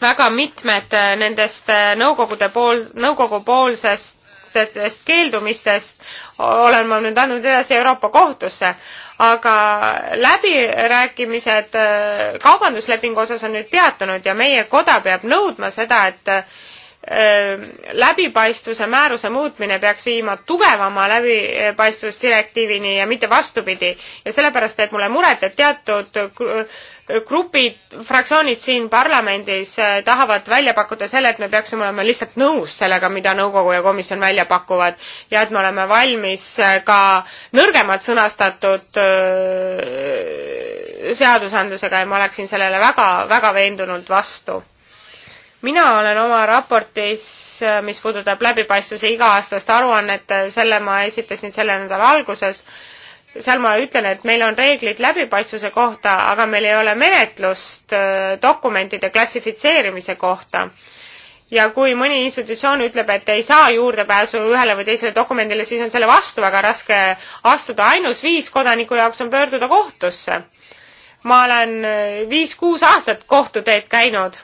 väga mitmed nendest äh, nõukogude pool, nõukogu poolsest nõuetest keeldumistest olen ma nüüd andnud edasi Euroopa kohtusse, aga läbirääkimised äh, kaubanduslepingu osas on nüüd peatunud ja meie koda peab nõudma seda, et äh, läbipaistvuse määruse muutmine peaks viima tugevama läbipaistvusdirektiivini ja mitte vastupidi ja sellepärast teeb mulle muret, et teatud grupid, fraktsioonid siin parlamendis äh, tahavad välja pakkuda selle, et me peaksime olema lihtsalt nõus sellega, mida nõukogu ja komisjon välja pakuvad ja et me oleme valmis äh, ka nõrgemalt sõnastatud äh, seadusandlusega ja ma oleksin sellele väga, väga veendunult vastu. mina olen oma raportis, mis puudutab läbipaistvuse iga-aastast aruannet, selle ma esitasin selle nädala alguses seal ma ütlen, et meil on reeglid läbipaistvuse kohta, aga meil ei ole menetlust äh, dokumentide klassifitseerimise kohta. ja kui mõni institutsioon ütleb, et ei saa juurdepääsu ühele või teisele dokumendile, siis on selle vastu väga raske astuda. ainus viis kodaniku jaoks on pöörduda kohtusse. ma olen äh, viis-kuus aastat kohtuteed käinud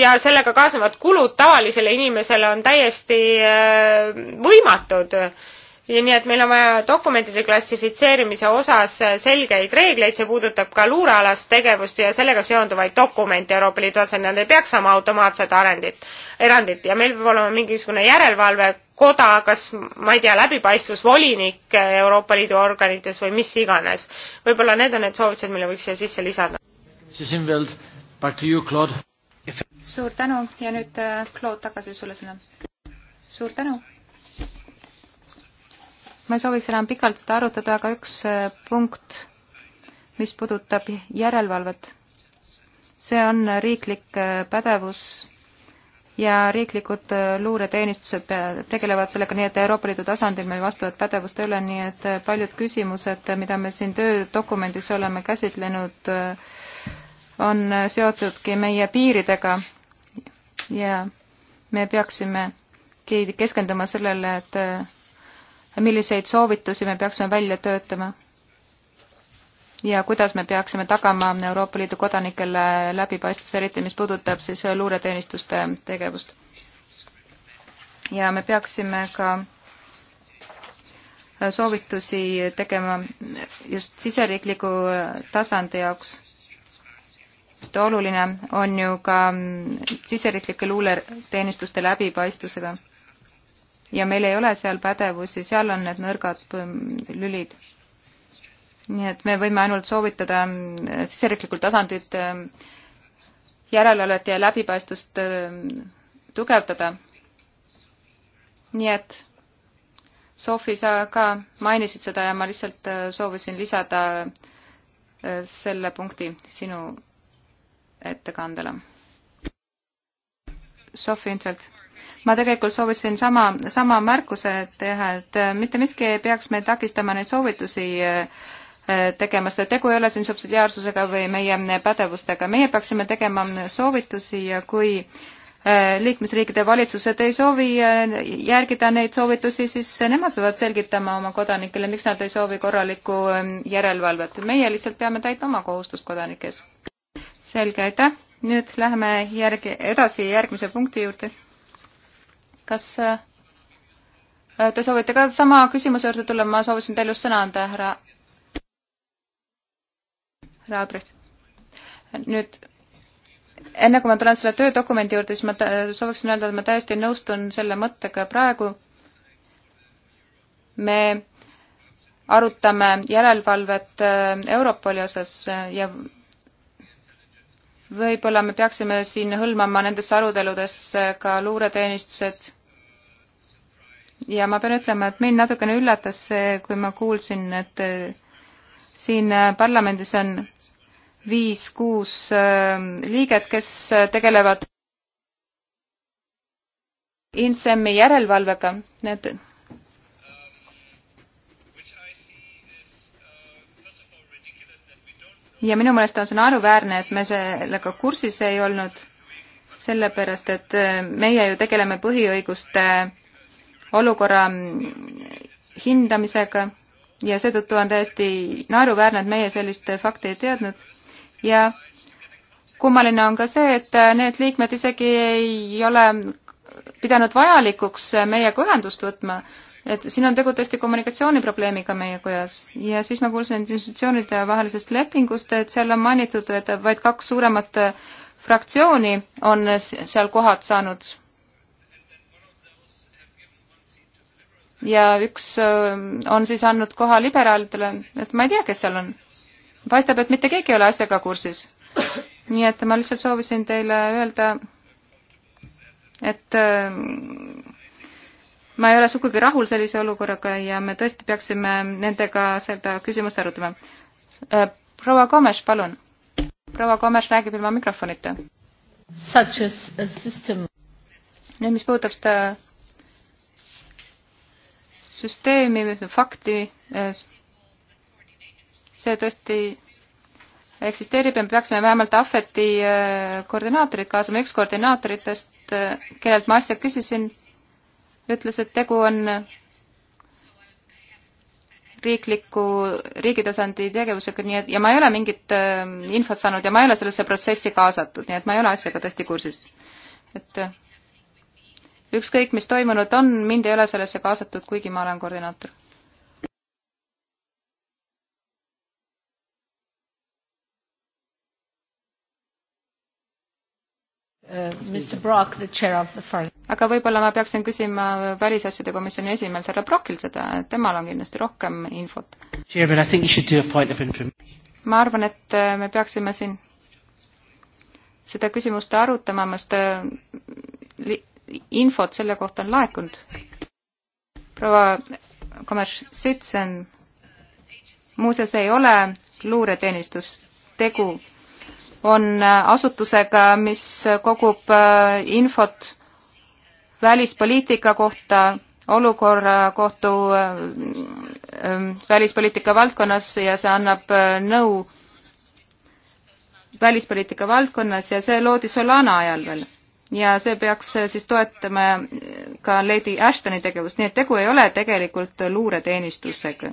ja sellega kaasnevad kulud tavalisele inimesele on täiesti äh, võimatud nii et meil on vaja dokumentide klassifitseerimise osas selgeid reegleid, see puudutab ka luurealast tegevust ja sellega seonduvaid dokumente Euroopa Liidu tasemel, nad ei peaks saama automaatset arendit, erandit ja meil peab olema mingisugune järelevalvekoda, kas ma ei tea, läbipaistvusvolinik Euroopa Liidu organites või mis iganes. võib-olla need on need soovitused, mille võiks siia sisse lisada. suur tänu ja nüüd äh, Claude tagasi sulle sõna. suur tänu ma ei sooviks enam pikalt seda arutada, aga üks äh, punkt, mis puudutab järelevalvet, see on riiklik äh, pädevus ja riiklikud äh, luureteenistused tegelevad sellega nii, et Euroopa Liidu tasandil meil vastavat pädevust ei ole, nii et paljud küsimused, mida me siin töödokumendis oleme käsitlenud, on seotudki meie piiridega ja me peaksime keskenduma sellele, et milliseid soovitusi me peaksime välja töötama ja kuidas me peaksime tagama Euroopa Liidu kodanikele läbipaistvuse, eriti mis puudutab siis luureteenistuste tegevust. ja me peaksime ka soovitusi tegema just siseriikliku tasandi jaoks, sest oluline on ju ka siseriiklike luuleteenistuste läbipaistvusega ja meil ei ole seal pädevusi, seal on need nõrgad lülid. nii et me võime ainult soovitada mm, siseriiklikul tasandil mm, järelevalvet ja läbipaistvust mm, tugevdada. nii et Sofi, sa ka mainisid seda ja ma lihtsalt äh, soovisin lisada äh, selle punkti sinu ettekandele. Sofi Intvelt ma tegelikult soovisin sama, sama märkuse teha, et äh, mitte miski ei peaks meil takistama neid soovitusi äh, tegema, sest tegu ei ole siin subsidiaarsusega või meie äh, pädevustega. meie peaksime tegema soovitusi ja kui liikmesriikide valitsused ei soovi järgida neid soovitusi, siis nemad peavad selgitama oma kodanikele, miks nad ei soovi korralikku ähm, järelevalvet. meie lihtsalt peame täitma oma kohustust kodanike ees. selge, aitäh. nüüd läheme järgi, edasi järgmise punkti juurde kas äh, te soovite ka sama küsimuse juurde tulla, ma soovisin teile just sõna anda, härra, härra Albrecht. nüüd, enne kui ma tulen selle töödokumendi juurde, siis ma sooviksin öelda, et ma täiesti nõustun selle mõttega praegu. me arutame järelevalvet äh, Europoli osas äh, ja võib-olla me peaksime siin hõlmama nendesse aruteludesse ka luureteenistused ja ma pean ütlema, et mind natukene üllatas see, kui ma kuulsin, et äh, siin äh, parlamendis on viis-kuus äh, liiget, kes tegelevad INSEM-i järelevalvega, need ja minu meelest on see naeruväärne, et me sellega kursis ei olnud, sellepärast et meie ju tegeleme põhiõiguste olukorra hindamisega ja seetõttu on täiesti naeruväärne, et meie sellist fakti ei teadnud ja kummaline on ka see, et need liikmed isegi ei ole pidanud vajalikuks meiega ühendust võtma, et siin on tegu tõesti kommunikatsiooniprobleemiga meie kojas ja siis ma kuulsin institutsioonide vahelisest lepingust, et seal on mainitud, et vaid kaks suuremat fraktsiooni on seal kohad saanud ja üks ähm, on siis andnud koha liberaalidele, et ma ei tea, kes seal on. paistab, et mitte keegi ei ole asjaga kursis. nii et ma lihtsalt soovisin teile öelda, et ähm, ma ei ole sugugi rahul sellise olukorraga ja me tõesti peaksime nendega seda küsimust arutama. Äh, proua Komes, palun. proua Komes räägib ilma mikrofonita. nüüd, mis puudutab seda süsteemi, fakti, eh, see tõesti eksisteerib ja me peaksime vähemalt ahveti eh, koordinaatorid kaasama, üks koordinaatoritest, eh, kellelt ma asja küsisin, ütles, et tegu on riikliku, riigi tasandi tegevusega, nii et ja ma ei ole mingit infot saanud ja ma ei ole sellesse protsessi kaasatud, nii et ma ei ole asjaga tõesti kursis. et ükskõik, mis toimunud on, mind ei ole sellesse kaasatud, kuigi ma olen koordinaator. Uh, aga võib-olla ma peaksin küsima välisasjade komisjoni esimehelt härra Brokil seda, temal on kindlasti rohkem infot. ma arvan, et äh, me peaksime siin seda küsimust arutama, sest infot selle kohta on laekunud. proua Komerš-Sitsen, muuseas ei ole luureteenistus, tegu on asutusega, mis kogub äh, infot välispoliitika kohta, olukorra kohtu äh, äh, välispoliitika valdkonnas ja see annab nõu välispoliitika valdkonnas ja see loodi Solana ajal veel ja see peaks äh, siis toetama äh, ka Lady Ashtoni tegevust, nii et tegu ei ole tegelikult äh, luureteenistusega.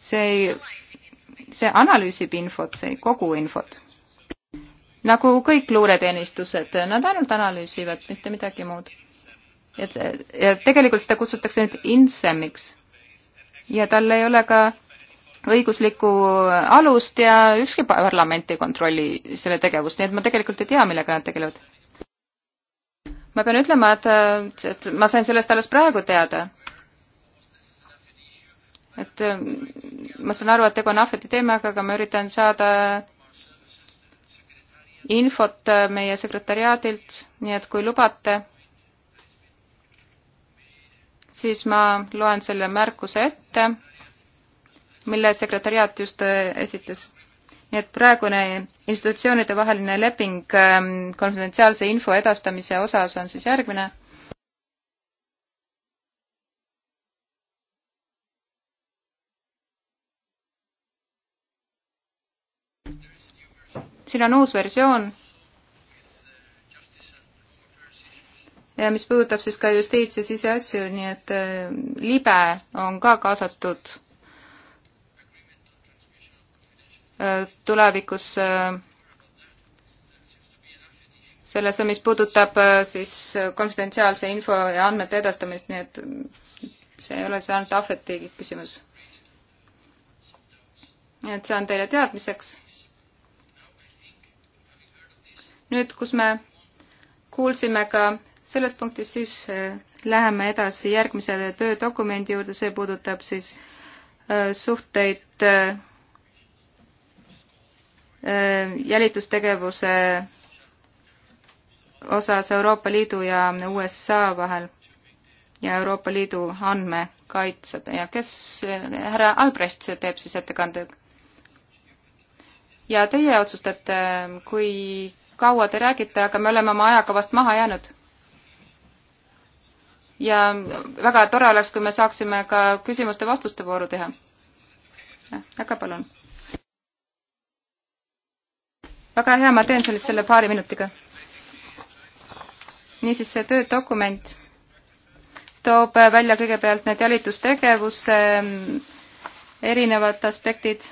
see ei, see analüüsib infot, see ei kogu infot. nagu kõik luureteenistused, nad ainult analüüsivad, mitte midagi muud. et ja tegelikult seda kutsutakse nüüd insemiks ja tal ei ole ka õiguslikku alust ja ükski parlament ei kontrolli selle tegevust, nii et ma tegelikult ei tea, millega nad tegelevad ma pean ütlema, et, et ma sain sellest alles praegu teada. et äh, ma saan aru, et tegu on ahveti teemaga, aga ma üritan saada infot äh, meie sekretariaadilt, nii et kui lubate, siis ma loen selle märkuse ette, mille sekretariaat just äh, esitas nii et praegune institutsioonide vaheline leping ähm, konfidentsiaalse info edastamise osas on siis järgmine. siin on uus versioon, mis puudutab siis ka justiits- ja siseasju, nii et äh, libe on ka kaasatud tulevikus äh, sellesse, mis puudutab äh, siis konfidentsiaalse info ja andmete edastamist, nii et see ei ole see ainult ahveti küsimus. nii et see on teile teadmiseks. nüüd, kus me kuulsime ka sellest punktist, siis äh, läheme edasi järgmise töödokumendi juurde, see puudutab siis suhteid Äh, jälitustegevuse osas Euroopa Liidu ja USA vahel ja Euroopa Liidu andmekaitse ja kes, härra Albrecht teeb siis ettekande. ja teie otsustate, kui kaua te räägite, aga me oleme oma ajaga vast maha jäänud. ja väga tore oleks, kui me saaksime ka küsimuste-vastuste vooru teha. väga palun väga hea, ma teen sellest selle paari minutiga. niisiis, see töödokument toob välja kõigepealt need jälitustegevuse mm, erinevad aspektid.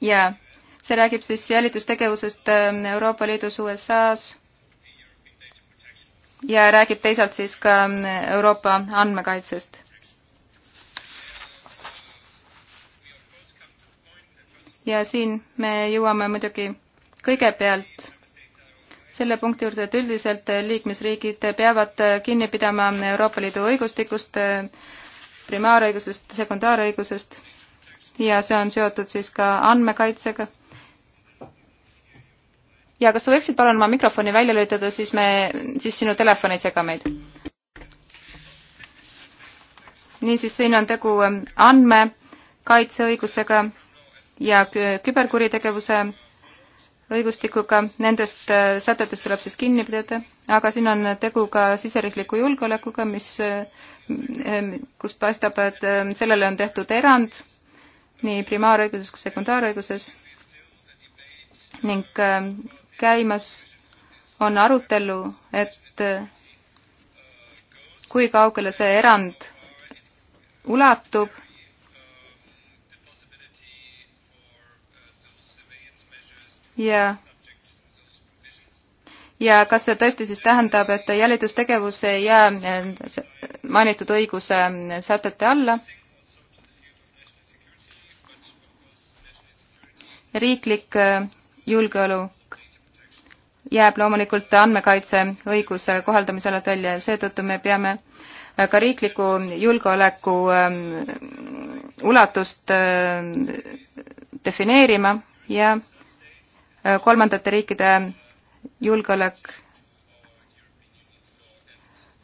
ja see räägib siis jälitustegevusest mm, Euroopa Liidus, USA-s ja räägib teisalt siis ka mm, Euroopa andmekaitsest ja siin me jõuame muidugi kõigepealt selle punkti juurde, et üldiselt liikmesriigid peavad kinni pidama Euroopa Liidu õigustikust, primaarõigusest, sekundaarõigusest ja see on seotud siis ka andmekaitsega. ja kas sa võiksid palun oma mikrofoni välja lülitada, siis me, siis sinu telefon ei sega meid. niisiis, siin on tegu andmekaitseõigusega ja küberkuritegevuse õigustikuga, nendest äh, sätetest tuleb siis kinni pidada, aga siin on tegu ka siseriikliku julgeolekuga, mis, äh, kus paistab, et äh, sellele on tehtud erand nii primaarõiguses kui sekundaarõiguses ning käimas on arutelu, et kui kaugele see erand ulatub ja ja kas see tõesti siis tähendab, et jälitustegevus ei jää äh, mainitud õiguse äh, sätete alla? riiklik äh, julgeolek jääb loomulikult andmekaitse õiguse kohaldamisalalt välja ja seetõttu me peame ka riikliku julgeoleku ulatust defineerima ja yeah Äh, kolmandate riikide julgeolek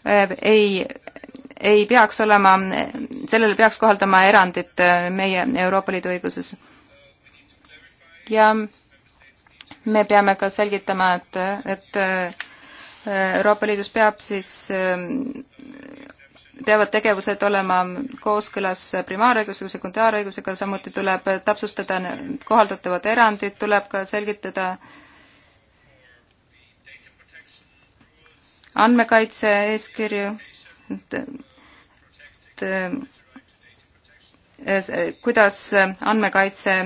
äh, ei, ei peaks olema, sellele peaks kohaldama erandit äh, meie Euroopa Liidu õiguses. ja me peame ka selgitama, et, et Euroopa Liidus peab siis peavad tegevused olema kooskõlas primaarõigusega, sekundaarõigusega, samuti tuleb täpsustada kohaldatavad erandid, tuleb ka selgitada andmekaitse eeskirju, et kuidas andmekaitse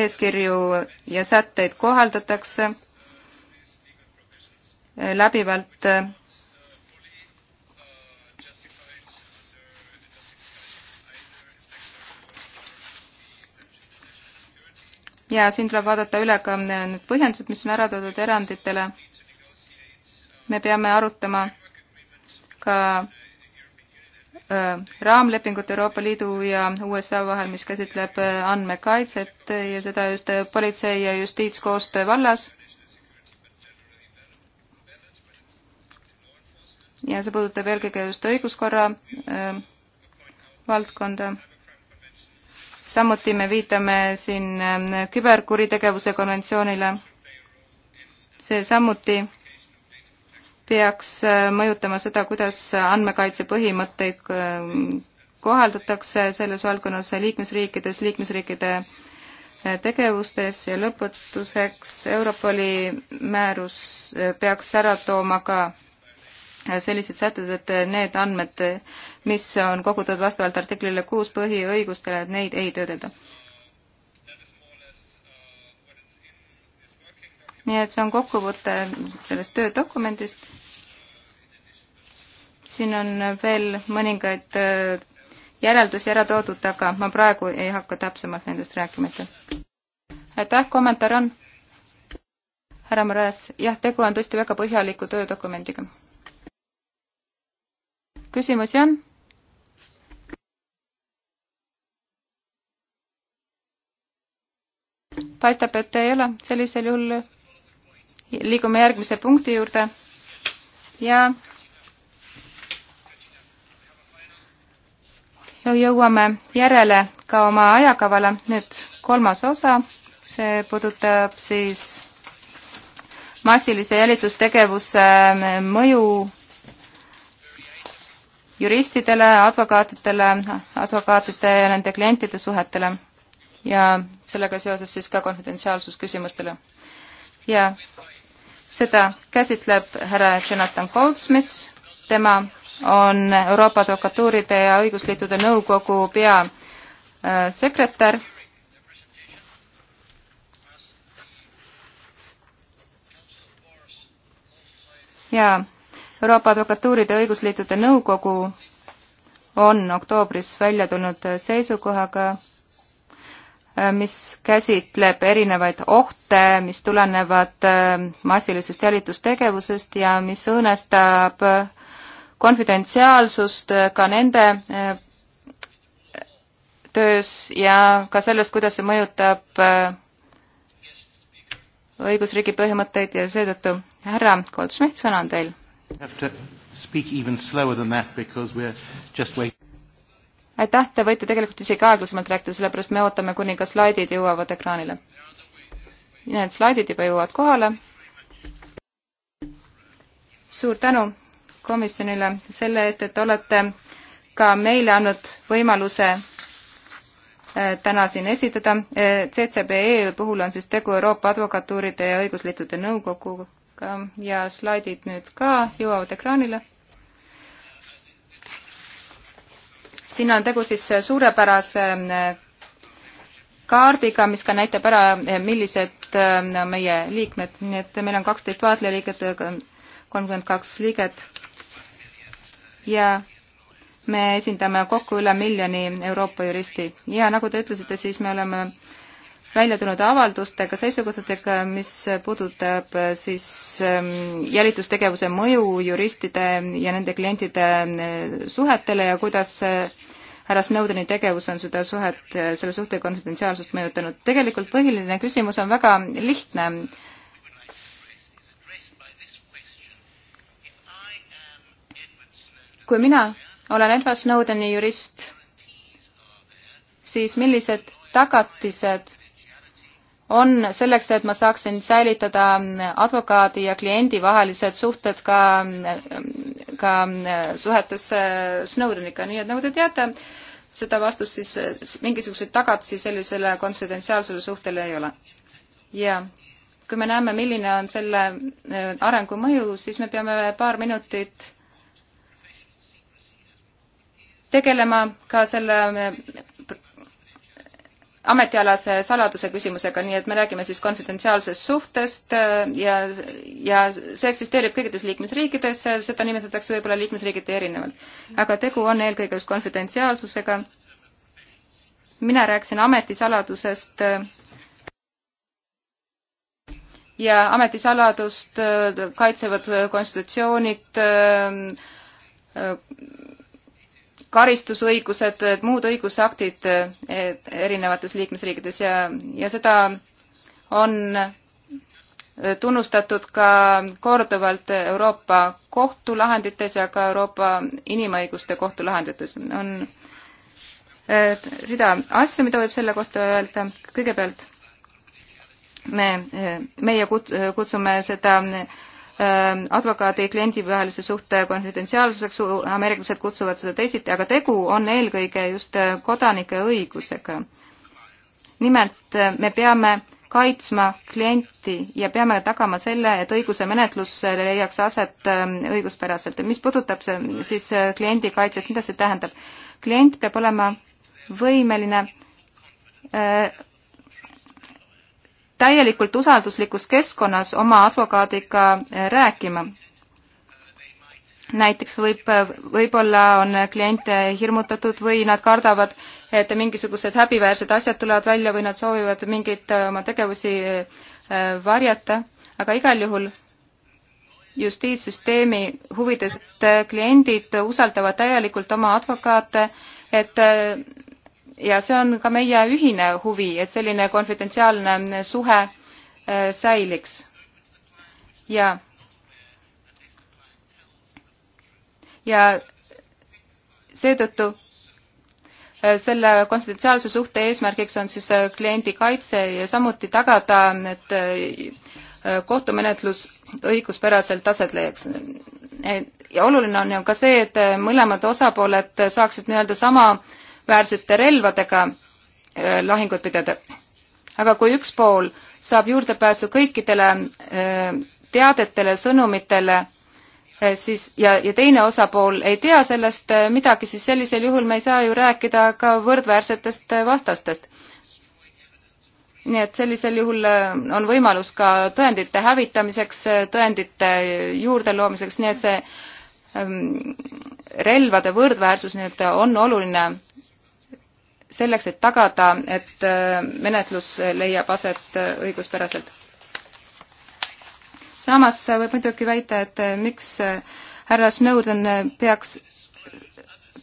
eeskirju ja sätteid kohaldatakse läbivalt ja siin tuleb vaadata üle ka äh, need põhjendused, mis on ära toodud eranditele. me peame arutama ka äh, raamlepingut Euroopa Liidu ja USA vahel, mis käsitleb äh, andmekaitset ja seda just politsei ja justiitskoostöö vallas. ja see puudutab eelkõige just õiguskorra valdkonda samuti me viitame siin ähm, küberkuritegevuse konventsioonile. see samuti peaks äh, mõjutama seda, kuidas andmekaitse põhimõtteid äh, kohaldatakse selles valdkonnas liikmesriikides, liikmesriikide äh, tegevustes ja lõpetuseks Europoli määrus peaks ära tooma ka sellised sätted, et need andmed, mis on kogutud vastavalt artiklile kuus põhiõigustele, et neid ei töödelda. nii et see on kokkuvõte sellest töödokumendist. siin on veel mõningaid äh, järeldusi ära toodud, aga ma praegu ei hakka täpsemalt nendest rääkima, aitäh. aitäh, kommentaar on? härra Mores, jah, tegu on tõesti väga põhjaliku töödokumendiga küsimusi on? paistab, et ei ole, sellisel juhul liigume järgmise punkti juurde ja jõuame järele ka oma ajakavale. nüüd kolmas osa, see puudutab siis massilise jälitustegevuse mõju juristidele, advokaatidele, advokaatide ja nende klientide suhetele ja sellega seoses siis ka konfidentsiaalsusküsimustele. ja seda käsitleb härra Jonathan Goldsmith, tema on Euroopa Advokatuuride ja Õigusliitude Nõukogu peasekretär äh, ja Euroopa Advokatuuride Õigusliitude Nõukogu on oktoobris välja tulnud seisukohaga, äh, mis käsitleb erinevaid ohte, mis tulenevad äh, massilisest jälitustegevusest ja mis õõnestab äh, konfidentsiaalsust ka nende töös ja ka sellest, kuidas see mõjutab õigusriigi põhimõtteid ja seetõttu härra Goldsmith, sõna on teil aitäh, te võite tegelikult isegi aeglasemalt rääkida, sellepärast me ootame, kuni ka slaidid jõuavad ekraanile. Need slaidid juba jõuavad kohale. suur tänu komisjonile selle eest, et olete ka meile andnud võimaluse eh, täna siin esitada. Eh, CCBE puhul on siis tegu Euroopa Advokatuuride ja Õigusliitude Nõukogu aega ja slaidid nüüd ka jõuavad ekraanile. siin on tegu siis suurepärase eh, kaardiga, mis ka näitab ära, eh, millised eh, meie liikmed, nii et meil on kaksteist vaatlejaliiget, kolmkümmend kaks liiget ja me esindame kokku üle miljoni Euroopa juristi ja nagu te ütlesite, siis me oleme välja tulnud avaldustega, seisukohtadega, mis puudutab äh, siis ähm, jälitustegevuse mõju juristide ja nende klientide äh, suhetele ja kuidas äh, härra Snowdeni tegevus on seda suhet, selle suhte konfidentsiaalsust mõjutanud. tegelikult põhiline küsimus on väga lihtne. kui mina olen Edward Snowdeni jurist, siis millised tagatised on selleks, et ma saaksin säilitada advokaadi ja kliendi vahelised suhted ka, ka suhetes äh, Snowdeniga, nii et nagu te teate, seda vastust siis, mingisuguseid tagatisi sellisele konfidentsiaalsele suhtele ei ole. ja kui me näeme, milline on selle äh, arengu mõju, siis me peame paar minutit tegelema ka selle äh, ametialase saladuse küsimusega, nii et me räägime siis konfidentsiaalsest suhtest äh, ja, ja see eksisteerib kõikides liikmesriikides, seda nimetatakse võib-olla liikmesriigiti erinevalt. aga tegu on eelkõige just konfidentsiaalsusega. mina rääkisin ametisaladusest äh, ja ametisaladust äh, kaitsevad konstitutsioonid, karistusõigused, muud õigusaktid erinevates liikmesriikides ja, ja seda on tunnustatud ka korduvalt Euroopa kohtulahendites ja ka Euroopa Inimõiguste kohtulahendites. on rida asju, mida võib selle kohta öelda. kõigepealt me, meie kutsume seda Ehm, advokaadi ja kliendi vahelise suhte konfidentsiaalsuseks, ameeriklased kutsuvad seda teisiti, aga tegu on eelkõige just äh, kodanike õigusega. nimelt äh, me peame kaitsma klienti ja peame tagama selle, et õiguse menetlus leiaks aset ähm, õiguspäraselt. mis puudutab siis äh, kliendi kaitset, mida see tähendab? klient peab olema võimeline täielikult usalduslikus keskkonnas oma advokaadiga eh, rääkima. näiteks võib, võib-olla on kliente hirmutatud või nad kardavad, et mingisugused häbiväärsed asjad tulevad välja või nad soovivad mingeid eh, oma tegevusi eh, varjata, aga igal juhul justiitssüsteemi huvides, et kliendid usaldavad täielikult oma advokaate, et ja see on ka meie ühine huvi, et selline konfidentsiaalne suhe äh, säiliks. ja, ja seetõttu äh, selle konfidentsiaalse suhte eesmärgiks on siis äh, kliendi kaitse ja samuti tagada, et kohtumenetlus õiguspäraselt aset leiaks. ja oluline on ju ka see, et mõlemad osapooled saaksid nii-öelda sama äh, väärsete relvadega äh, lahingut pidada. aga kui üks pool saab juurdepääsu kõikidele äh, teadetele, sõnumitele, äh, siis ja, ja teine osapool ei tea sellest midagi, siis sellisel juhul me ei saa ju rääkida ka võrdväärsetest vastastest nii et sellisel juhul on võimalus ka tõendite hävitamiseks, tõendite juurdeloomiseks, nii et see ähm, relvade võrdväärsus nii-öelda on oluline selleks, et tagada, et äh, menetlus leiab aset äh, õiguspäraselt. samas äh, võib muidugi väita, et miks härra Snowden peaks,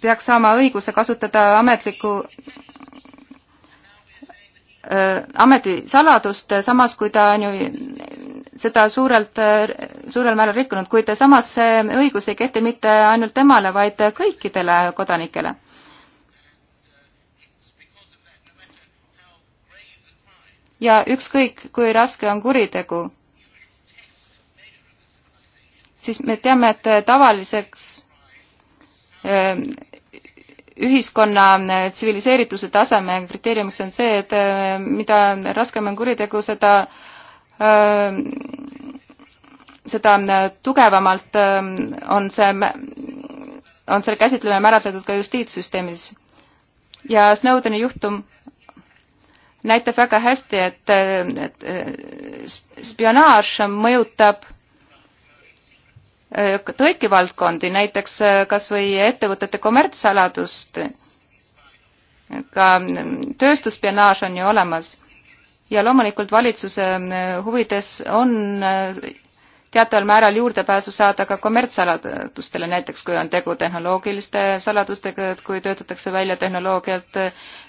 peaks saama õiguse kasutada ametlikku ametisaladust, samas kui ta on ju seda suurelt, suurel määral rikkunud, kuid samas see õigus ei kehti mitte ainult temale, vaid kõikidele kodanikele ja ükskõik, kui raske on kuritegu, siis me teame, et tavaliseks ähm, ühiskonna äh, tsiviliseerituse taseme kriteeriumiks on see, et äh, mida raskem on kuritegu, seda, ähm, seda äh, tugevamalt ähm, on see, on selle käsitlemine määratletud ka justiitssüsteemis. ja Snowdeni juhtum näitab väga hästi, et, et spionaaž mõjutab kõiki äh, valdkondi, näiteks äh, kas või ettevõtete kommertsaladust, ka tööstusspionaaž on ju olemas ja loomulikult valitsuse äh, huvides on teataval määral juurdepääsu saada ka kommertssaladustele, näiteks kui on tegu tehnoloogiliste saladustega, et kui töötatakse välja tehnoloogiat,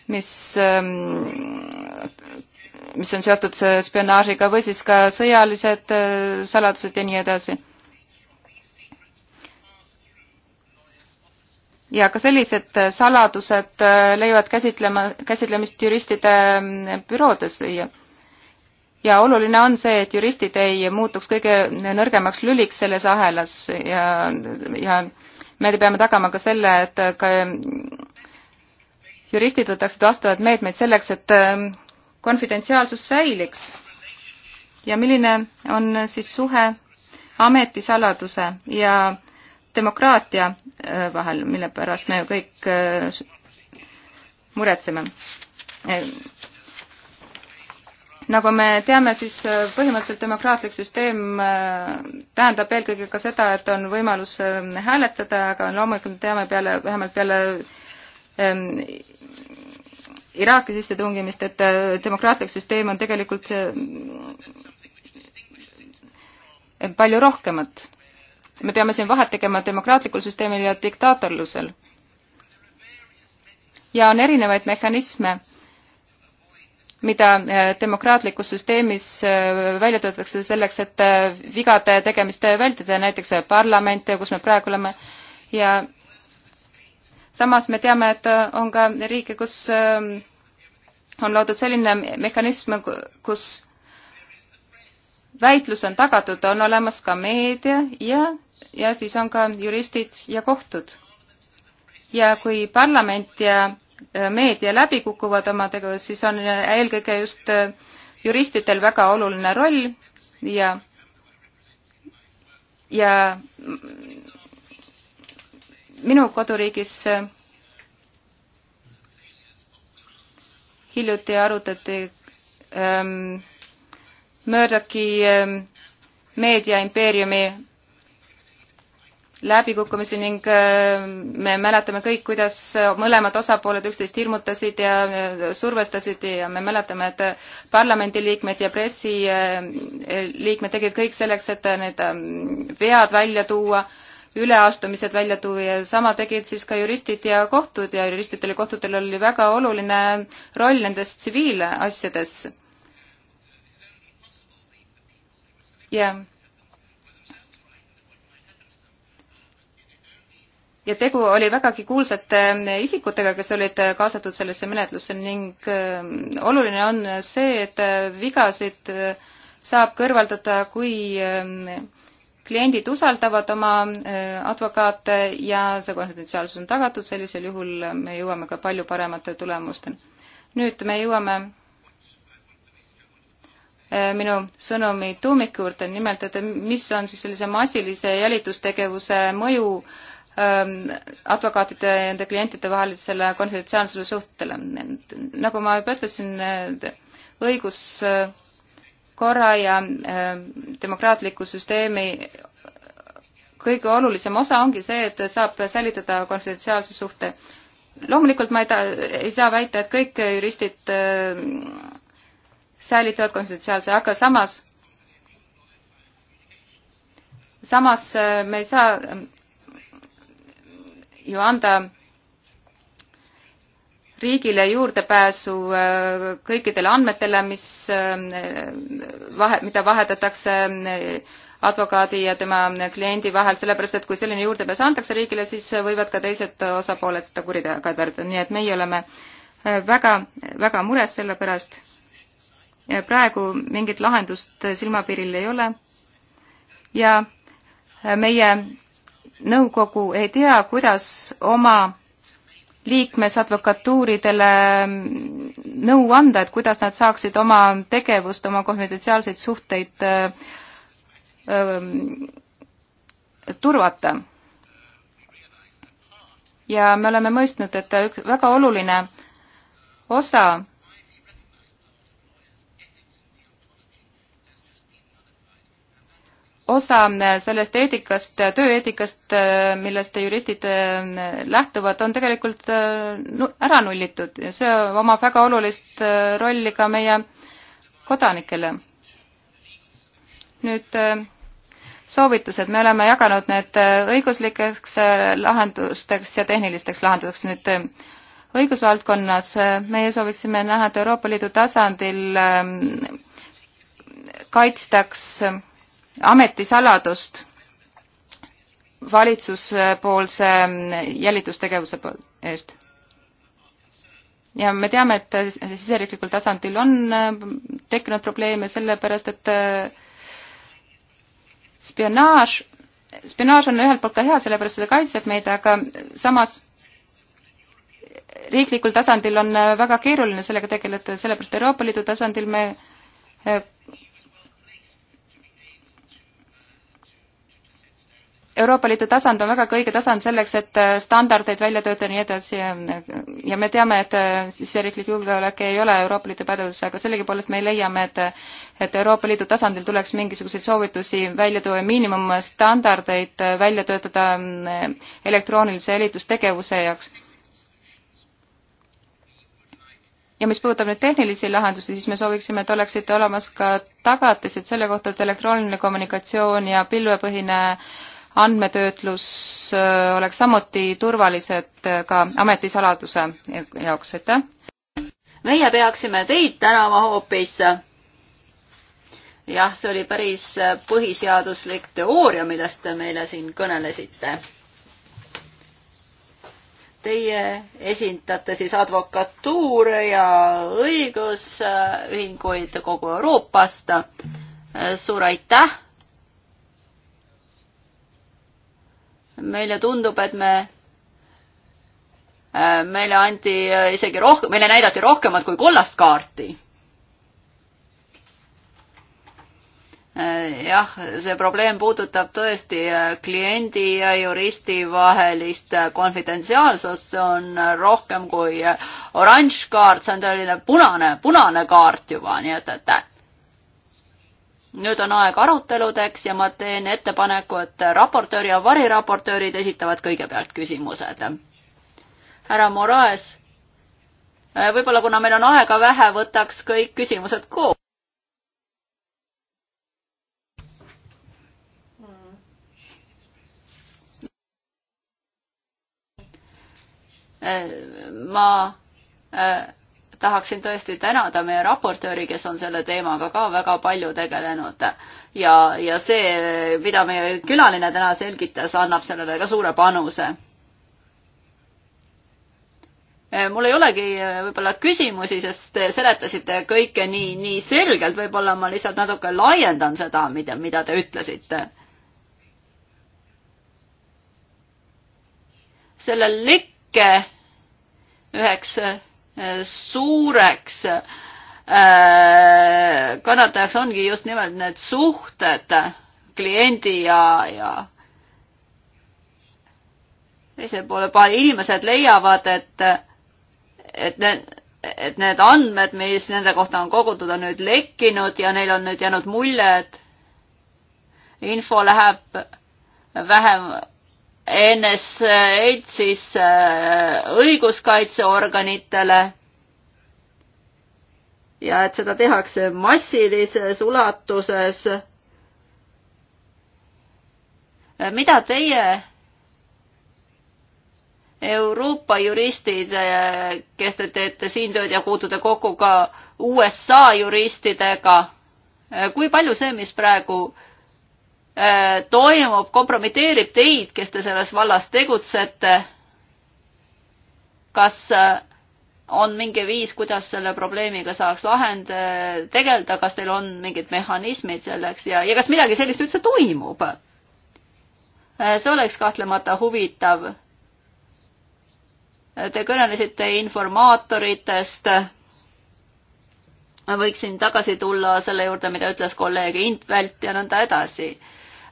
mis, ähm, mis on seotud spionaažiga või siis ka sõjalised äh, saladused ja nii edasi. ja ka sellised saladused äh, leiavad käsitlema, käsitlemist juristide ähm, büroodes ja ja oluline on see, et juristid ei muutuks kõige nõrgemaks lüliks selles ahelas ja, ja me peame tagama ka selle, et ka juristid võtaksid vastavad meetmeid selleks, et ähm, konfidentsiaalsus säiliks. ja milline on siis suhe ametisaladuse ja demokraatia äh, vahel, mille pärast me ju kõik äh, muretseme äh, nagu me teame, siis äh, põhimõtteliselt demokraatlik süsteem äh, tähendab eelkõige ka seda, et on võimalus ähm, hääletada, aga loomulikult teame peale, vähemalt peale ähm, Iraaki sissetungimist, et äh, demokraatlik süsteem on tegelikult palju rohkemat. me peame siin vahet tegema demokraatlikul süsteemil ja diktaatorlusel. ja on erinevaid mehhanisme mida eh, demokraatlikus süsteemis eh, välja töötatakse selleks, et eh, vigade tegemist vältida, näiteks parlament, kus me praegu oleme, ja samas me teame, et on ka riike, kus on loodud selline mehhanism, kus väitlus on tagatud, on olemas ka meedia ja, ja siis on ka juristid ja kohtud. ja kui parlament ja meedia läbi kukuvad oma tegevus, siis on eelkõige just äh, juristidel väga oluline roll ja, ja minu koduriigis äh, hiljuti arutati ähm, Murdochi ähm, meediaimpeeriumi läbikukkumisi ning äh, me mäletame kõik, kuidas mõlemad osapooled üksteist hirmutasid ja äh, survestasid ja me mäletame, et parlamendiliikmed ja pressiliikmed äh, tegid kõik selleks, et need ähm, vead välja tuua, üleastumised välja tuua ja sama tegid siis ka juristid ja kohtud ja juristidel ja kohtutel oli väga oluline roll nendes tsiviilasjades. jah yeah ja tegu oli vägagi kuulsate ähm, isikutega, kes olid äh, kaasatud sellesse menetlusse ning ähm, oluline on see, et äh, vigasid äh, saab kõrvaldada, kui ähm, kliendid usaldavad oma advokaate ja see konfidentsiaalsus on tagatud, sellisel juhul me jõuame ka palju paremate tulemusteni. nüüd me jõuame minu sõnumi tuumiku juurde, nimelt, et mis on siis sellise massilise jälitustegevuse mõju äh, Ähm, advokaatide ja nende klientide vahelisele konfidentsiaalsele suhtele. nagu ma juba ütlesin, õiguskorra äh, ja ähm, demokraatliku süsteemi kõige olulisem osa ongi see, et saab säilitada konfidentsiaalse suhte. loomulikult ma ei ta-, ei saa väita, et kõik juristid äh, säilitavad konfidentsiaalse, aga samas, samas äh, me ei saa ju anda riigile juurdepääsu äh, kõikidele andmetele, mis äh, vahe, mida vahetatakse äh, advokaadi ja tema kliendi vahel, sellepärast et kui selline juurdepääs antakse riigile, siis võivad ka teised osapooled seda kuriteoga tarvitada, nii et meie oleme väga, väga mures selle pärast. praegu mingit lahendust silmapiiril ei ole ja meie nõukogu ei tea, kuidas oma liikmes advokatuuridele nõu anda, et kuidas nad saaksid oma tegevust, oma konfidentsiaalseid suhteid öö, ähm, öö, turvata. ja me oleme mõistnud, et üks väga oluline osa osa äh, sellest eetikast, äh, tööeetikast, äh, millest juristid lähtuvad, on tegelikult ära nullitud ja see omab väga olulist rolli ka meie kodanikele. nüüd soovitused, me oleme jaganud need õiguslikeks lahendusteks ja tehnilisteks lahenduseks nüüd õigusvaldkonnas meie sooviksime näha, et Euroopa Liidu tasandil kaitstaks ametisaladust valitsuspoolse jälitustegevuse eest. ja me teame, et siseriiklikul tasandil on äh, tekkinud probleeme sellepärast, et äh, spionaaž, spionaaž on ühelt poolt ka hea, sellepärast seda kaitseb meid, aga samas riiklikul tasandil on äh, väga keeruline sellega tegeleda, sellepärast Euroopa Liidu tasandil me Euroopa Liidu tasand on väga kõige tasand selleks, et äh, standardeid välja töötada ja nii edasi ja, ja me teame, et äh, siseriiklik julgeolek ei ole Euroopa Liidu pädevuses, aga sellegipoolest me leiame, et et Euroopa Liidu tasandil tuleks mingisuguseid soovitusi välja tuua ja miinimumstandardeid äh, välja töötada mm, elektroonilise jälitustegevuse jaoks ja mis puudutab nüüd tehnilisi lahendusi, siis me sooviksime, et oleksid olemas ka tagatised selle kohta, et elektrooniline kommunikatsioon ja pilvepõhine äh, andmetöötlus äh, oleks samuti turvalised äh, ka ametisaladuse jaoks, aitäh! meie peaksime teid tänama hoopis. jah, see oli päris äh, põhiseaduslik teooria, millest te meile siin kõnelesite. Teie esindate siis advokatuure ja õigusühinguid kogu Euroopast. suur aitäh meile tundub, et me, äh, meile anti äh, isegi rohkem, meile näidati rohkemat kui kollast kaarti. Äh, jah, see probleem puudutab tõesti kliendi ja juristi vahelist konfidentsiaalsust, see on rohkem kui oranž kaart, see on selline punane, punane kaart juba, nii et, et nüüd on aeg aruteludeks ja ma teen ettepaneku, et raportöör ja variraportöörid esitavad kõigepealt küsimused. härra Moraes, võib-olla kuna meil on aega vähe, võtaks kõik küsimused koos. ma tahaksin tõesti tänada meie raportööri, kes on selle teemaga ka väga palju tegelenud. ja, ja see, mida meie külaline täna selgitas, annab sellele ka suure panuse. Eh, mul ei olegi eh, võib-olla küsimusi, sest te seletasite kõike nii, nii selgelt, võib-olla ma lihtsalt natuke laiendan seda, mida, mida te ütlesite selle lekke üheks eh, suureks äh, kannatajaks ongi just nimelt need suhted kliendi ja, ja teise poole peal inimesed leiavad, et, et need, et need andmed, mis nende kohta on kogutud, on nüüd lekkinud ja neil on nüüd jäänud mulje, et info läheb vähem NSA-d siis äh, õiguskaitseorganitele ja et seda tehakse massilises ulatuses. mida teie, Euroopa juristid, äh, kes te teete siin tööd ja puutute kokku ka USA juristidega, äh, kui palju see, mis praegu äh, Äh, toimub, kompromiteerib teid, kes te selles vallas tegutsete. kas äh, on mingi viis, kuidas selle probleemiga saaks lahend-, äh, tegeleda, kas teil on mingid mehhanismid selleks ja, ja kas midagi sellist üldse toimub? see oleks kahtlemata huvitav. Te kõnelesite informaatoritest. võiksin tagasi tulla selle juurde, mida ütles kolleeg Intvelt ja nõnda edasi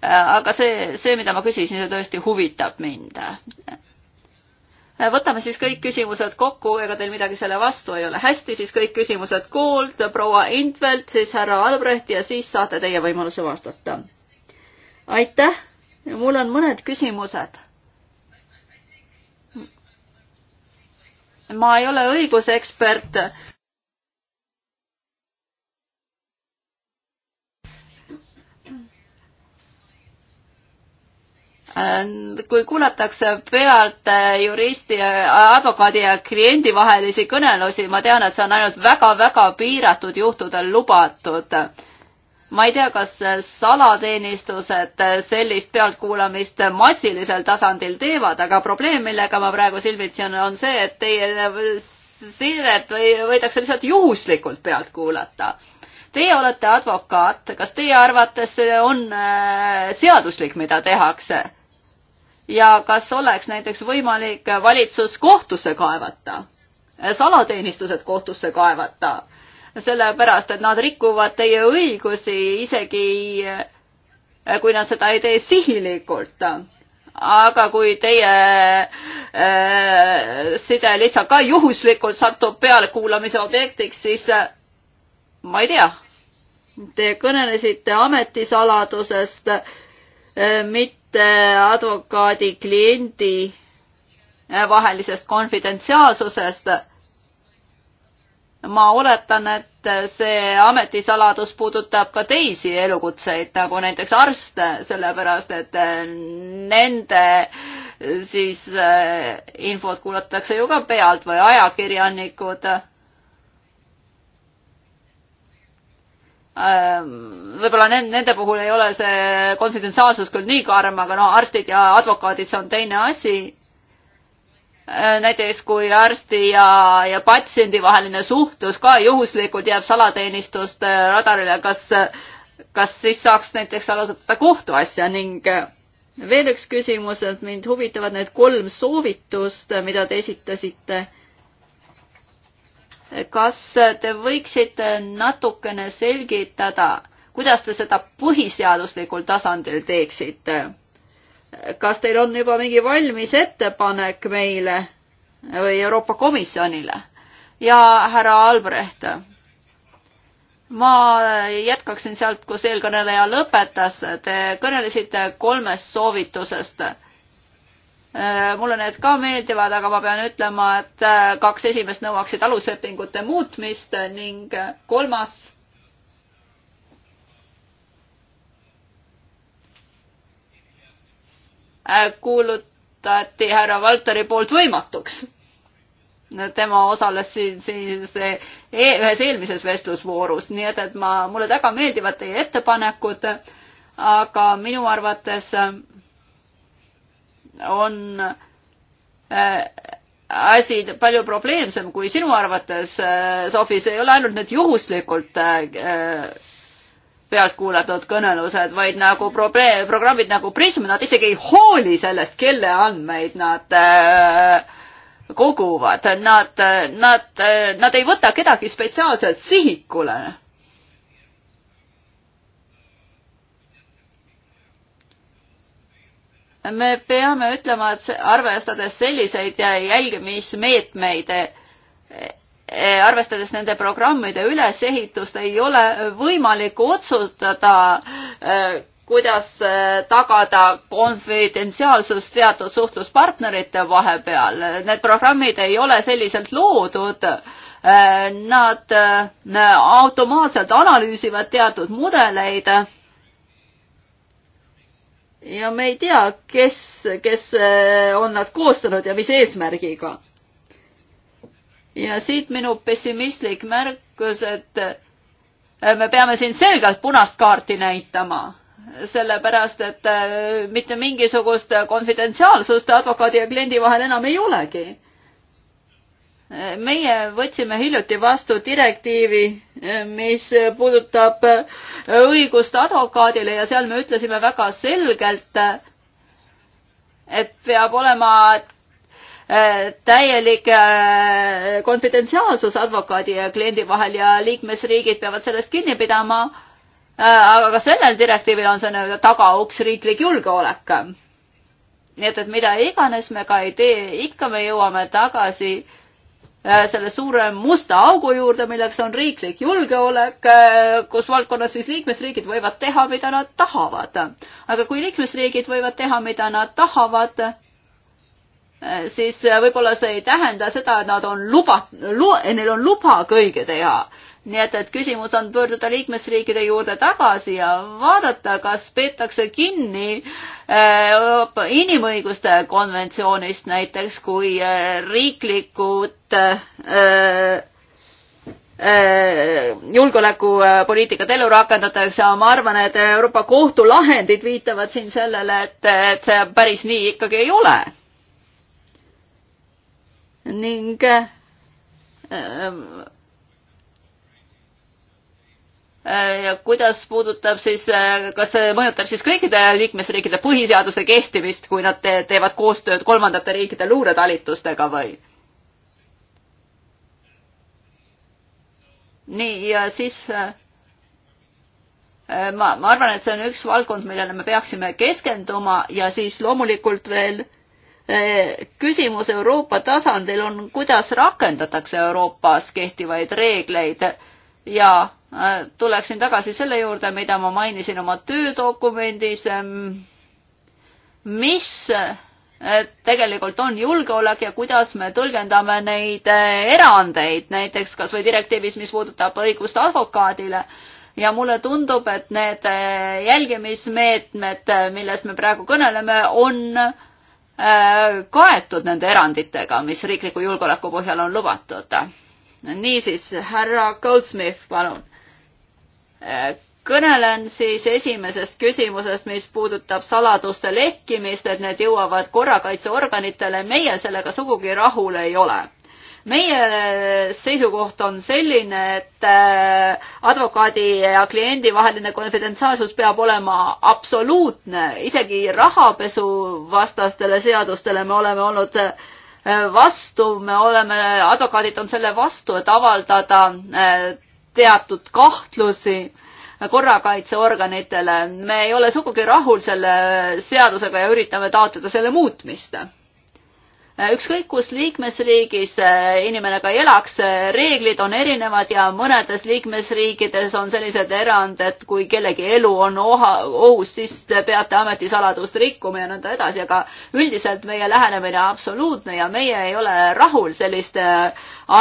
Äh, aga see, see, mida ma küsisin, see tõesti huvitab mind. Äh, võtame siis kõik küsimused kokku, ega teil midagi selle vastu ei ole. hästi, siis kõik küsimused kuuld, proua Intvelt, siis härra Albrecht ja siis saate teie võimaluse vastata. aitäh, mul on mõned küsimused. ma ei ole õigusekspert Äh, kui kuulatakse pealt äh, juristi, advokaadi ja kliendi vahelisi kõnelusi, ma tean, et see on ainult väga-väga piiratud juhtudel lubatud. ma ei tea, kas salateenistused sellist pealtkuulamist massilisel tasandil teevad, aga probleem, millega ma praegu silmitsi olen, on see, et teie siiret või võidakse lihtsalt juhuslikult pealt kuulata. Teie olete advokaat, kas teie arvates on äh, seaduslik, mida tehakse? ja kas oleks näiteks võimalik valitsus kohtusse kaevata, salateenistused kohtusse kaevata, sellepärast et nad rikuvad teie õigusi isegi kui nad seda ei tee sihilikult. aga kui teie äh, side lihtsalt ka juhuslikult satub pealekuulamise objektiks, siis äh, ma ei tea, te kõnelesite ametisaladusest äh,, mitte Äh, advokaadi, kliendi äh, vahelisest konfidentsiaalsusest. ma oletan, et äh, see ametisaladus puudutab ka teisi elukutseid, nagu näiteks arste, sellepärast et nende siis infot kuulatakse ju ka pealt või ajakirjanikud Äh, võib-olla nende puhul ei ole see konfidentsiaalsus küll nii karm, aga no arstid ja advokaadid, see on teine asi. Äh, näiteks kui arsti ja, ja patsiendi vaheline suhtlus ka juhuslikult jääb salateenistuste äh, radarile, kas, kas siis saaks näiteks algatada kohtuasja ning veel üks küsimus, et mind huvitavad need kolm soovitust, mida te esitasite kas te võiksite natukene selgitada, kuidas te seda põhiseaduslikul tasandil teeksite? kas teil on juba mingi valmis ettepanek meile või Euroopa Komisjonile? ja härra Albrecht, ma jätkaksin sealt, kus eelkõneleja lõpetas, te kõnelesite kolmest soovitusest Äh, mulle need ka meeldivad, aga ma pean ütlema, et äh, kaks esimest nõuaksid aluslepingute muutmist ning äh, kolmas kuulutati härra Valteri poolt võimatuks. tema osales siin, siin see, e-, ühes eelmises vestlusvoorus, nii et, et ma, mulle väga meeldivad teie ettepanekud, aga minu arvates on äh, asi palju probleemsem kui sinu arvates, äh, Sofi, see ei ole ainult need juhuslikult äh, pealt kuulatud kõnelused, vaid nagu probleem, programmid nagu Prism, nad isegi ei hooli sellest, kelle andmeid nad äh, koguvad, nad, nad, nad ei võta kedagi spetsiaalselt sihikule me peame ütlema, et arvestades selliseid jälgimismeetmeid, e, arvestades nende programmide ülesehitust, ei ole võimalik otsustada, e, kuidas e, tagada konfidentsiaalsus teatud suhtluspartnerite vahepeal. Need programmid ei ole selliselt loodud. Nad automaatselt analüüsivad teatud mudeleid ja me ei tea, kes, kes eh, on nad koostanud ja mis eesmärgiga. ja siit minu pessimistlik märkus, et eh, me peame siin selgelt punast kaarti näitama, sellepärast et eh, mitte mingisugust konfidentsiaalsust advokaadi ja kliendi vahel enam ei olegi meie võtsime hiljuti vastu direktiivi, mis puudutab õigust advokaadile ja seal me ütlesime väga selgelt, et peab olema äh, täielik äh, konfidentsiaalsus advokaadi ja kliendi vahel ja liikmesriigid peavad sellest kinni pidama. Äh, aga ka sellel direktiivil on see nii-öelda tagauks riiklik julgeolek nii et, et mida iganes me ka ei tee, ikka me jõuame tagasi äh, Äh, selle suure musta augu juurde, milleks on riiklik julgeolek, äh, kus valdkonnas siis liikmesriigid võivad teha, mida nad tahavad. aga kui liikmesriigid võivad teha, mida nad tahavad, äh, siis võib-olla see ei tähenda seda, et nad on luba lu,, neil on luba kõige teha nii et, et küsimus on pöörduda liikmesriikide juurde tagasi ja vaadata, kas peetakse kinni äh, inimõiguste konventsioonist näiteks, kui äh, riiklikud äh, eh, julgeolekupoliitikat ellu rakendatakse, ma arvan, et Euroopa Kohtu lahendid viitavad siin sellele, et, et see päris nii ikkagi ei ole. ning Äh, ja kuidas puudutab siis, äh, kas see mõjutab siis kõikide liikmesriikide põhiseaduse kehtimist, kui nad te teevad koostööd kolmandate riikide luuretalitustega või? nii, ja siis äh, ma, ma arvan, et see on üks valdkond, millele me peaksime keskenduma ja siis loomulikult veel küsimus Euroopa tasandil on, kuidas rakendatakse Euroopas kehtivaid reegleid ja Äh, tuleksin tagasi selle juurde, mida ma mainisin oma töödokumendis. Ehm, mis äh, tegelikult on julgeolek ja kuidas me tõlgendame neid äh, erandeid, näiteks kas või direktiivis, mis puudutab õigust advokaadile ja mulle tundub, et need jälgimismeetmed, millest me praegu kõneleme, on kaetud nende eranditega, mis riikliku julgeoleku põhjal on lubatud. niisiis, härra Goldsmith, palun kõnelen siis esimesest küsimusest, mis puudutab saladuste lekkimist, et need jõuavad korrakaitseorganitele, meie sellega sugugi rahul ei ole. meie seisukoht on selline, et äh, advokaadi ja kliendi vaheline konfidentsiaalsus peab olema absoluutne, isegi rahapesuvastastele seadustele me oleme olnud äh, vastu, me oleme, advokaadid on selle vastu, et avaldada äh, teatud kahtlusi korrakaitseorganitele. me ei ole sugugi rahul selle seadusega ja üritame taotleda selle muutmist Äh, ükskõik kus liikmesriigis äh, inimene ka ei elaks, äh, reeglid on erinevad ja mõnedes liikmesriikides on sellised erand, et kui kellegi elu on oha, ohus, siis te peate ametisaladust rikkuma ja nõnda edasi, aga üldiselt meie lähenemine absoluutne ja meie ei ole rahul selliste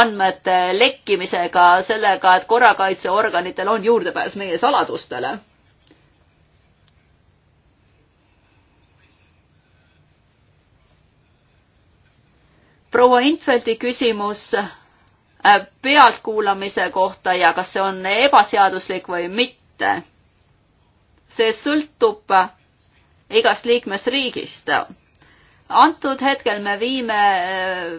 andmete lekkimisega, sellega, et korrakaitseorganitel on juurdepääs meie saladustele proua Intveldi küsimus äh, pealtkuulamise kohta ja kas see on ebaseaduslik või mitte. see sõltub äh, igast liikmesriigist. antud hetkel me viime äh,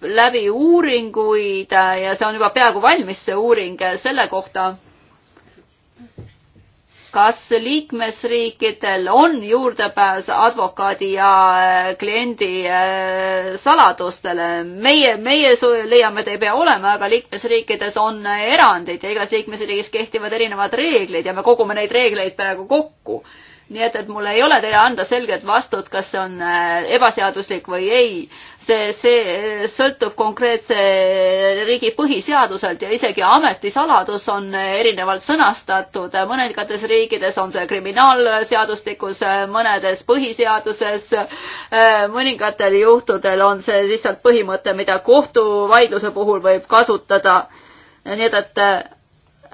läbi uuringuid ja see on juba peaaegu valmis, see uuring selle kohta, kas liikmesriikidel on juurdepääs advokaadi ja äh, kliendi äh, saladustele? meie, meie leiame, et ei pea olema, aga liikmesriikides on äh, erandid ja igas liikmesriigis kehtivad erinevad reeglid ja me kogume neid reegleid praegu kokku nii et, et mul ei ole teile anda selget vastut, kas see on äh, ebaseaduslik või ei. see, see äh, sõltub konkreetse riigi põhiseaduselt ja isegi ametisaladus on äh, erinevalt sõnastatud. mõnedates riikides on see kriminaalseadustikus, mõnedes põhiseaduses, mõningatel juhtudel on see lihtsalt põhimõte, mida kohtuvaidluse puhul võib kasutada. nii et, et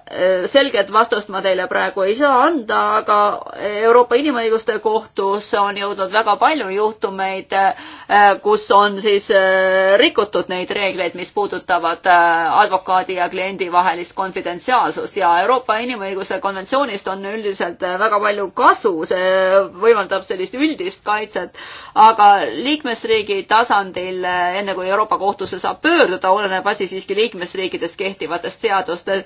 Äh, selget vastust ma teile praegu ei saa anda, aga Euroopa Inimõiguste Kohtus on jõudnud väga palju juhtumeid, äh, kus on siis äh, rikutud neid reegleid, mis puudutavad advokaadi ja kliendi vahelist konfidentsiaalsust ja Euroopa Inimõiguse konventsioonist on üldiselt väga palju kasu, see võimaldab sellist üldist kaitset, aga liikmesriigi tasandil, enne kui Euroopa Kohtusse saab pöörduda, oleneb asi siiski liikmesriikides kehtivatest seadustest.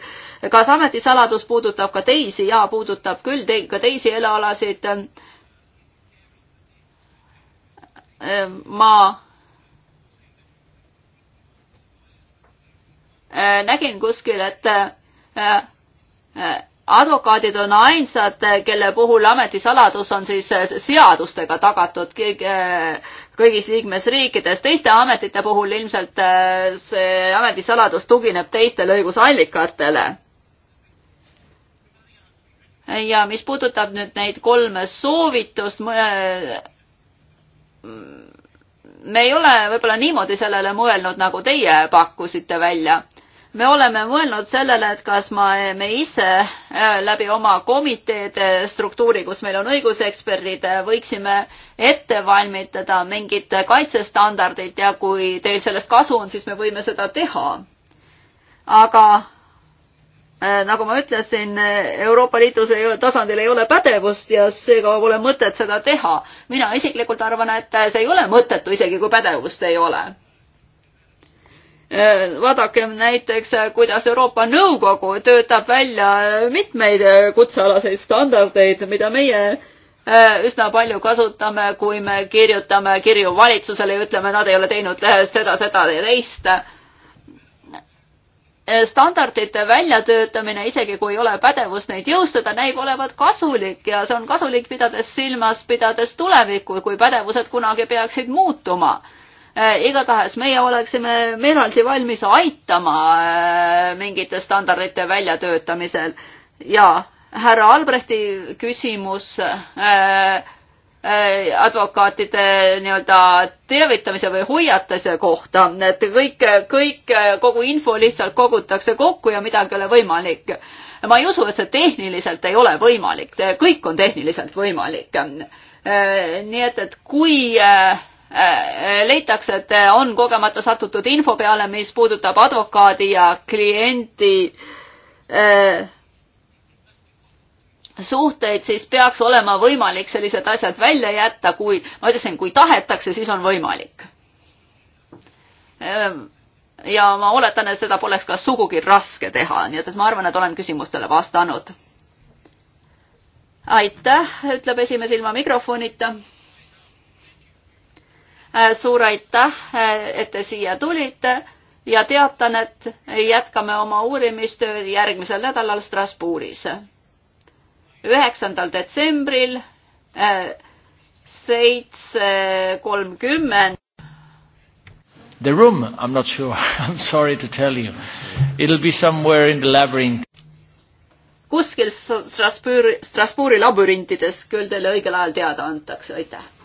kas kas ametisaladus puudutab ka teisi? jaa, puudutab küll te ka teisi elealasid. ma nägin kuskil, et äh, advokaadid on ainsad, kelle puhul ametisaladus on siis äh, seadustega tagatud äh, kõigis liikmesriikides. teiste ametite puhul ilmselt see ametisaladus tugineb teistele õigusallikatele ja mis puudutab nüüd neid kolme soovitust, me ei ole võib-olla niimoodi sellele mõelnud, nagu teie pakkusite välja. me oleme mõelnud sellele, et kas ma, me ise äh, läbi oma komiteede struktuuri, kus meil on õiguseksperdid, äh, võiksime ette valmitada mingid kaitsestandardid ja kui teil sellest kasu on, siis me võime seda teha. aga Äh, nagu ma ütlesin, Euroopa Liidu tasandil ei ole pädevust ja seega pole mõtet seda teha. mina isiklikult arvan, et see ei ole mõttetu, isegi kui pädevust ei ole. Äh, vaadakem näiteks, kuidas Euroopa Nõukogu töötab välja mitmeid kutsealaseid standardeid, mida meie äh, üsna palju kasutame, kui me kirjutame kirju valitsusele ja ütleme, nad ei ole teinud seda, seda ja teist Eh, standardite väljatöötamine, isegi kui ei ole pädevust neid jõustada, näib olevat kasulik ja see on kasulik pidades silmas, pidades tulevikku, kui pädevused kunagi peaksid muutuma. Eh, igatahes meie oleksime meeleldi valmis aitama eh, mingite standardite väljatöötamisel ja härra Albrechti küsimus äh, Äh, advokaatide nii-öelda teavitamise või hoiatuse kohta, et kõik, kõik, äh, kogu info lihtsalt kogutakse kokku ja midagi ei ole võimalik. ma ei usu, et see tehniliselt ei ole võimalik, kõik on tehniliselt võimalik. Äh, nii et, et kui leitakse, et on kogemata satutud info peale, mis puudutab advokaadi ja kliendi äh, suhteid, siis peaks olema võimalik sellised asjad välja jätta, kui ma ütlesin, kui tahetakse, siis on võimalik. Ehm, ja ma oletan, et seda poleks ka sugugi raske teha, nii et, et ma arvan, et olen küsimustele vastanud. aitäh, ütleb esimees ilma mikrofonita. Äh, suur aitäh, äh, et te siia tulite ja teatan, et jätkame oma uurimistööd järgmisel nädalal Strasbourgis üheksandal detsembril äh, seitse kolmkümmend. The room, I am not sure, I am sorry to tell you. It will be somewhere in the labyrinth. kuskil Strasbourgi, Strasbourgi labürintides küll teile õigel ajal teada antakse, aitäh.